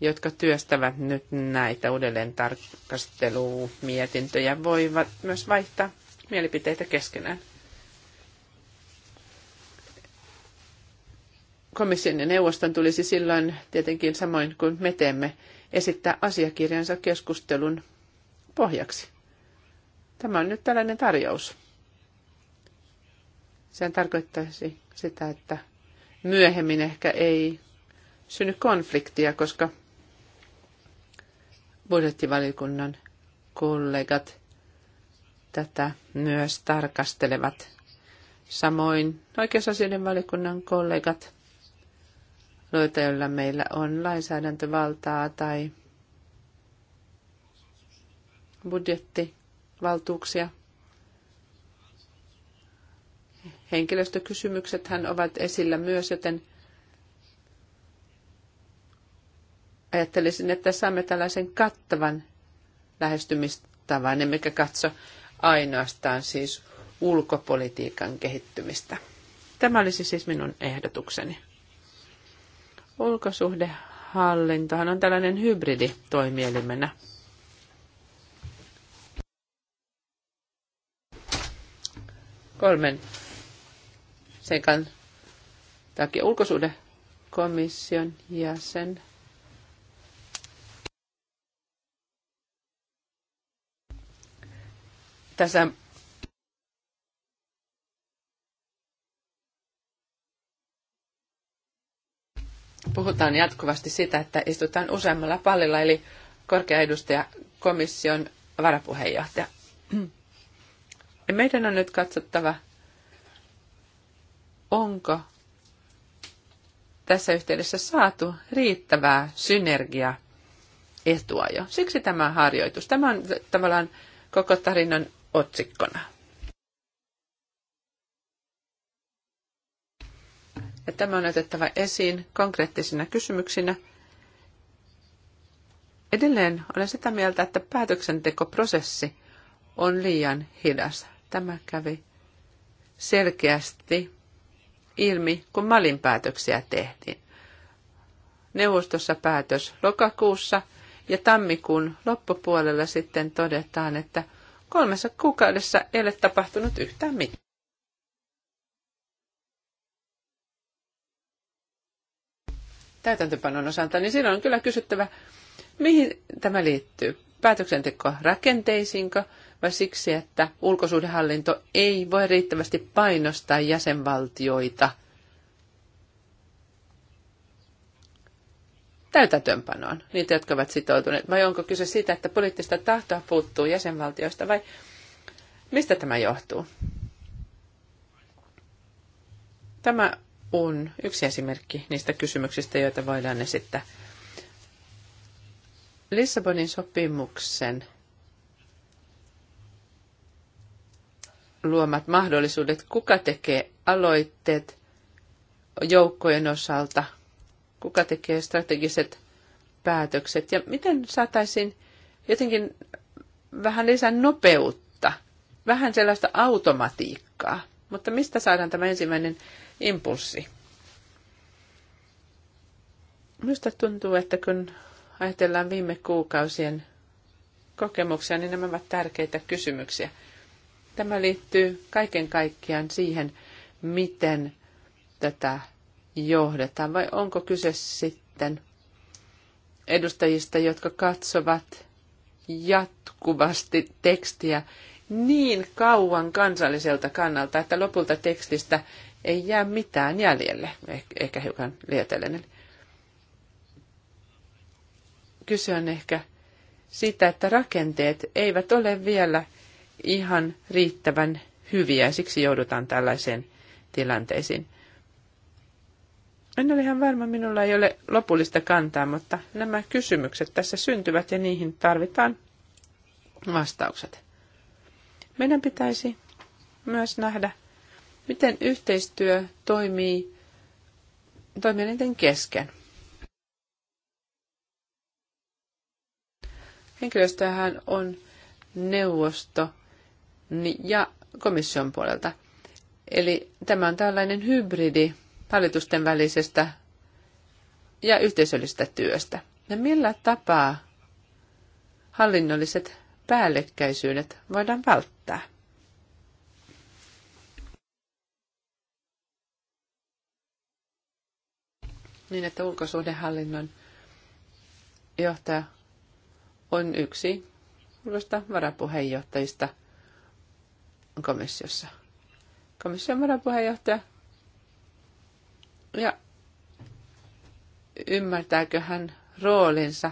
jotka työstävät nyt näitä uudelleen tarkastelumietintöjä, voivat myös vaihtaa mielipiteitä keskenään. komission ja neuvoston tulisi silloin tietenkin samoin kuin me teemme esittää asiakirjansa keskustelun pohjaksi. Tämä on nyt tällainen tarjous. Sehän tarkoittaisi sitä, että myöhemmin ehkä ei synny konfliktia, koska budjettivaliokunnan kollegat tätä myös tarkastelevat. Samoin oikeusasioiden valiokunnan kollegat noita, joilla meillä on lainsäädäntövaltaa tai budjettivaltuuksia. Henkilöstökysymyksethän ovat esillä myös, joten ajattelisin, että saamme tällaisen kattavan lähestymistavan, emmekä katso ainoastaan siis ulkopolitiikan kehittymistä. Tämä olisi siis minun ehdotukseni. Ulkosuhdehallintohan on tällainen hybriditoimielimenä. Kolmen seikan takia ulkosuhdekomission jäsen tässä puhutaan jatkuvasti sitä, että istutaan useammalla pallilla, eli korkea edustaja komission varapuheenjohtaja. Meidän on nyt katsottava, onko tässä yhteydessä saatu riittävää synergiaa etua jo. Siksi tämä harjoitus. Tämä on tavallaan koko tarinan otsikkona. Ja tämä on otettava esiin konkreettisina kysymyksinä. Edelleen olen sitä mieltä, että päätöksentekoprosessi on liian hidas. Tämä kävi selkeästi ilmi, kun Malin päätöksiä tehtiin. Neuvostossa päätös lokakuussa ja tammikuun loppupuolella sitten todetaan, että kolmessa kuukaudessa ei ole tapahtunut yhtään mitään. täytäntöpanon osalta, niin silloin on kyllä kysyttävä, mihin tämä liittyy. Päätöksenteko rakenteisiinko vai siksi, että ulkosuhdehallinto ei voi riittävästi painostaa jäsenvaltioita täytäntöönpanoon, niitä, jotka ovat sitoutuneet, vai onko kyse siitä, että poliittista tahtoa puuttuu jäsenvaltioista, vai mistä tämä johtuu? Tämä on yksi esimerkki niistä kysymyksistä, joita voidaan esittää. Lissabonin sopimuksen luomat mahdollisuudet, kuka tekee aloitteet joukkojen osalta, kuka tekee strategiset päätökset ja miten saataisiin jotenkin vähän lisää nopeutta, vähän sellaista automatiikkaa. Mutta mistä saadaan tämä ensimmäinen impulssi. Minusta tuntuu, että kun ajatellaan viime kuukausien kokemuksia, niin nämä ovat tärkeitä kysymyksiä. Tämä liittyy kaiken kaikkiaan siihen, miten tätä johdetaan, vai onko kyse sitten edustajista, jotka katsovat jatkuvasti tekstiä niin kauan kansalliselta kannalta, että lopulta tekstistä ei jää mitään jäljelle, ehkä hiukan lietellen. Kyse on ehkä sitä, että rakenteet eivät ole vielä ihan riittävän hyviä, siksi joudutaan tällaiseen tilanteisiin. En ole ihan varma, minulla ei ole lopullista kantaa, mutta nämä kysymykset tässä syntyvät ja niihin tarvitaan vastaukset. Meidän pitäisi myös nähdä Miten yhteistyö toimii toimijoiden kesken? Henkilöstöhän on neuvosto ja komission puolelta. Eli tämä on tällainen hybridi hallitusten välisestä ja yhteisöllisestä työstä. Ja millä tapaa hallinnolliset päällekkäisyydet voidaan välttää? niin, että ulkosuhdehallinnon johtaja on yksi ulkoista varapuheenjohtajista komissiossa. Komission varapuheenjohtaja. Ja ymmärtääkö hän roolinsa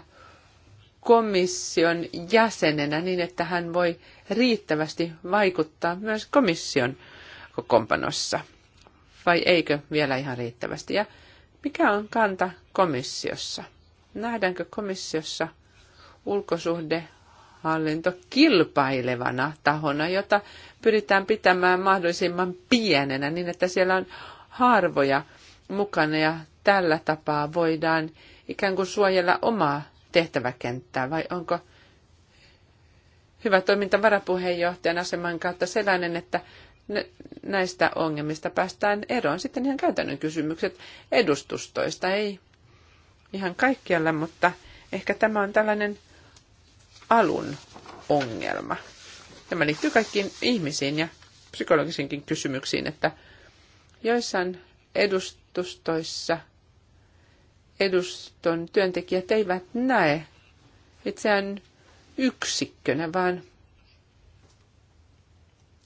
komission jäsenenä niin, että hän voi riittävästi vaikuttaa myös komission kokoonpanossa? Vai eikö vielä ihan riittävästi? Ja mikä on kanta komissiossa? Nähdäänkö komissiossa ulkosuhdehallinto kilpailevana tahona, jota pyritään pitämään mahdollisimman pienenä niin, että siellä on harvoja mukana ja tällä tapaa voidaan ikään kuin suojella omaa tehtäväkenttää vai onko hyvä toiminta varapuheenjohtajan aseman kautta sellainen, että näistä ongelmista päästään eroon. Sitten ihan käytännön kysymykset edustustoista, ei ihan kaikkialla, mutta ehkä tämä on tällainen alun ongelma. Tämä liittyy kaikkiin ihmisiin ja psykologisiinkin kysymyksiin, että joissain edustustoissa eduston työntekijät eivät näe itseään yksikkönä, vaan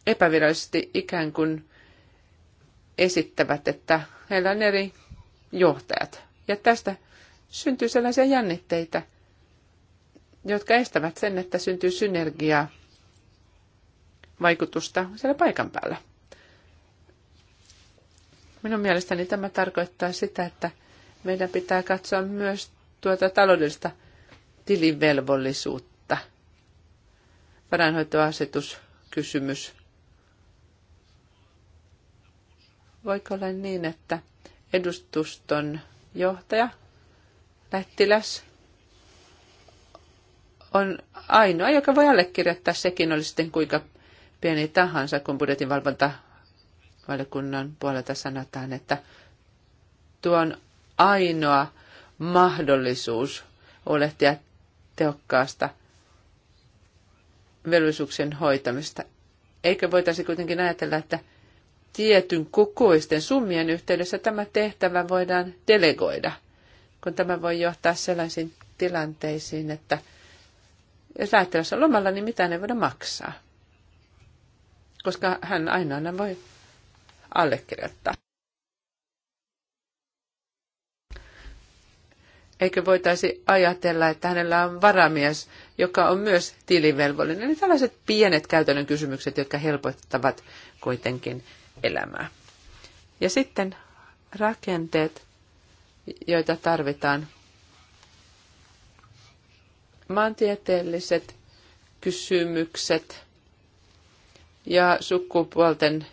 epävirallisesti ikään kuin esittävät, että heillä on eri johtajat. Ja tästä syntyy sellaisia jännitteitä, jotka estävät sen, että syntyy synergiaa vaikutusta siellä paikan päällä. Minun mielestäni tämä tarkoittaa sitä, että meidän pitää katsoa myös tuota taloudellista tilivelvollisuutta. Varainhoitoasetuskysymys kysymys Voiko olla niin, että edustuston johtaja, lähettiläs, on ainoa, joka voi allekirjoittaa sekin, oli sitten kuinka pieni tahansa, kun budjetin valvonta valiokunnan puolelta sanotaan, että tuo on ainoa mahdollisuus huolehtia tehokkaasta velvollisuuksien hoitamista. Eikö voitaisi kuitenkin ajatella, että tietyn kokoisten summien yhteydessä tämä tehtävä voidaan delegoida, kun tämä voi johtaa sellaisiin tilanteisiin, että jos lähtee lomalla, niin mitään ei voida maksaa, koska hän ainoana voi allekirjoittaa. Eikö voitaisi ajatella, että hänellä on varamies, joka on myös tilivelvollinen? Eli niin tällaiset pienet käytännön kysymykset, jotka helpottavat kuitenkin elämää. Ja sitten rakenteet, joita tarvitaan. Maantieteelliset kysymykset ja sukupuolten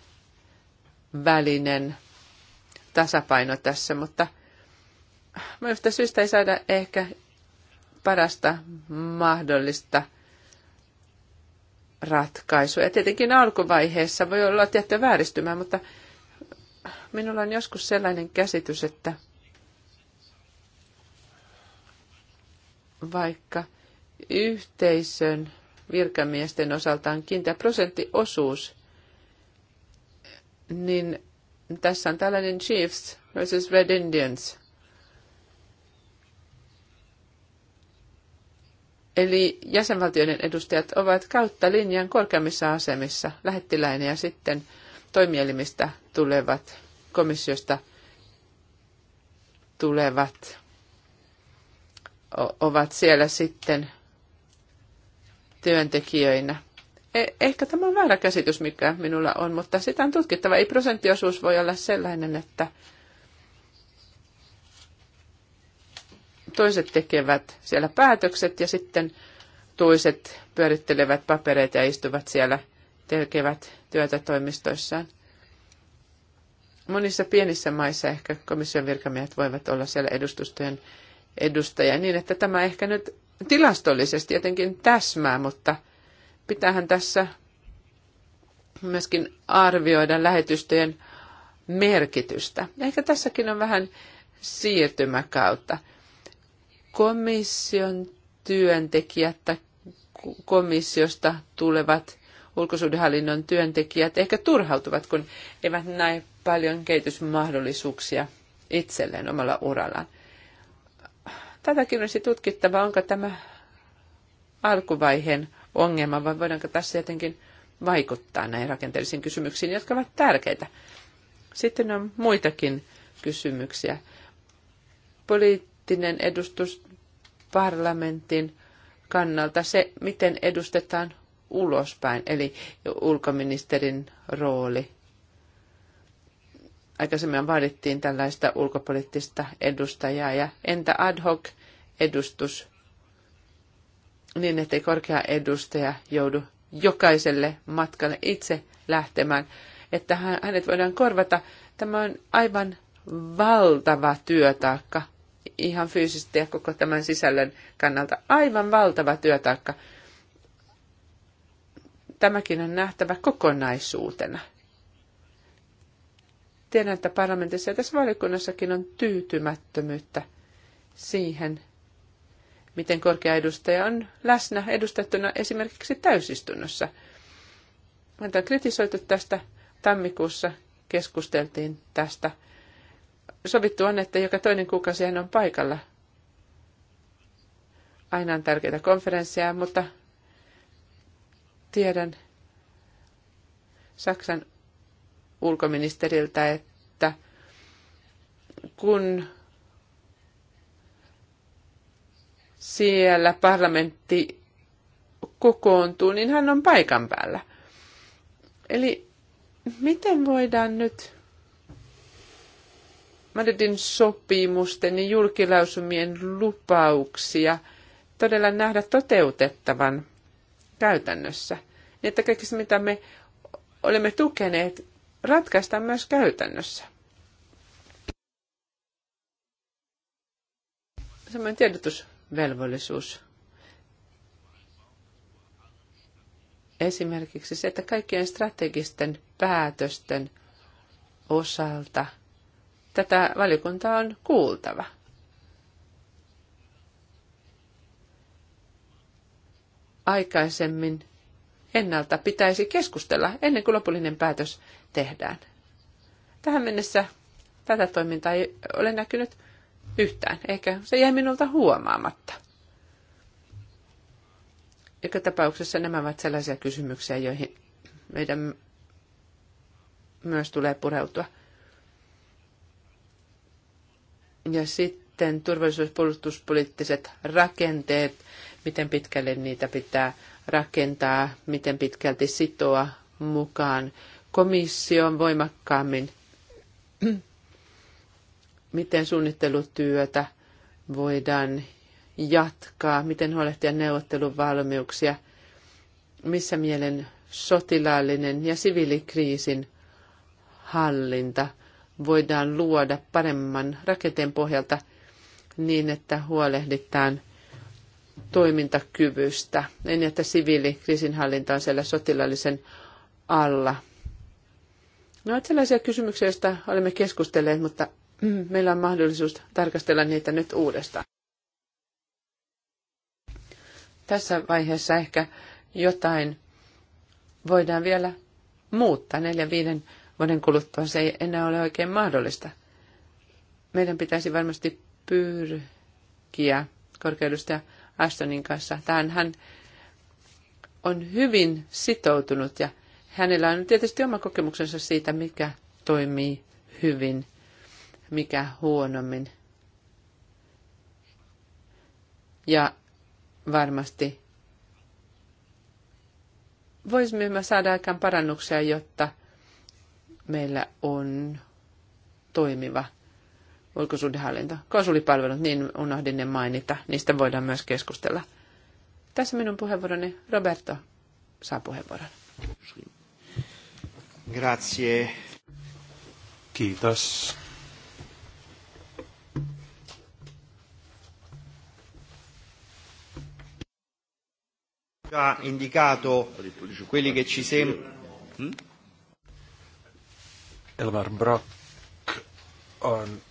välinen tasapaino tässä, mutta minusta syystä ei saada ehkä parasta mahdollista – ja Tietenkin alkuvaiheessa voi olla tiettyä vääristymää, mutta minulla on joskus sellainen käsitys, että vaikka yhteisön virkamiesten osalta on kiinteä prosenttiosuus, niin tässä on tällainen Chiefs versus Red Indians – Eli jäsenvaltioiden edustajat ovat kautta linjan korkeammissa asemissa, lähettiläinen ja sitten toimielimistä tulevat, komissiosta tulevat ovat siellä sitten työntekijöinä. E, ehkä tämä on väärä käsitys, mikä minulla on, mutta sitä on tutkittava. Ei prosenttiosuus voi olla sellainen, että toiset tekevät siellä päätökset ja sitten toiset pyörittelevät papereita ja istuvat siellä, tekevät työtä toimistoissaan. Monissa pienissä maissa ehkä komission virkamiehet voivat olla siellä edustustojen edustajia niin, että tämä ehkä nyt tilastollisesti jotenkin täsmää, mutta pitähän tässä myöskin arvioida lähetystöjen merkitystä. Ehkä tässäkin on vähän siirtymäkautta komission työntekijät tai komissiosta tulevat ulkosuudenhallinnon työntekijät ehkä turhautuvat, kun eivät näe paljon kehitysmahdollisuuksia itselleen omalla urallaan. Tätäkin olisi tutkittava, onko tämä alkuvaiheen ongelma vai voidaanko tässä jotenkin vaikuttaa näihin rakenteellisiin kysymyksiin, jotka ovat tärkeitä. Sitten on muitakin kysymyksiä. Poliittinen edustus parlamentin kannalta se, miten edustetaan ulospäin, eli ulkoministerin rooli. Aikaisemmin vaadittiin tällaista ulkopoliittista edustajaa, ja entä ad hoc edustus, niin ettei korkea edustaja joudu jokaiselle matkalle itse lähtemään, että hänet voidaan korvata. Tämä on aivan valtava työtaakka ihan fyysisesti ja koko tämän sisällön kannalta aivan valtava työtaakka. Tämäkin on nähtävä kokonaisuutena. Tiedän, että parlamentissa ja tässä valiokunnassakin on tyytymättömyyttä siihen, miten korkea edustaja on läsnä edustettuna esimerkiksi täysistunnossa. Häntä on kritisoitu tästä. Tammikuussa keskusteltiin tästä sovittu on, että joka toinen kuukausi hän on paikalla. Aina on tärkeitä konferensseja, mutta tiedän Saksan ulkoministeriltä, että kun siellä parlamentti kokoontuu, niin hän on paikan päällä. Eli miten voidaan nyt Madridin sopimusten ja julkilausumien lupauksia todella nähdä toteutettavan käytännössä. Niin että kaikki se, mitä me olemme tukeneet, ratkaistaan myös käytännössä. Samoin tiedotusvelvollisuus. Esimerkiksi se, että kaikkien strategisten päätösten osalta – tätä valiokuntaa on kuultava. Aikaisemmin ennalta pitäisi keskustella ennen kuin lopullinen päätös tehdään. Tähän mennessä tätä toimintaa ei ole näkynyt yhtään. eikä se jäi minulta huomaamatta. Joka tapauksessa nämä ovat sellaisia kysymyksiä, joihin meidän myös tulee pureutua. Ja sitten puolustuspoliittiset rakenteet, miten pitkälle niitä pitää rakentaa, miten pitkälti sitoa mukaan komission voimakkaammin, miten suunnittelutyötä voidaan jatkaa, miten huolehtia neuvotteluvalmiuksia, missä mielen sotilaallinen ja siviilikriisin hallinta – voidaan luoda paremman rakenteen pohjalta niin, että huolehditaan toimintakyvystä, niin että siviilikriisinhallinta on siellä sotilaallisen alla. No, että sellaisia kysymyksiä, joista olemme keskustelleet, mutta mm, meillä on mahdollisuus tarkastella niitä nyt uudestaan. Tässä vaiheessa ehkä jotain voidaan vielä muuttaa neljän viiden vuoden kuluttua se ei enää ole oikein mahdollista. Meidän pitäisi varmasti pyrkiä korkeudusta Astonin kanssa. Tähän hän on hyvin sitoutunut ja hänellä on tietysti oma kokemuksensa siitä, mikä toimii hyvin, mikä huonommin. Ja varmasti voisimme saada aikaan parannuksia, jotta – meillä on toimiva ulkosuhdehallinto. Konsulipalvelut, niin unohdin ne mainita. Niistä voidaan myös keskustella. Tässä minun puheenvuoroni. Roberto saa puheenvuoron. Grazie. Kiitos. Ha indicato quelli che ci sembrano. Hmm? Elmar Brock on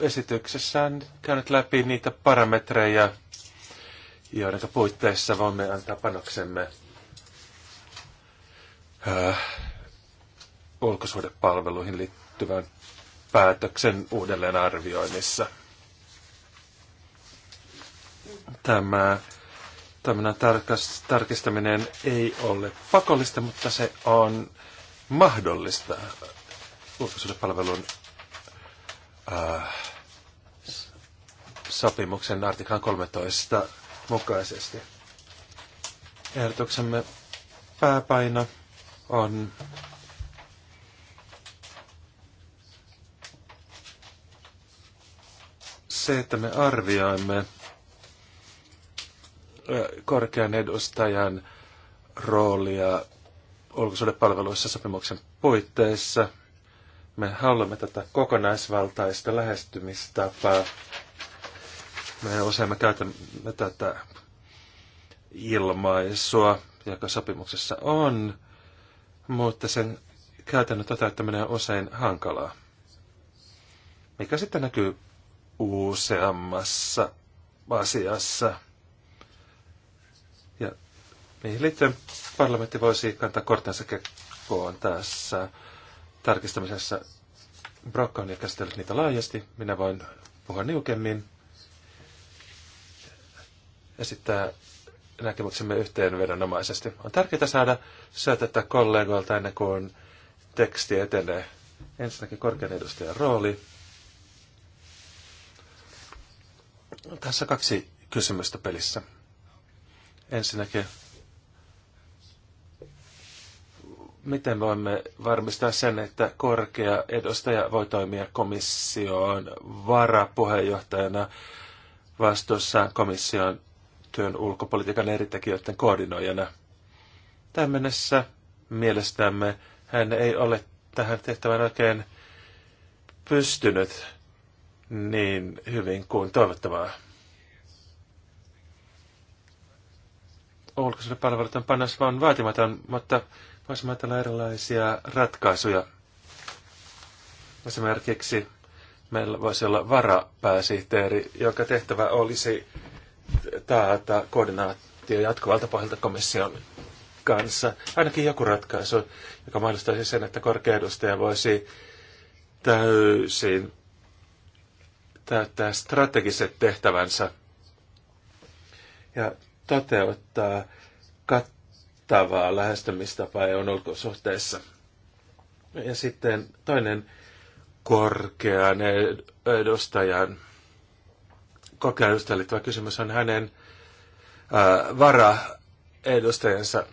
esityksessään käynyt läpi niitä parametreja, joiden puitteissa voimme antaa panoksemme äh, ulkosuhdepalveluihin liittyvän päätöksen uudelleenarvioinnissa. Tämä toiminnan tarkistaminen ei ole pakollista, mutta se on äh, mahdollista ulkosuudepalvelun äh, sopimuksen artiklan 13 mukaisesti. Ehdotuksemme pääpaino on se, että me arvioimme äh, korkean edustajan roolia ulkosuhdepalveluissa sopimuksen puitteissa. Me haluamme tätä kokonaisvaltaista lähestymistapaa. Me usein me käytämme tätä ilmaisua, joka sopimuksessa on, mutta sen käytännön toteuttaminen on usein hankalaa. Mikä sitten näkyy useammassa asiassa – Niihin liittyen parlamentti voisi kantaa kortensa kekoon tässä tarkistamisessa. Brock on jo käsitellyt niitä laajasti. Minä voin puhua niukemmin. Esittää näkemyksemme yhteenvedonomaisesti. On tärkeää saada syötettä kollegoilta ennen kuin teksti etenee. Ensinnäkin korkean edustajan rooli. Tässä kaksi kysymystä pelissä. Ensinnäkin, miten voimme varmistaa sen, että korkea edustaja voi toimia komission varapuheenjohtajana vastuussa komission työn ulkopolitiikan eri tekijöiden koordinoijana. Tämän mennessä mielestämme hän ei ole tähän tehtävään oikein pystynyt niin hyvin kuin toivottavaa. ulkoisille palveluiden panas vaan vaatimaton, mutta voisimme ajatella erilaisia ratkaisuja. Esimerkiksi meillä voisi olla varapääsihteeri, joka tehtävä olisi taata koordinaatio jatkuvalta pohjalta komission kanssa. Ainakin joku ratkaisu, joka mahdollistaisi sen, että korkea voisi täysin täyttää strategiset tehtävänsä ja toteuttaa kattavaa lähestymistapaa EUn suhteessa. Ja sitten toinen korkean edustajan, korkean edustajan liittyvä kysymys on hänen varaedustajansa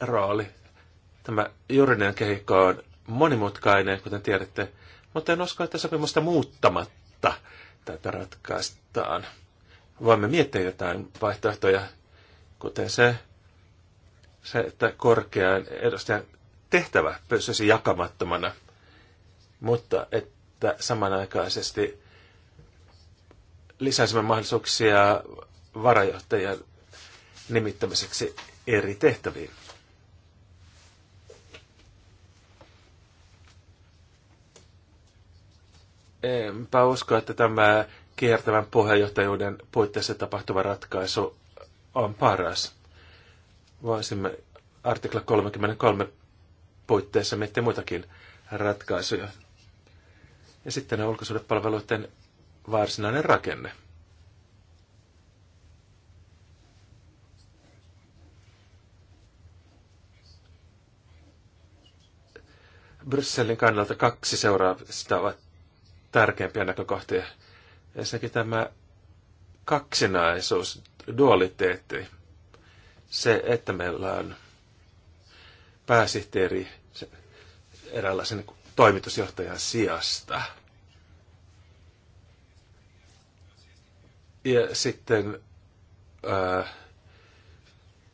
rooli. Tämä juridinen kehikko on monimutkainen, kuten tiedätte, mutta en usko, että sopimusta muuttamatta tätä ratkaistaan voimme miettiä jotain vaihtoehtoja, kuten se, se että korkean edustajan tehtävä pysyisi jakamattomana, mutta että samanaikaisesti lisäisimme mahdollisuuksia varajohtajan nimittämiseksi eri tehtäviin. Enpä usko, että tämä kiertävän puheenjohtajuuden puitteissa tapahtuva ratkaisu on paras. Voisimme artikla 33 puitteissa miettiä muitakin ratkaisuja. Ja sitten on ulkosuudepalveluiden varsinainen rakenne. Brysselin kannalta kaksi seuraavista ovat tärkeimpiä näkökohtia sekin tämä kaksinaisuus, dualiteetti. Se, että meillä on pääsihteeri eräänlaisen toimitusjohtajan sijasta. Ja sitten ää, äh,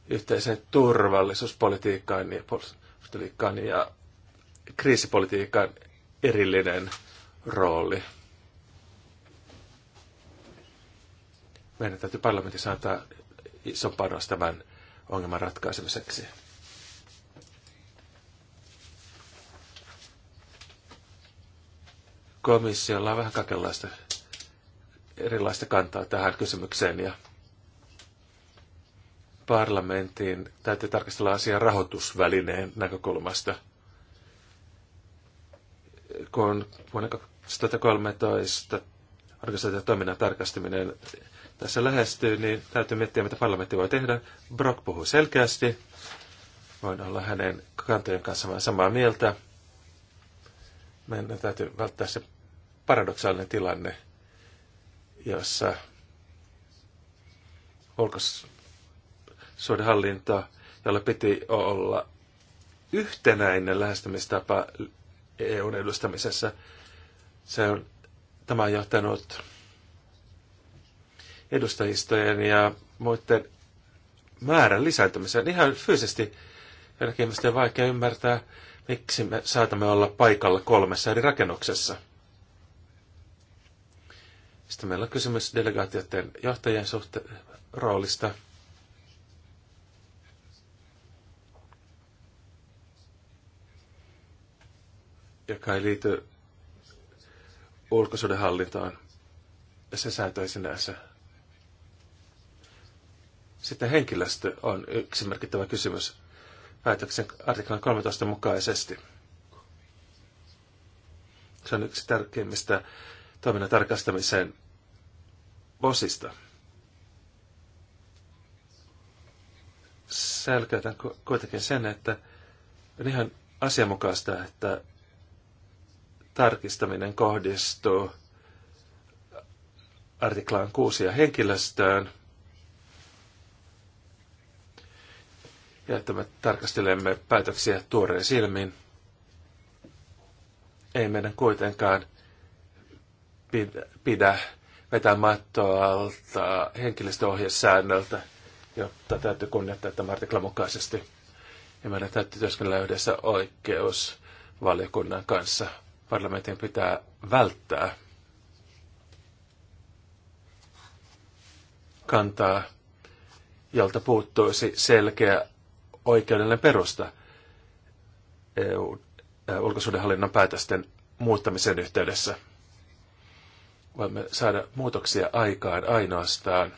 yhteiseen turvallisuuspolitiikkaan ja, politiikkaan ja kriisipolitiikan erillinen rooli. meidän täytyy parlamentissa antaa iso panos tämän ongelman ratkaisemiseksi. Komissiolla on vähän kaikenlaista erilaista kantaa tähän kysymykseen ja parlamentin täytyy tarkastella asiaa rahoitusvälineen näkökulmasta. Kun vuonna 2013 organisaation toiminnan tarkastaminen tässä lähestyy, niin täytyy miettiä, mitä parlamentti voi tehdä. Brock puhuu selkeästi. Voin olla hänen kantojen kanssa samaa mieltä. Meidän täytyy välttää se paradoksaalinen tilanne, jossa ulkosuhdehallinto, jolla piti olla yhtenäinen lähestymistapa EUn edustamisessa, se on, tämä on johtanut edustajistojen ja muiden määrän lisääntymiseen. Ihan fyysisesti joidenkin ihmisten on vaikea ymmärtää, miksi me saatamme olla paikalla kolmessa eri rakennuksessa. Sitten meillä on kysymys delegaatioiden johtajien suhte- roolista. joka ei liity ulkosuudenhallintoon ja se säätöi sinänsä. Sitten henkilöstö on yksi merkittävä kysymys päätöksen artiklan 13 mukaisesti. Se on yksi tärkeimmistä toiminnan tarkastamiseen osista. Selkeytän kuitenkin sen, että on ihan asianmukaista, että tarkistaminen kohdistuu artiklaan 6 ja henkilöstöön – ja että me tarkastelemme päätöksiä tuoreen silmiin. Ei meidän kuitenkaan pidä, pidä vetää mattoa alta henkilöstöohjesäännöltä, jotta täytyy kunnioittaa tämän artiklan mukaisesti. Ja meidän täytyy työskennellä yhdessä oikeusvaliokunnan kanssa. Parlamentin pitää välttää kantaa, jolta puuttuisi selkeä oikeudellinen perusta eu ulkosuhdehallinnon päätösten muuttamisen yhteydessä. Voimme saada muutoksia aikaan ainoastaan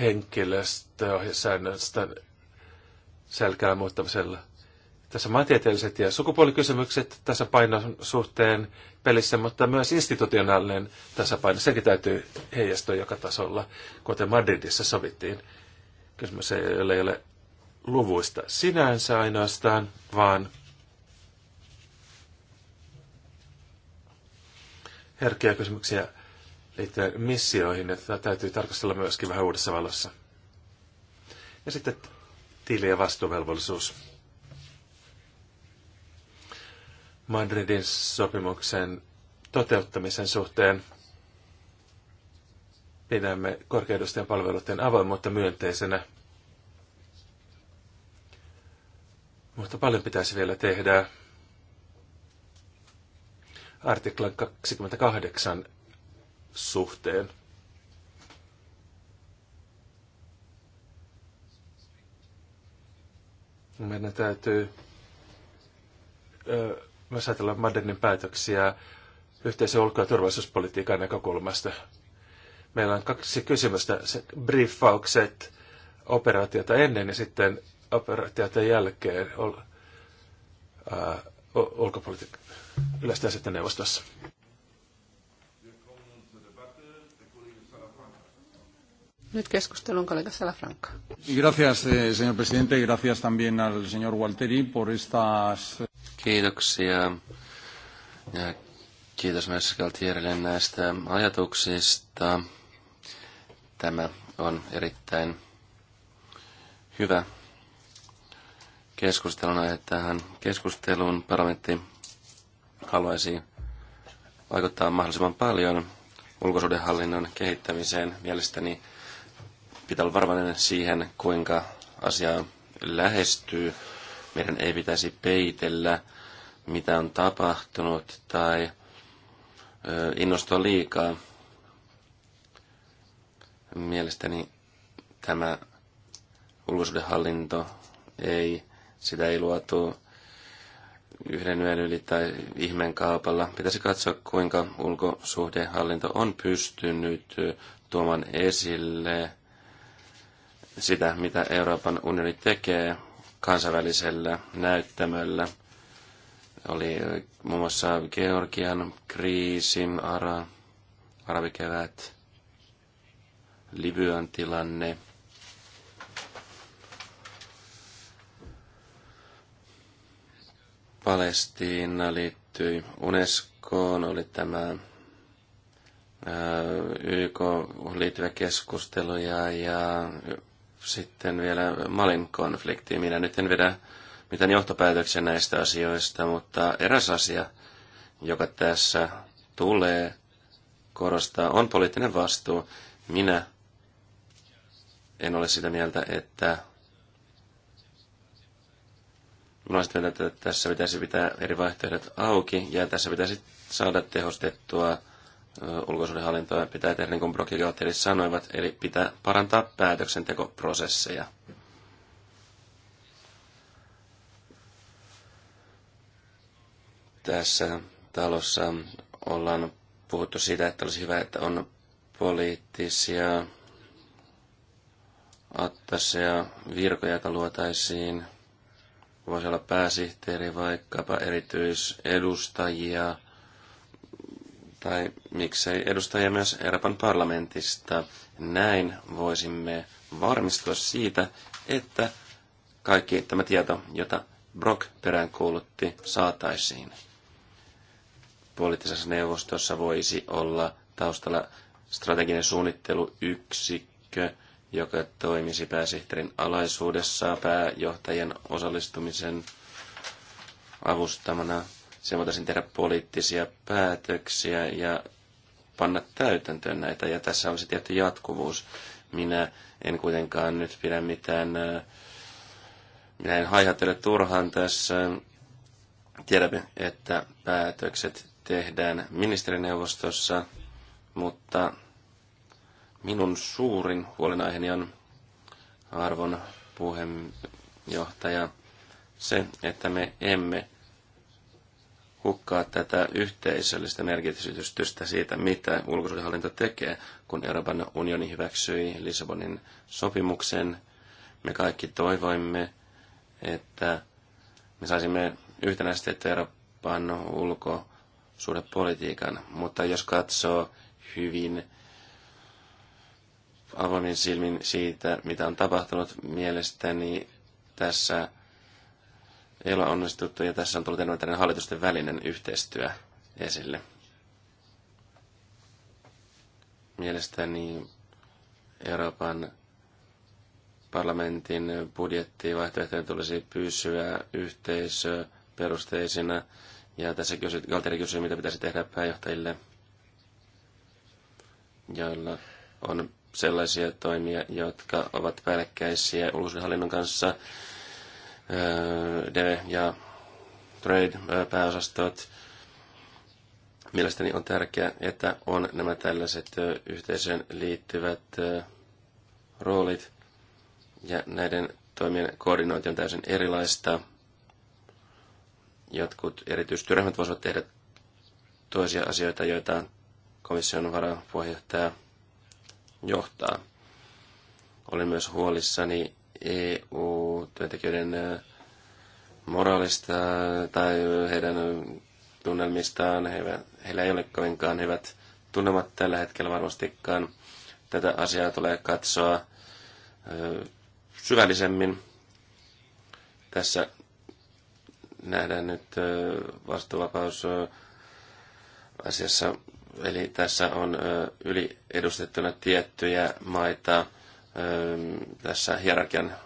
henkilöstöohjesäännöstä selkää muuttamisella – tässä maantieteelliset ja sukupuolikysymykset tasapainon suhteen pelissä, mutta myös institutionaalinen tasapaino. Sekin täytyy heijastua joka tasolla, kuten Madridissa sovittiin. Kysymys ei ole, ei ole luvuista sinänsä ainoastaan, vaan herkkiä kysymyksiä liittyen missioihin, että täytyy tarkastella myöskin vähän uudessa valossa. Ja sitten tili- ja vastuuvelvollisuus. Madridin sopimuksen toteuttamisen suhteen pidämme korkeudustajan palveluiden avoimuutta myönteisenä. Mutta paljon pitäisi vielä tehdä. Artiklan 28 suhteen. Meidän täytyy ö, myös ajatella Madenin päätöksiä yhteisen ulko- ja turvallisuuspolitiikan näkökulmasta. Meillä on kaksi kysymystä, se briefaukset operaatiota ennen ja sitten operaatiota jälkeen ol, uh, ulkopolitiikka yleistä sitten neuvostossa. Nyt keskustelun kollega Salafranca. Gracias, eh, señor presidente. Gracias también al señor Walteri por estas... Kiitoksia. Ja kiitos myös Galtierille näistä ajatuksista. Tämä on erittäin hyvä keskusteluna, että tähän keskusteluun parlamentti haluaisi vaikuttaa mahdollisimman paljon ulkosuhdehallinnon kehittämiseen. Mielestäni pitää olla varmainen siihen, kuinka asia lähestyy meidän ei pitäisi peitellä, mitä on tapahtunut tai innostua liikaa. Mielestäni tämä ulkosuudenhallinto ei, sitä ei luotu yhden yön yli tai ihmeen kaapalla. Pitäisi katsoa, kuinka ulkosuhdehallinto on pystynyt tuomaan esille sitä, mitä Euroopan unioni tekee kansainvälisellä näyttämöllä. Oli muun muassa Georgian kriisin, ara, arabikevät, Libyan tilanne. Palestiina liittyi Unescoon, oli tämä YK liittyvä keskustelu ja, ja sitten vielä Malin konflikti. Minä nyt en vedä mitään johtopäätöksiä näistä asioista, mutta eräs asia, joka tässä tulee korostaa, on poliittinen vastuu. Minä en ole sitä mieltä, että Mä olen mieltä, että tässä pitäisi pitää eri vaihtoehdot auki ja tässä pitäisi saada tehostettua ulkosuudenhallintoa pitää tehdä, niin kuin Brock sanoivat, eli pitää parantaa päätöksentekoprosesseja. Tässä talossa ollaan puhuttu siitä, että olisi hyvä, että on poliittisia attaseja virkoja, joita luotaisiin. Voisi olla pääsihteeri vaikkapa erityisedustajia – tai miksei edustajia myös Euroopan parlamentista. Näin voisimme varmistua siitä, että kaikki tämä tieto, jota Brock peräänkuulutti, saataisiin. Poliittisessa neuvostossa voisi olla taustalla strateginen suunnitteluyksikkö, joka toimisi pääsihteerin alaisuudessa pääjohtajien osallistumisen avustamana se voitaisiin tehdä poliittisia päätöksiä ja panna täytäntöön näitä. Ja tässä se tietty jatkuvuus. Minä en kuitenkaan nyt pidä mitään, äh, minä en haihattele turhaan tässä. Tiedämme, että päätökset tehdään ministerineuvostossa, mutta minun suurin huolenaiheeni on arvon puheenjohtaja se, että me emme hukkaa tätä yhteisöllistä merkitystä siitä, mitä ulkosuhdehallinto tekee, kun Euroopan unioni hyväksyi Lissabonin sopimuksen. Me kaikki toivoimme, että me saisimme yhtenäistettyä Euroopan ulkosuhdepolitiikan, mutta jos katsoo hyvin avoimin silmin siitä, mitä on tapahtunut, mielestäni tässä ei ole onnistuttu, ja tässä on tullut enemmän tällainen hallitusten välinen yhteistyö esille. Mielestäni Euroopan parlamentin budjettivaihtoehtojen tulisi pysyä yhteisöperusteisina. Ja tässä kysyt, Galteri kysyi, mitä pitäisi tehdä pääjohtajille, joilla on sellaisia toimia, jotka ovat päällekkäisiä ulkoisuudenhallinnon kanssa DEVE ja Trade-pääosastot. Mielestäni on tärkeää, että on nämä tällaiset yhteisöön liittyvät roolit ja näiden toimien koordinointi on täysin erilaista. Jotkut erityistyöryhmät voisivat tehdä toisia asioita, joita komission varapuheenjohtaja johtaa. Olen myös huolissani EU-työntekijöiden moraalista tai heidän tunnelmistaan. He, heillä ei ole kovinkaan hyvät tunnemat tällä hetkellä varmastikaan. Tätä asiaa tulee katsoa syvällisemmin. Tässä nähdään nyt vastuuvapaus asiassa, eli tässä on yliedustettuna tiettyjä maita, tässä hierarkian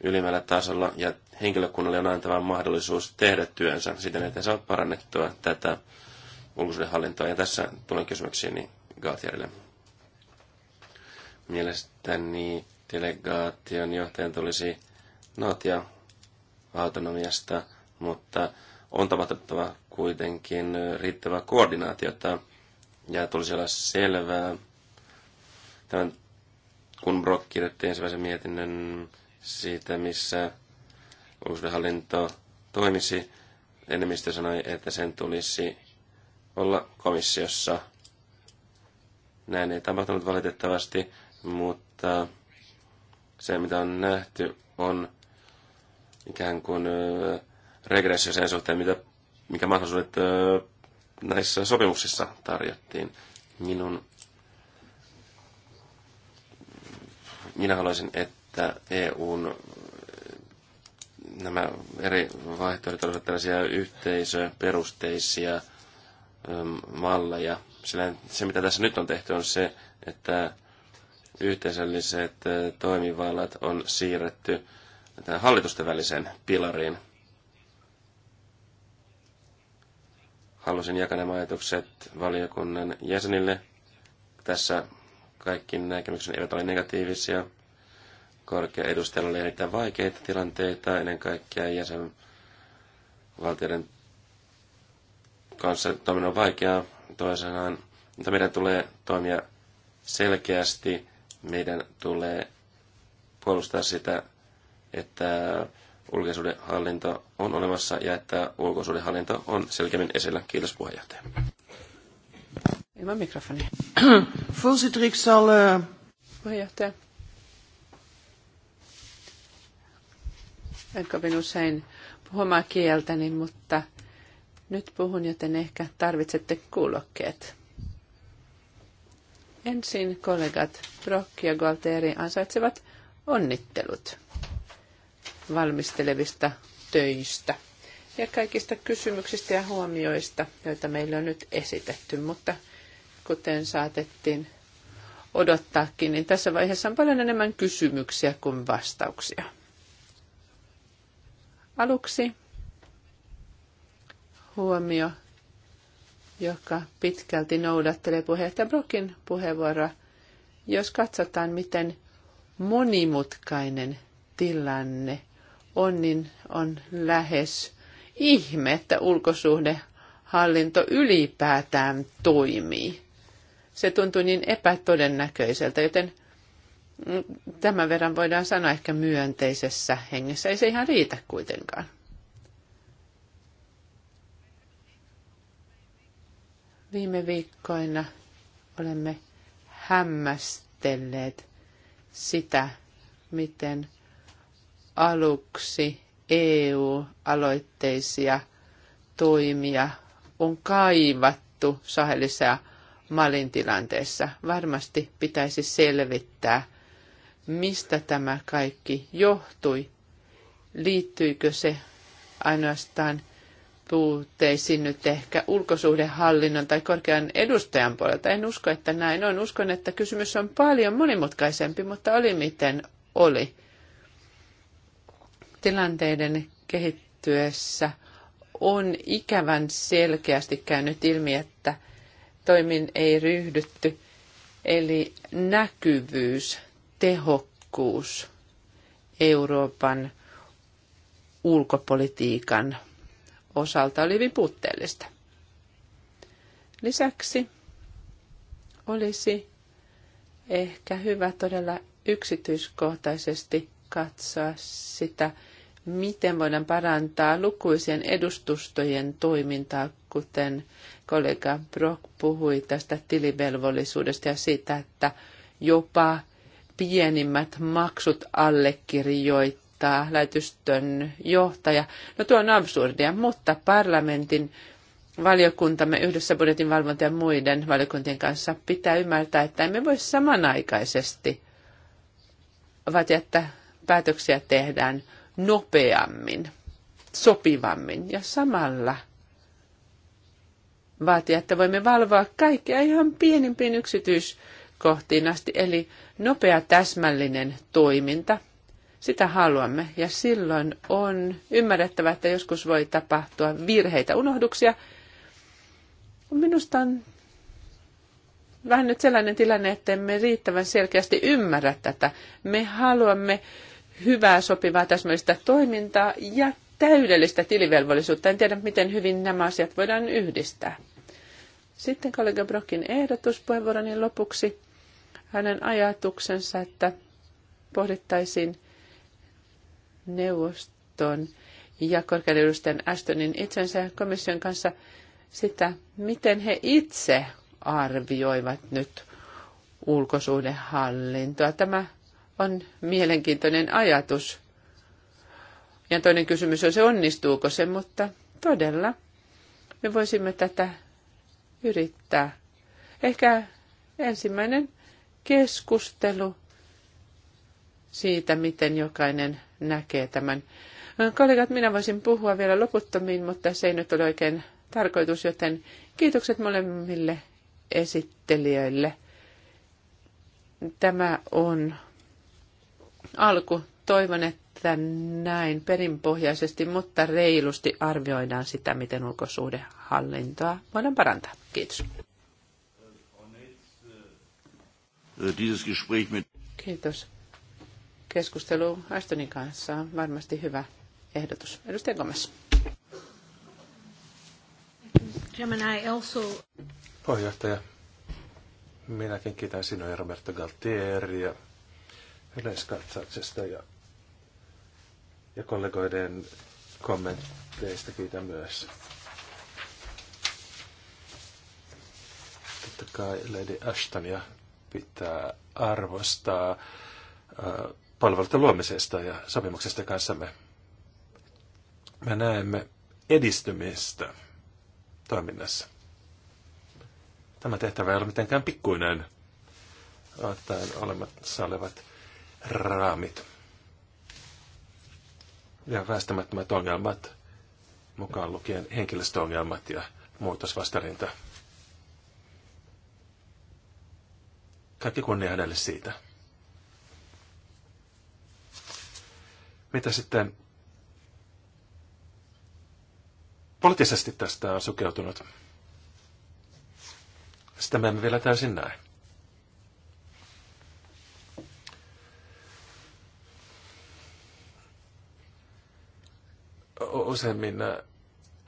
ylimmällä tasolla ja henkilökunnalle on antava mahdollisuus tehdä työnsä siten, että saa parannettua tätä ulkoisuudenhallintoa. Ja tässä tulen kysymyksiin niin Gautierille. Mielestäni delegaation johtajan tulisi nautia autonomiasta, mutta on tapahtuttava kuitenkin riittävää koordinaatiota ja tulisi olla selvää tämän kun Brock kirjoitti ensimmäisen mietinnön siitä, missä hallinto toimisi, enemmistö sanoi, että sen tulisi olla komissiossa. Näin ei tapahtunut valitettavasti, mutta se mitä on nähty on ikään kuin regressio sen suhteen, mitä, mikä mahdollisuudet näissä sopimuksissa tarjottiin. Minun Minä haluaisin, että EUn nämä eri vaihtoehdot olisivat tällaisia yhteisöperusteisia malleja. Sillä se, mitä tässä nyt on tehty, on se, että yhteisölliset toimivallat on siirretty tähän hallitusten väliseen pilariin. Halusin jakaa nämä ajatukset valiokunnan jäsenille. Tässä kaikki näkemykset eivät ole negatiivisia. Korkea edustajalla oli erittäin vaikeita tilanteita, ennen kaikkea jäsenvaltioiden kanssa toiminnan on vaikeaa toisenaan, mutta meidän tulee toimia selkeästi, meidän tulee puolustaa sitä, että hallinto on olemassa ja että hallinto on selkeämmin esillä. Kiitos puheenjohtaja. Ilman mikrofonia. Voorzitter, ik zal... Uh... Puheenjohtaja. kovin usein puhumaan kieltäni, mutta nyt puhun, joten ehkä tarvitsette kuulokkeet. Ensin kollegat Brock ja Gualteri ansaitsevat onnittelut valmistelevista töistä ja kaikista kysymyksistä ja huomioista, joita meillä on nyt esitetty, mutta kuten saatettiin odottaakin, niin tässä vaiheessa on paljon enemmän kysymyksiä kuin vastauksia. Aluksi huomio, joka pitkälti noudattelee puheenjohtaja Brokin puheenvuoroa. Jos katsotaan, miten monimutkainen tilanne on, niin on lähes ihme, että ulkosuhdehallinto ylipäätään toimii se tuntui niin epätodennäköiseltä, joten tämän verran voidaan sanoa ehkä myönteisessä hengessä. Ei se ihan riitä kuitenkaan. Viime viikkoina olemme hämmästelleet sitä, miten aluksi EU-aloitteisia toimia on kaivattu Sahelissa ja Malin tilanteessa. Varmasti pitäisi selvittää, mistä tämä kaikki johtui. Liittyykö se ainoastaan puutteisiin nyt ehkä ulkosuhdehallinnon tai korkean edustajan puolelta. En usko, että näin on. Uskon, että kysymys on paljon monimutkaisempi, mutta oli miten oli. Tilanteiden kehittyessä on ikävän selkeästi käynyt ilmi, että toimin ei ryhdytty. Eli näkyvyys, tehokkuus Euroopan ulkopolitiikan osalta oli hyvin puutteellista. Lisäksi olisi ehkä hyvä todella yksityiskohtaisesti katsoa sitä, miten voidaan parantaa lukuisien edustustojen toimintaa, kuten kollega Brock puhui tästä tilivelvollisuudesta ja siitä, että jopa pienimmät maksut allekirjoittaa lähetystön johtaja. No tuo on absurdia, mutta parlamentin valiokuntamme yhdessä budjetin valvonta ja muiden valiokuntien kanssa pitää ymmärtää, että emme voi samanaikaisesti vaatia, että päätöksiä tehdään – nopeammin, sopivammin ja samalla vaatia, että voimme valvoa kaikkea ihan pienimpiin yksityiskohtiin asti. Eli nopea täsmällinen toiminta, sitä haluamme. Ja silloin on ymmärrettävä, että joskus voi tapahtua virheitä, unohduksia. Minusta on vähän nyt sellainen tilanne, että emme riittävän selkeästi ymmärrä tätä. Me haluamme hyvää, sopivaa, täsmällistä toimintaa ja täydellistä tilivelvollisuutta. En tiedä, miten hyvin nämä asiat voidaan yhdistää. Sitten kollega Brokin ehdotus puheenvuoroni lopuksi. Hänen ajatuksensa, että pohdittaisiin neuvoston ja korkean edustajan Ashtonin itsensä ja komission kanssa sitä, miten he itse arvioivat nyt ulkosuhdehallintoa. Tämä on mielenkiintoinen ajatus. Ja toinen kysymys on se, onnistuuko se, mutta todella me voisimme tätä yrittää. Ehkä ensimmäinen keskustelu siitä, miten jokainen näkee tämän. Kollegat, minä voisin puhua vielä loputtomiin, mutta se ei nyt ole oikein tarkoitus, joten kiitokset molemmille esittelijöille. Tämä on alku. Toivon, että näin perinpohjaisesti, mutta reilusti arvioidaan sitä, miten ulkosuhdehallintoa voidaan parantaa. Kiitos. Kiitos. Keskustelu Astonin kanssa on varmasti hyvä ehdotus. Edustaja Gomes. Puheenjohtaja, minäkin kiitän sinua ja Roberto Galtieri ja yleiskatsauksesta ja, ja kollegoiden kommentteista kiitän myös. Totta kai Lady Ashtonia pitää arvostaa äh, palveluiden luomisesta ja sopimuksesta kanssamme. Me näemme edistymistä toiminnassa. Tämä tehtävä ei ole mitenkään pikkuinen, ottaen olemassa olevat raamit ja väistämättömät ongelmat, mukaan lukien henkilöstöongelmat ja muutosvastarinta. Kaikki kunnia hänelle siitä. Mitä sitten poliittisesti tästä on sukeutunut? Sitä me emme vielä täysin näe. useimmin äh,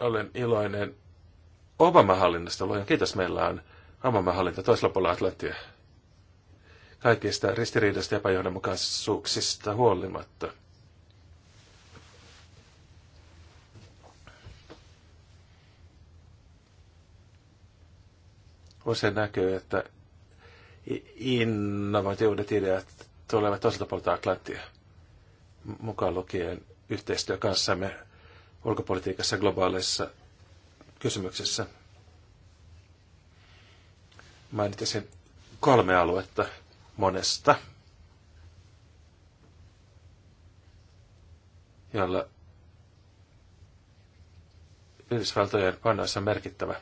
olen iloinen obama hallinnasta Luojan kiitos, meillä on obama hallinta toisella puolella Atlantia. Kaikista ristiriidasta ja epäjohdonmukaisuuksista huolimatta. Usein näkyy, että innovatiiviset ideat tulevat toiselta puolelta Atlantia mukaan lukien yhteistyö kanssamme ulkopolitiikassa globaaleissa kysymyksissä. Mainitsin kolme aluetta monesta, jolla Yhdysvaltojen pannoissa on merkittävä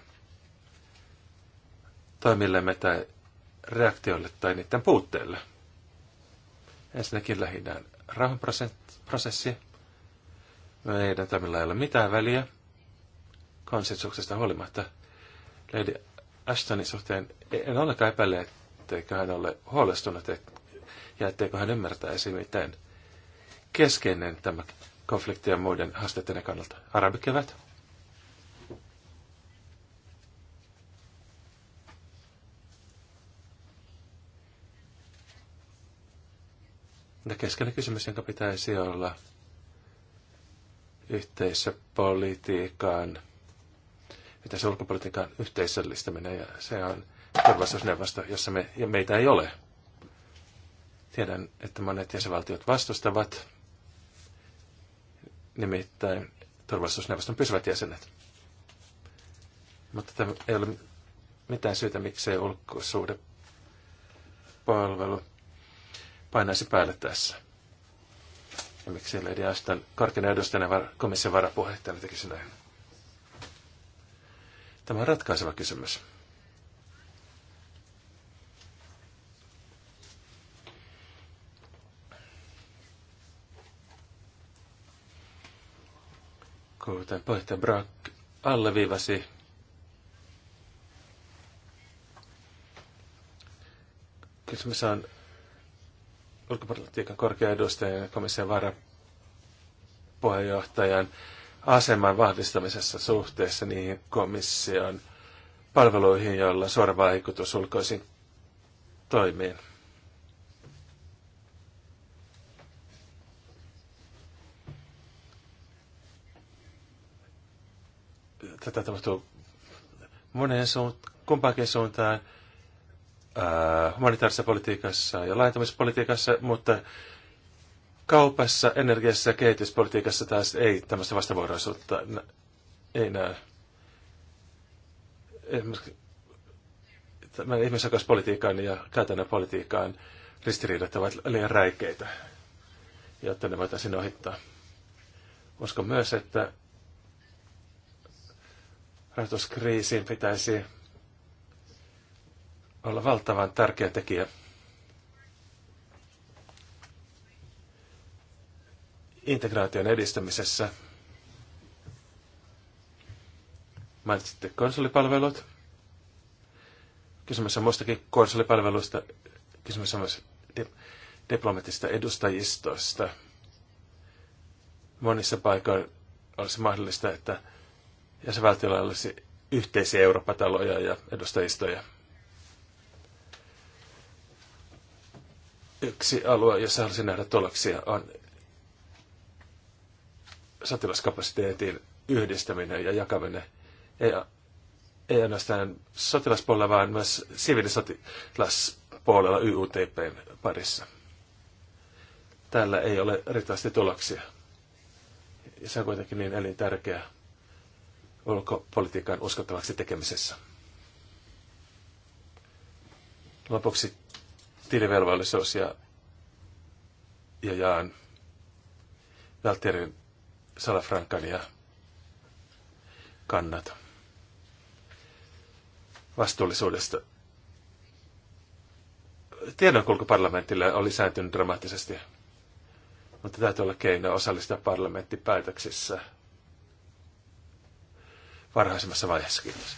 toimillemme tai reaktioille tai niiden puutteelle. Ensinnäkin lähinnä rauhanprosessi, meidän toimilla ei ole mitään väliä konsensuksesta huolimatta. Lady Ashtonin suhteen en ollenkaan epäile, etteikö hän ole huolestunut ja etteikö hän ymmärtäisi, miten keskeinen tämä konflikti ja muiden haasteiden kannalta. Arabikevät. Ja keskeinen kysymys, jonka pitäisi olla yhteisöpolitiikan, yhteisö ulkopolitiikan yhteisöllistäminen ja se on turvallisuusneuvosto, jossa me, ja meitä ei ole. Tiedän, että monet jäsenvaltiot vastustavat, nimittäin turvallisuusneuvoston pysyvät jäsenet. Mutta tämä ei ole mitään syytä, miksei ulkosuhdepalvelu painaisi päälle tässä. Ja miksi Lady Ashton korkeana edustajana komission varapuheenjohtajana tekisi näin? Tämä on ratkaiseva kysymys. kuten puheenjohtaja Brock alleviivasi, kysymys on ulkopolitiikan korkean edustajan ja komission varapuheenjohtajan aseman vahvistamisessa suhteessa niihin komission palveluihin, joilla suora vaikutus ulkoisiin toimiin. Tätä tapahtuu moneen suuntaan, kumpaankin suuntaan Äh, humanitaarisessa politiikassa ja laajentamispolitiikassa, mutta kaupassa, energiassa ja kehityspolitiikassa taas ei tämmöistä vastavuoroisuutta ei näy. Tämän ihmisoikeuspolitiikan ja käytännön politiikan ristiriidat ovat liian räikeitä, jotta ne voitaisiin ohittaa. Uskon myös, että rahoituskriisiin pitäisi olla valtavan tärkeä tekijä. integraation edistämisessä. Mainitsitte konsolipalvelut. Kysymys on muistakin konsolipalveluista. Kysymys on myös diplomatista edustajistoista. Monissa paikoin olisi mahdollista, että jäsenvaltioilla olisi yhteisiä Euroopataloja ja edustajistoja. Yksi alue, jossa haluaisin nähdä tuloksia, on sotilaskapasiteetin yhdistäminen ja jakaminen. Ei, ei ainoastaan sotilaspuolella, vaan myös siviilisotilaspuolella YUTPn parissa. Tällä ei ole riittävästi tuloksia. Ja se on kuitenkin niin elintärkeä ulkopolitiikan uskottavaksi tekemisessä. Lopuksi tilivelvollisuus ja, ja jaan Valterin Salafrankan ja kannat vastuullisuudesta. Tiedonkulku parlamentille oli sääntynyt dramaattisesti, mutta täytyy olla keino osallistua parlamentti päätöksissä varhaisemmassa vaiheessa. Kiitos.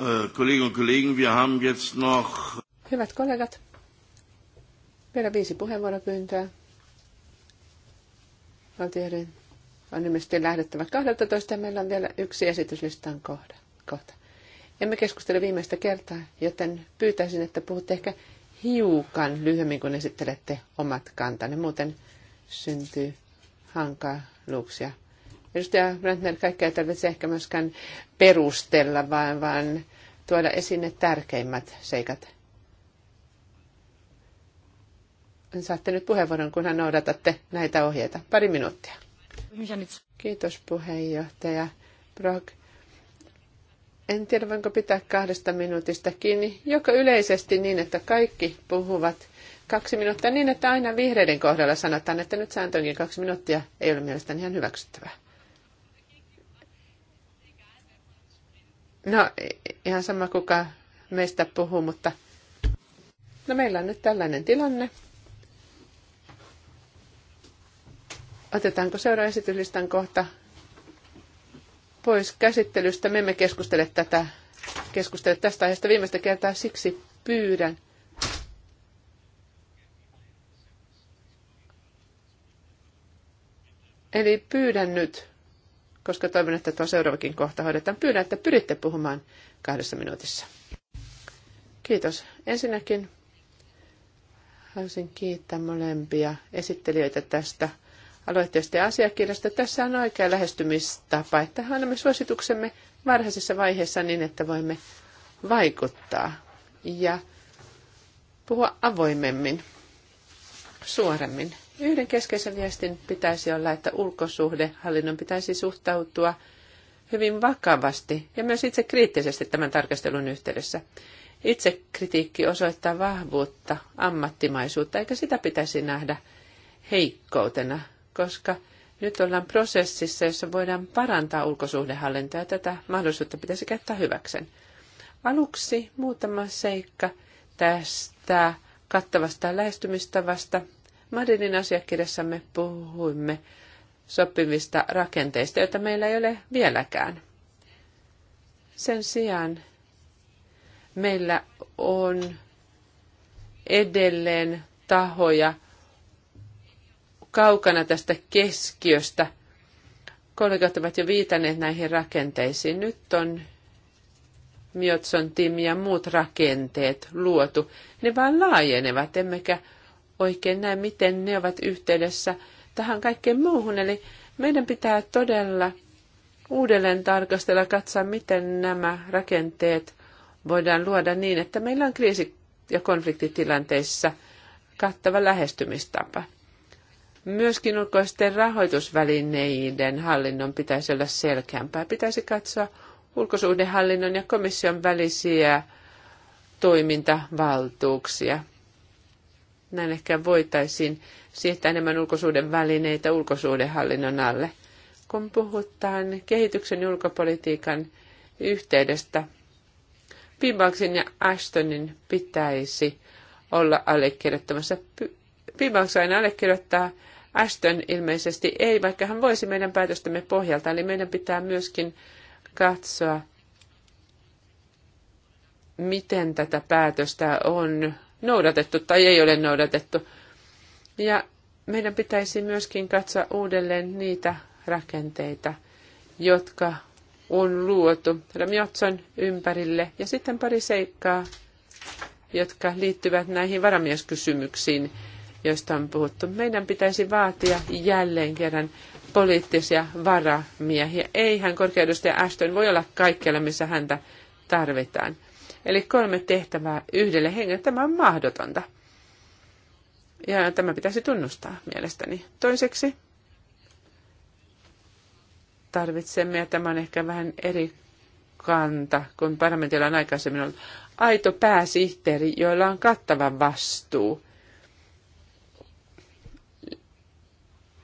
Äh, kollegen, wir haben jetzt noch... Hyvät kollegat, vielä viisi puheenvuoropyyntöä. Valtioiden on ilmeisesti lähdettävä 12 ja meillä on vielä yksi esityslistan kohta. Emme keskustele viimeistä kertaa, joten pyytäisin, että puhutte ehkä hiukan lyhyemmin, kun esittelette omat kantanne. Muuten syntyy hankaluuksia Edustaja Brantner, kaikkea ei tarvitse ehkä myöskään perustella, vaan, vaan tuoda esiin ne tärkeimmät seikat. Saatte nyt puheenvuoron, kunhan noudatatte näitä ohjeita. Pari minuuttia. Kiitos puheenjohtaja Brock. En tiedä, voinko pitää kahdesta minuutista kiinni, joka yleisesti niin, että kaikki puhuvat kaksi minuuttia niin, että aina vihreiden kohdalla sanotaan, että nyt sääntöönkin kaksi minuuttia ei ole mielestäni ihan hyväksyttävää. No, ihan sama kuka meistä puhuu, mutta no meillä on nyt tällainen tilanne. Otetaanko seuraava esityslistan kohta pois käsittelystä? Me emme keskustele, tätä, keskustele tästä aiheesta viimeistä kertaa, siksi pyydän. Eli pyydän nyt koska toivon, että tuo seuraavakin kohta hoidetaan. Pyydän, että pyritte puhumaan kahdessa minuutissa. Kiitos. Ensinnäkin haluaisin kiittää molempia esittelijöitä tästä aloitteesta ja asiakirjasta. Tässä on oikea lähestymistapa, että annamme suosituksemme varhaisessa vaiheessa niin, että voimme vaikuttaa ja puhua avoimemmin, suoremmin Yhden keskeisen viestin pitäisi olla, että ulkosuhdehallinnon pitäisi suhtautua hyvin vakavasti ja myös itse kriittisesti tämän tarkastelun yhteydessä. Itse kritiikki osoittaa vahvuutta, ammattimaisuutta, eikä sitä pitäisi nähdä heikkoutena, koska nyt ollaan prosessissa, jossa voidaan parantaa ulkosuhdehallintoa ja tätä mahdollisuutta pitäisi käyttää hyväksen. Aluksi muutama seikka tästä kattavasta lähestymistavasta Madridin asiakirjassamme puhuimme sopivista rakenteista, joita meillä ei ole vieläkään. Sen sijaan meillä on edelleen tahoja kaukana tästä keskiöstä. Kollegat ovat jo viitanneet näihin rakenteisiin. Nyt on Miotson tiimi ja muut rakenteet luotu. Ne vain laajenevat, emmekä oikein näe, miten ne ovat yhteydessä tähän kaikkeen muuhun. Eli meidän pitää todella uudelleen tarkastella, katsoa, miten nämä rakenteet voidaan luoda niin, että meillä on kriisi- ja konfliktitilanteissa kattava lähestymistapa. Myöskin ulkoisten rahoitusvälineiden hallinnon pitäisi olla selkeämpää. Pitäisi katsoa ulkosuhdehallinnon ja komission välisiä toimintavaltuuksia. Näin ehkä voitaisiin siirtää enemmän ulkosuuden välineitä ulkosuudenhallinnon alle. Kun puhutaan kehityksen ulkopolitiikan yhteydestä, Pimbaksin ja Ashtonin pitäisi olla allekirjoittamassa. Pimbaks aina allekirjoittaa Ashton ilmeisesti ei, vaikka hän voisi meidän päätöstämme pohjalta. Eli meidän pitää myöskin katsoa, miten tätä päätöstä on noudatettu tai ei ole noudatettu. Ja meidän pitäisi myöskin katsoa uudelleen niitä rakenteita, jotka on luotu Ramjotson ympärille. Ja sitten pari seikkaa, jotka liittyvät näihin varamieskysymyksiin, joista on puhuttu. Meidän pitäisi vaatia jälleen kerran poliittisia varamiehiä. Eihän korkeudustaja Ashton voi olla kaikkialla, missä häntä tarvitaan. Eli kolme tehtävää yhdelle hengelle. Tämä on mahdotonta. Ja tämä pitäisi tunnustaa mielestäni. Toiseksi tarvitsemme, ja tämä on ehkä vähän eri kanta, kun parlamentilla on aikaisemmin ollut aito pääsihteeri, joilla on kattava vastuu.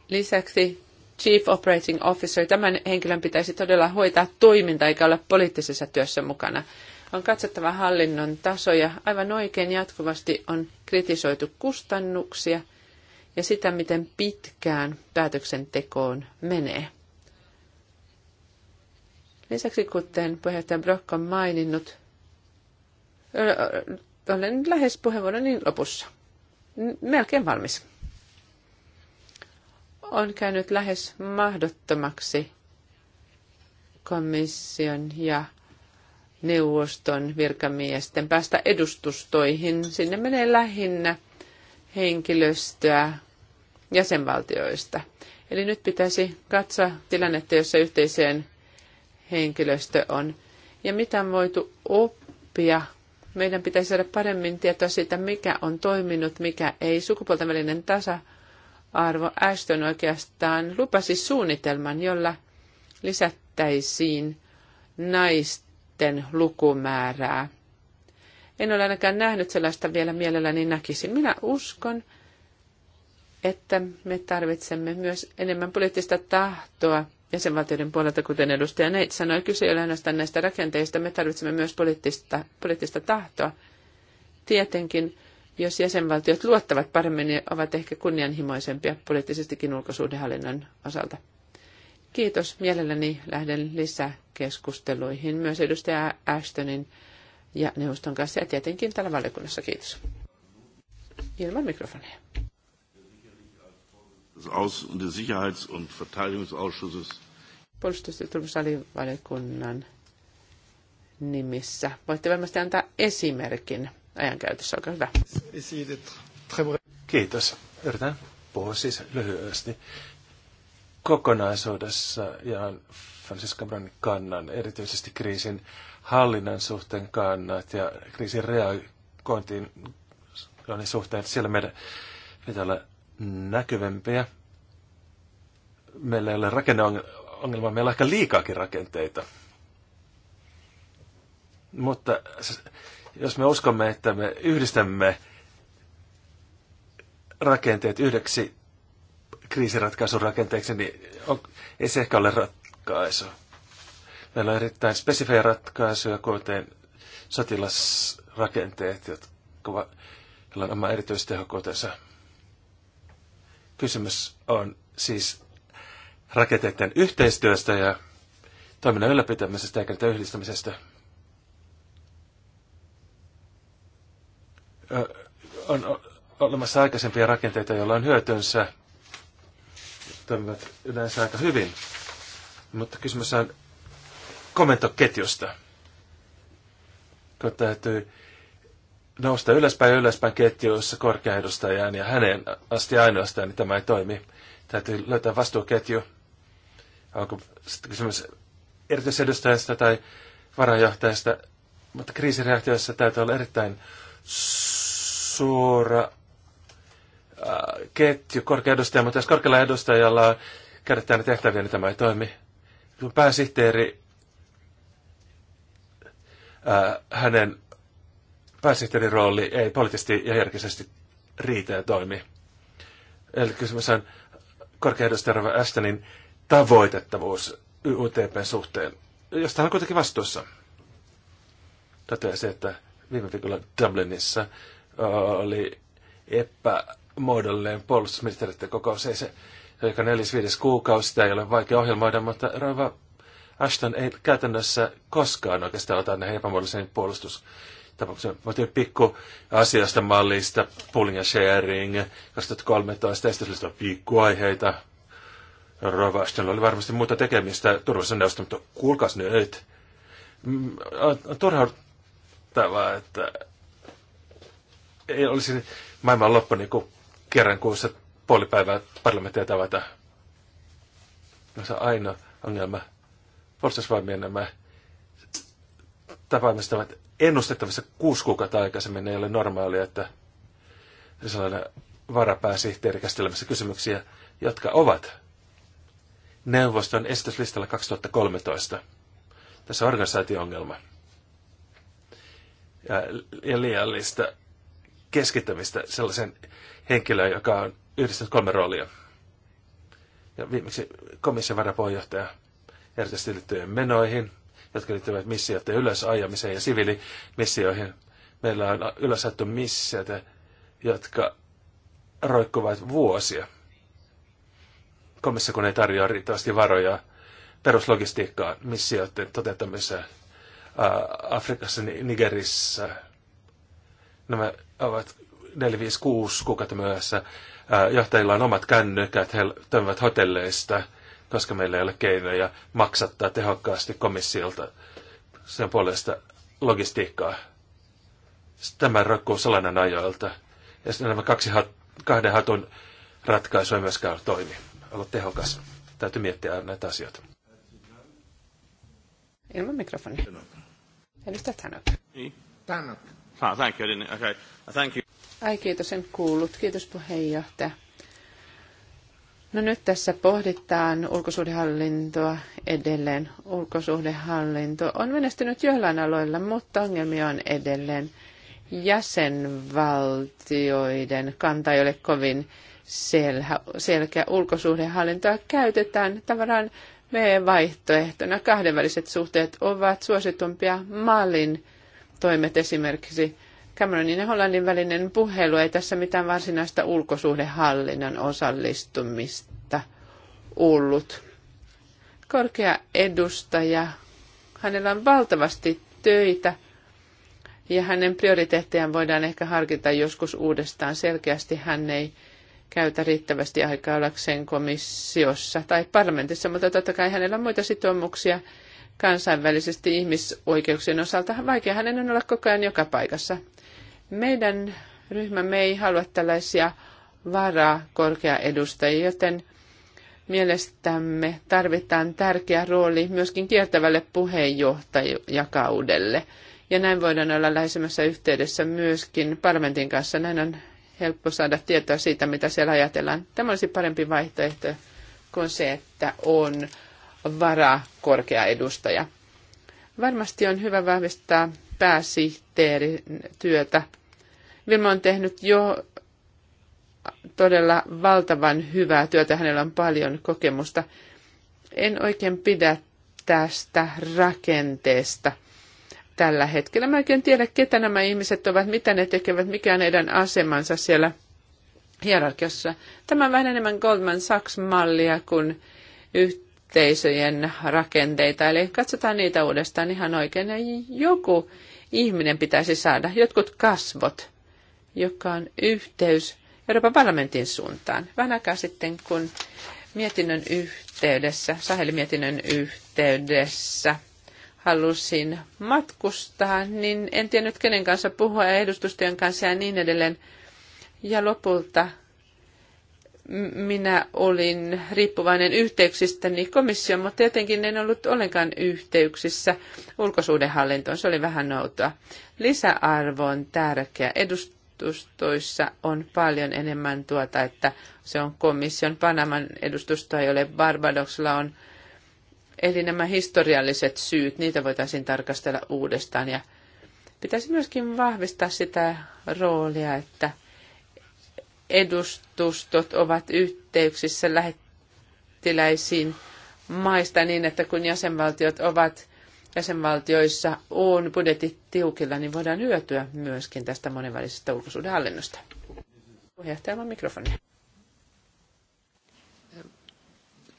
Lisäksi Chief Operating Officer, tämän henkilön pitäisi todella hoitaa toiminta eikä olla poliittisessa työssä mukana on katsottava hallinnon tasoja. Aivan oikein jatkuvasti on kritisoitu kustannuksia ja sitä, miten pitkään päätöksentekoon menee. Lisäksi, kuten puheenjohtaja Brock on maininnut, olen lähes puheenvuoroni lopussa. Melkein valmis. On käynyt lähes mahdottomaksi komission ja neuvoston virkamiesten päästä edustustoihin. Sinne menee lähinnä henkilöstöä jäsenvaltioista. Eli nyt pitäisi katsoa tilannetta, jossa yhteiseen henkilöstö on. Ja mitä on voitu oppia? Meidän pitäisi saada paremmin tietoa siitä, mikä on toiminut, mikä ei. Sukupuolten välinen tasa-arvo Ashton oikeastaan lupasi suunnitelman, jolla lisättäisiin naisten niiden lukumäärää. En ole ainakaan nähnyt sellaista vielä mielelläni näkisin. Minä uskon, että me tarvitsemme myös enemmän poliittista tahtoa jäsenvaltioiden puolelta, kuten edustaja Neit sanoi, kyse ei ole ainoastaan näistä rakenteista, me tarvitsemme myös poliittista, poliittista tahtoa. Tietenkin, jos jäsenvaltiot luottavat paremmin, niin ovat ehkä kunnianhimoisempia poliittisestikin ulkosuhdehallinnon osalta. Kiitos. Mielelläni lähden lisäkeskusteluihin myös edustaja Ashtonin ja neuvoston kanssa ja tietenkin täällä valiokunnassa. Kiitos. Ilman mikrofonia. Puolustus- ja turvallisuusvaliokunnan nimissä. Voitte varmasti antaa esimerkin ajankäytössä, olkaa hyvä. Kiitos. Yritän puhua siis lyhyesti kokonaisuudessa ja Francisca Brannin kannan, erityisesti kriisin hallinnan suhteen kannat ja kriisin reagointiin suhteen, että siellä meidän pitää olla näkyvämpiä. Meillä ei ole rakenneongelmaa, meillä on ehkä liikaakin rakenteita. Mutta jos me uskomme, että me yhdistämme rakenteet yhdeksi rakenteeksi, niin on, ei se ehkä ole ratkaisu. Meillä on erittäin spesifejä ratkaisuja, kuten sotilasrakenteet, jotka joilla on oma erityistehokkuutensa. Kysymys on siis rakenteiden yhteistyöstä ja toiminnan ylläpitämisestä ja niiden yhdistämisestä. On olemassa aikaisempia rakenteita, joilla on hyötynsä – toimivat yleensä aika hyvin. Mutta kysymys on komentoketjusta, kun täytyy nousta ylöspäin ja ylöspäin ketjuissa korkeaedustajaan ja hänen asti ainoastaan, niin tämä ei toimi. Täytyy löytää vastuuketju. Onko sitten kysymys erityisedustajasta tai varajohtajasta, mutta kriisireaktioissa täytyy olla erittäin suora ketju korkea mutta jos korkealla edustajalla on kädet tehtäviä, niin tämä ei toimi. Kun pääsihteeri, ää, äh, hänen pääsihteerin rooli ei poliittisesti ja järkisesti riitä ja toimi. Eli kysymys on korkea edustaja Ashtonin tavoitettavuus UTPn suhteen, josta hän on kuitenkin vastuussa. tätä se, että viime viikolla Dublinissa oli epä muodollinen puolustusministeriöiden kokous. Ei se, joka neljäs viides kuukausi, sitä ei ole vaikea ohjelmoida, mutta Rova Ashton ei käytännössä koskaan oikeastaan ota näihin puolustus. Tapauksessa Voitiin pikku asiasta mallista, pooling ja sharing, 2013, ja pikkuaiheita. Rova ashton, oli varmasti muuta tekemistä turvallisuusneuvosta, mutta kuulkaas nyt. Mm, on turhauttavaa, että ei olisi maailman loppu niin kuin kerran kuussa päivää parlamenttia tavata. No se ainoa ongelma. Puolustusvoimien nämä tapaamiset ovat ennustettavissa kuusi kuukautta aikaisemmin. Ei ole normaalia, että sellainen varapääsihteeri käsittelemässä kysymyksiä, jotka ovat neuvoston esityslistalla 2013. Tässä on organisaatio-ongelma ja, ja liiallista keskittämistä sellaisen henkilöön, joka on yhdistänyt kolme roolia. Ja viimeksi komission varapuheenjohtaja erityisesti liittyen menoihin, jotka liittyvät missioiden ylösajamiseen ja siviilimissioihin. Meillä on ylösajattu missioita, jotka roikkuvat vuosia. Komissio kun ei tarjoa riittävästi varoja peruslogistiikkaa missioiden toteuttamiseen Afrikassa, Nigerissä. Nämä ovat 4-5-6 kuukautta myöhässä. Johtajilla on omat kännykät, he toimivat hotelleista, koska meillä ei ole keinoja maksattaa tehokkaasti komissiolta sen puolesta logistiikkaa. Tämä rakkuu salanan ajoilta. Ja sitten nämä kaksi hat, kahden hatun ratkaisu ei myöskään toimi. Olla tehokas. Täytyy miettiä näitä asioita. Ilman mikrofonia. Edustaja Tanok. Niin. Tanok. Ah, thank you. Okay. Thank you. Ai kiitos, en kuullut. Kiitos puheenjohtaja. No nyt tässä pohditaan ulkosuhdehallintoa edelleen. Ulkosuhdehallinto on menestynyt joillain aloilla, mutta ongelmia on edelleen. Jäsenvaltioiden kanta ei ole kovin selkeä. Ulkosuhdehallintoa käytetään tavallaan V-vaihtoehtona. Kahdenväliset suhteet ovat suositumpia Malin toimet esimerkiksi Cameronin ja Hollannin välinen puhelu ei tässä mitään varsinaista ulkosuhdehallinnan osallistumista ollut. Korkea edustaja, hänellä on valtavasti töitä ja hänen prioriteettejaan voidaan ehkä harkita joskus uudestaan. Selkeästi hän ei käytä riittävästi aikaa ollakseen komissiossa tai parlamentissa, mutta totta kai hänellä on muita sitoumuksia – kansainvälisesti ihmisoikeuksien osalta. Vaikea hänen on olla koko ajan joka paikassa. Meidän ryhmämme ei halua tällaisia varaa korkeaedustajia, joten mielestämme tarvitaan tärkeä rooli myöskin kiertävälle puheenjohtajakaudelle. Ja näin voidaan olla läheisemmässä yhteydessä myöskin parlamentin kanssa. Näin on helppo saada tietoa siitä, mitä siellä ajatellaan. Tämä olisi parempi vaihtoehto kuin se, että on varaa korkea edustaja. Varmasti on hyvä vahvistaa pääsihteerin työtä. Vilma on tehnyt jo todella valtavan hyvää työtä, hänellä on paljon kokemusta. En oikein pidä tästä rakenteesta tällä hetkellä. Mä en tiedä, ketä nämä ihmiset ovat, mitä ne tekevät, mikä on heidän asemansa siellä hierarkiassa. Tämä on vähän enemmän Goldman Sachs-mallia kuin yht- yhteisöjen rakenteita. Eli katsotaan niitä uudestaan ihan oikein. Ja joku ihminen pitäisi saada, jotkut kasvot, joka on yhteys Euroopan parlamentin suuntaan. Vähän aikaa sitten, kun mietinnön yhteydessä, Sahelimietinnön yhteydessä, halusin matkustaa, niin en tiennyt kenen kanssa puhua ja edustustyön kanssa ja niin edelleen. Ja lopulta minä olin riippuvainen yhteyksistäni komissioon, mutta jotenkin en ollut ollenkaan yhteyksissä ulkosuudenhallintoon. Se oli vähän outoa. Lisäarvo on tärkeä. Edustustoissa on paljon enemmän tuota, että se on komission. Panaman edustusto ei ole. Barbadoksella on. Eli nämä historialliset syyt, niitä voitaisiin tarkastella uudestaan. Ja pitäisi myöskin vahvistaa sitä roolia, että – edustustot ovat yhteyksissä lähettiläisiin maista niin, että kun jäsenvaltiot ovat jäsenvaltioissa on budjetit tiukilla, niin voidaan hyötyä myöskin tästä monenvälisestä ulkosuudenhallinnosta. Puheenjohtaja, mikrofoni.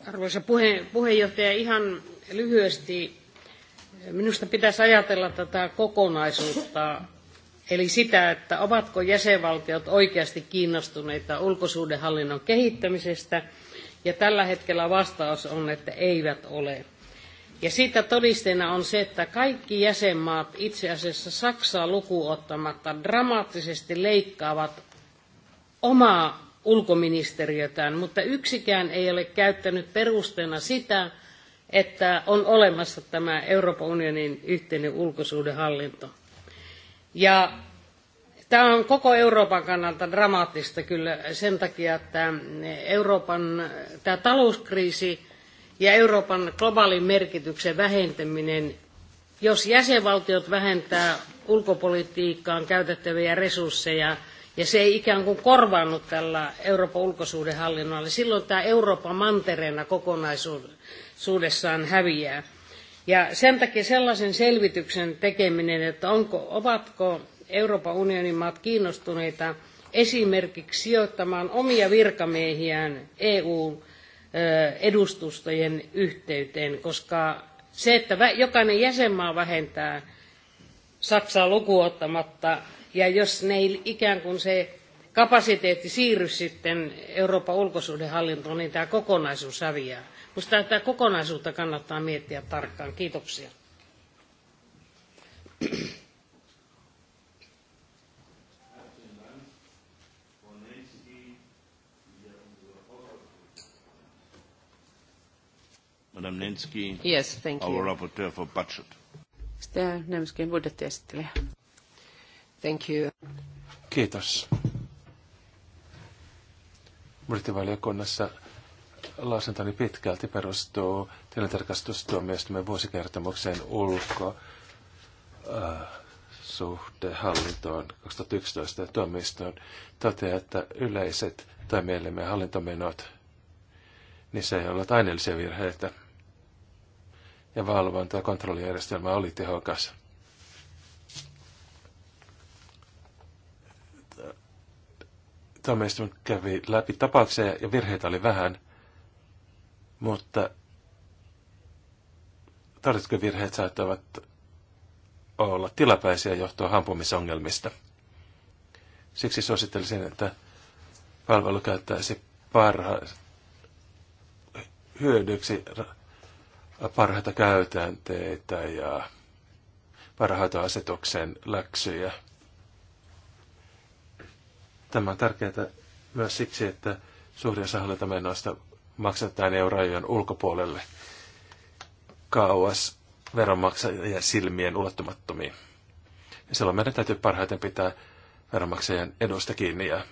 Arvoisa puhe, puheenjohtaja, ihan lyhyesti. Minusta pitäisi ajatella tätä kokonaisuutta eli sitä, että ovatko jäsenvaltiot oikeasti kiinnostuneita ulkosuudenhallinnon kehittämisestä, ja tällä hetkellä vastaus on, että eivät ole. Ja siitä todisteena on se, että kaikki jäsenmaat, itse asiassa Saksaa ottamatta, dramaattisesti leikkaavat omaa ulkoministeriötään, mutta yksikään ei ole käyttänyt perusteena sitä, että on olemassa tämä Euroopan unionin yhteinen ulkosuhdehallinto. Ja tämä on koko Euroopan kannalta dramaattista kyllä sen takia, että Euroopan tämä talouskriisi ja Euroopan globaalin merkityksen vähentäminen, jos jäsenvaltiot vähentää ulkopolitiikkaan käytettäviä resursseja, ja se ei ikään kuin korvaannut tällä Euroopan ulkosuhdehallinnolla. Niin silloin tämä Euroopan mantereena kokonaisuudessaan häviää. Ja sen takia sellaisen selvityksen tekeminen, että onko, ovatko Euroopan unionin maat kiinnostuneita esimerkiksi sijoittamaan omia virkamiehiään EU-edustustojen yhteyteen, koska se, että jokainen jäsenmaa vähentää Saksaa lukuottamatta, ja jos ne ikään kuin se kapasiteetti siirry sitten Euroopan ulkosuhdehallintoon, niin tämä kokonaisuus häviää. Minusta tätä kokonaisuutta kannattaa miettiä tarkkaan. Kiitoksia. Madame Nensky, yes, thank you. our rapporteur for budget. Sitten Nemskin budjettiesittelijä. Thank you. Kiitos. Budjettivaliokunnassa lausuntoni pitkälti perustuu tilintarkastustuomioistuimen vuosikertomukseen ulko suhtehallintoon äh, suhdehallintoon 2011 tuomioistuin toteaa, että yleiset toimielimme hallintomenot, niissä ei ollut aineellisia virheitä. Ja valvonta- ja kontrollijärjestelmä oli tehokas. Tuomioistuin kävi läpi tapauksia ja virheitä oli vähän. Mutta virheet saattavat olla tilapäisiä johtua hampumisongelmista. Siksi suosittelisin, että palvelu käyttäisi parha, hyödyksi parhaita käytänteitä ja parhaita asetuksen läksyjä. Tämä on tärkeää myös siksi, että suuri osa hallintomenoista maksetaan euroajan ulkopuolelle kauas veronmaksajien silmien ulottumattomiin. Ja silloin meidän täytyy parhaiten pitää veronmaksajien edusta kiinni ja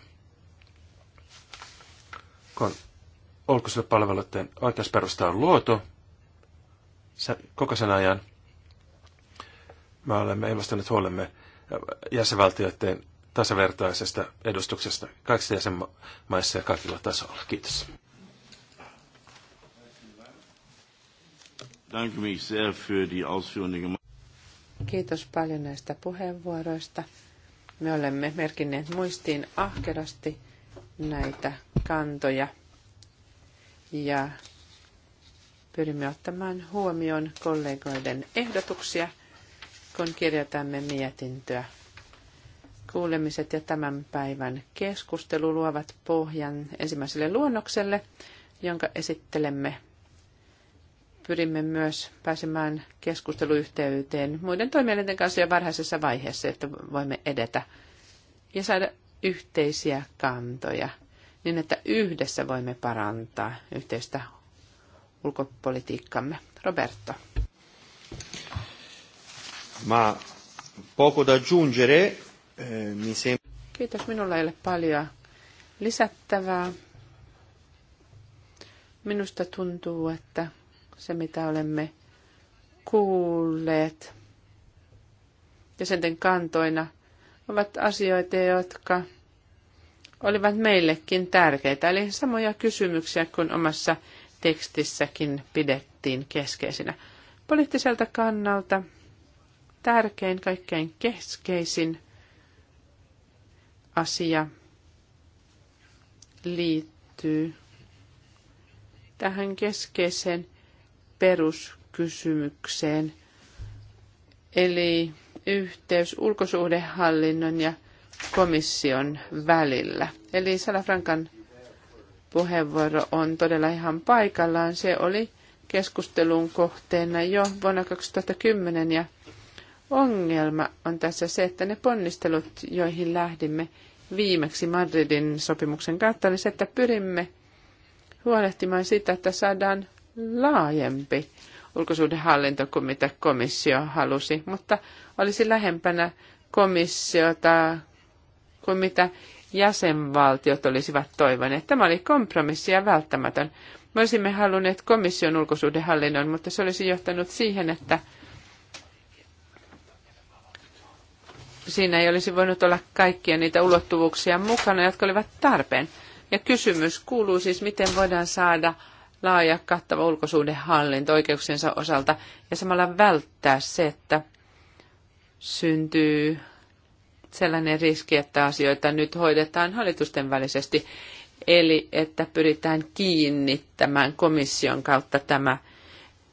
kun ulkoisille palveluiden oikeusperusta on luotu koko sen ajan, me olemme ilmastaneet huolemme jäsenvaltioiden tasavertaisesta edustuksesta kaikissa jäsenmaissa ja kaikilla tasoilla. Kiitos. Kiitos paljon näistä puheenvuoroista. Me olemme merkinneet muistiin ahkerasti näitä kantoja ja pyrimme ottamaan huomioon kollegoiden ehdotuksia, kun kirjoitamme mietintöä. Kuulemiset ja tämän päivän keskustelu luovat pohjan ensimmäiselle luonnokselle, jonka esittelemme pyrimme myös pääsemään keskusteluyhteyteen muiden toimijoiden kanssa jo varhaisessa vaiheessa, että voimme edetä ja saada yhteisiä kantoja niin, että yhdessä voimme parantaa yhteistä ulkopolitiikkamme. Roberto. Ma poco da aggiungere, eh, mi sem- Kiitos, minulla ei ole paljon lisättävää. Minusta tuntuu, että se, mitä olemme kuulleet jäsenten kantoina, ovat asioita, jotka olivat meillekin tärkeitä. Eli samoja kysymyksiä kuin omassa tekstissäkin pidettiin keskeisinä. Poliittiselta kannalta tärkein, kaikkein keskeisin asia liittyy tähän keskeiseen peruskysymykseen, eli yhteys ulkosuhdehallinnon ja komission välillä. Eli Salafrankan puheenvuoro on todella ihan paikallaan. Se oli keskustelun kohteena jo vuonna 2010 ja ongelma on tässä se, että ne ponnistelut, joihin lähdimme viimeksi Madridin sopimuksen kautta, oli niin se, että pyrimme huolehtimaan sitä, että saadaan laajempi ulkosuhdehallinto kuin mitä komissio halusi, mutta olisi lähempänä komissiota kuin mitä jäsenvaltiot olisivat toivoneet. Tämä oli kompromissi ja välttämätön. Me olisimme halunneet komission ulkosuhdehallinnon, mutta se olisi johtanut siihen, että siinä ei olisi voinut olla kaikkia niitä ulottuvuuksia mukana, jotka olivat tarpeen. Ja kysymys kuuluu siis, miten voidaan saada laaja kattava ulkosuhdehallinto oikeuksiensa osalta ja samalla välttää se, että syntyy sellainen riski, että asioita nyt hoidetaan hallitusten välisesti, eli että pyritään kiinnittämään komission kautta tämä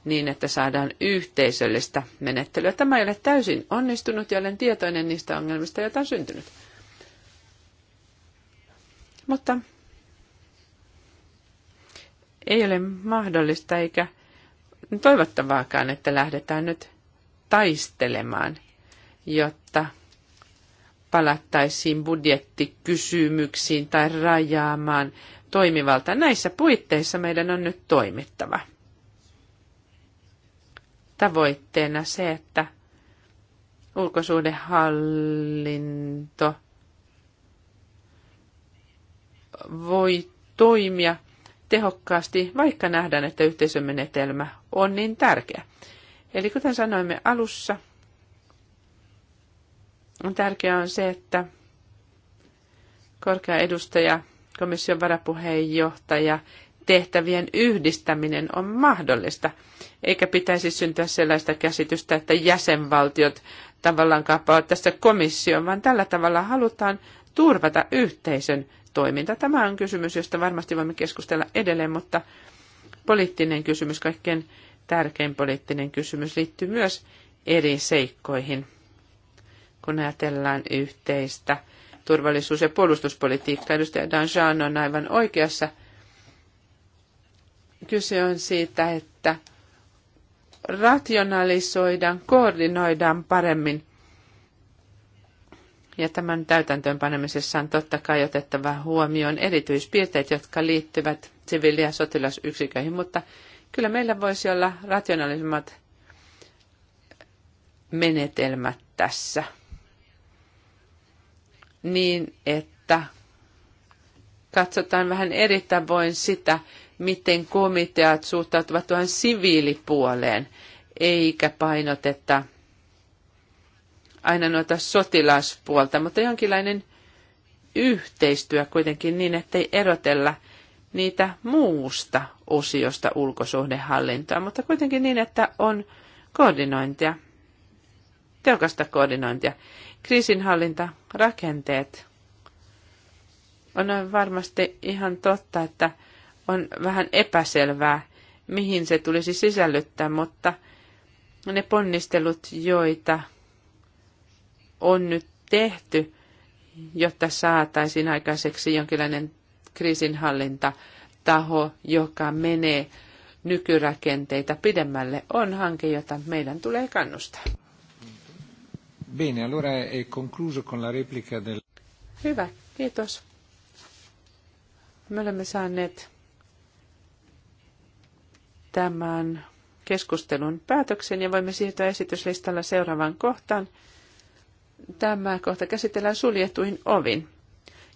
niin, että saadaan yhteisöllistä menettelyä. Tämä ei ole täysin onnistunut ja olen tietoinen niistä ongelmista, joita on syntynyt. Mutta ei ole mahdollista eikä toivottavaakaan, että lähdetään nyt taistelemaan, jotta palattaisiin budjettikysymyksiin tai rajaamaan toimivalta. Näissä puitteissa meidän on nyt toimittava. Tavoitteena se, että ulkosuhdehallinto voi toimia – tehokkaasti, vaikka nähdään, että yhteisömenetelmä on niin tärkeä. Eli kuten sanoimme alussa, on tärkeää on se, että korkea edustaja, komission varapuheenjohtaja, tehtävien yhdistäminen on mahdollista, eikä pitäisi syntyä sellaista käsitystä, että jäsenvaltiot tavallaan kappaavat tässä komission, vaan tällä tavalla halutaan turvata yhteisön toiminta. Tämä on kysymys, josta varmasti voimme keskustella edelleen, mutta poliittinen kysymys, kaikkein tärkein poliittinen kysymys liittyy myös eri seikkoihin, kun ajatellaan yhteistä turvallisuus- ja puolustuspolitiikkaa. Edustaja Danjean on aivan oikeassa. Kyse on siitä, että rationalisoidaan, koordinoidaan paremmin ja tämän täytäntöönpanemisessa on totta kai otettava huomioon erityispiirteet, jotka liittyvät siviili- ja sotilasyksiköihin, mutta kyllä meillä voisi olla rationaalisemmat menetelmät tässä. Niin, että katsotaan vähän eri tavoin sitä, miten komiteat suhtautuvat tuohon siviilipuoleen, eikä painotetta aina noita sotilaspuolta, mutta jonkinlainen yhteistyö kuitenkin niin, ettei erotella niitä muusta osiosta ulkosuhdehallintoa, mutta kuitenkin niin, että on koordinointia, tehokasta koordinointia. Kriisinhallinta, rakenteet. On varmasti ihan totta, että on vähän epäselvää, mihin se tulisi sisällyttää, mutta ne ponnistelut, joita on nyt tehty, jotta saataisiin aikaiseksi jonkinlainen kriisinhallintataho, joka menee nykyrakenteita pidemmälle, on hanke, jota meidän tulee kannustaa. Bene, allora è concluso con la replica del... Hyvä, kiitos. Me olemme saaneet tämän keskustelun päätöksen ja voimme siirtyä esityslistalla seuraavaan kohtaan tämä kohta käsitellään suljettuin ovin,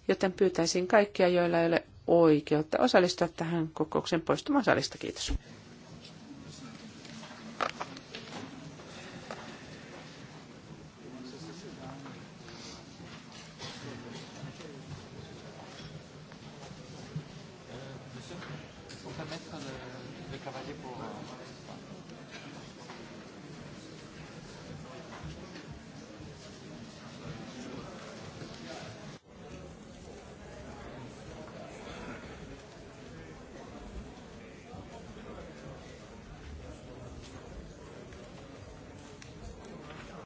joten pyytäisin kaikkia, joilla ei ole oikeutta osallistua tähän kokoukseen poistumaan salista. Kiitos.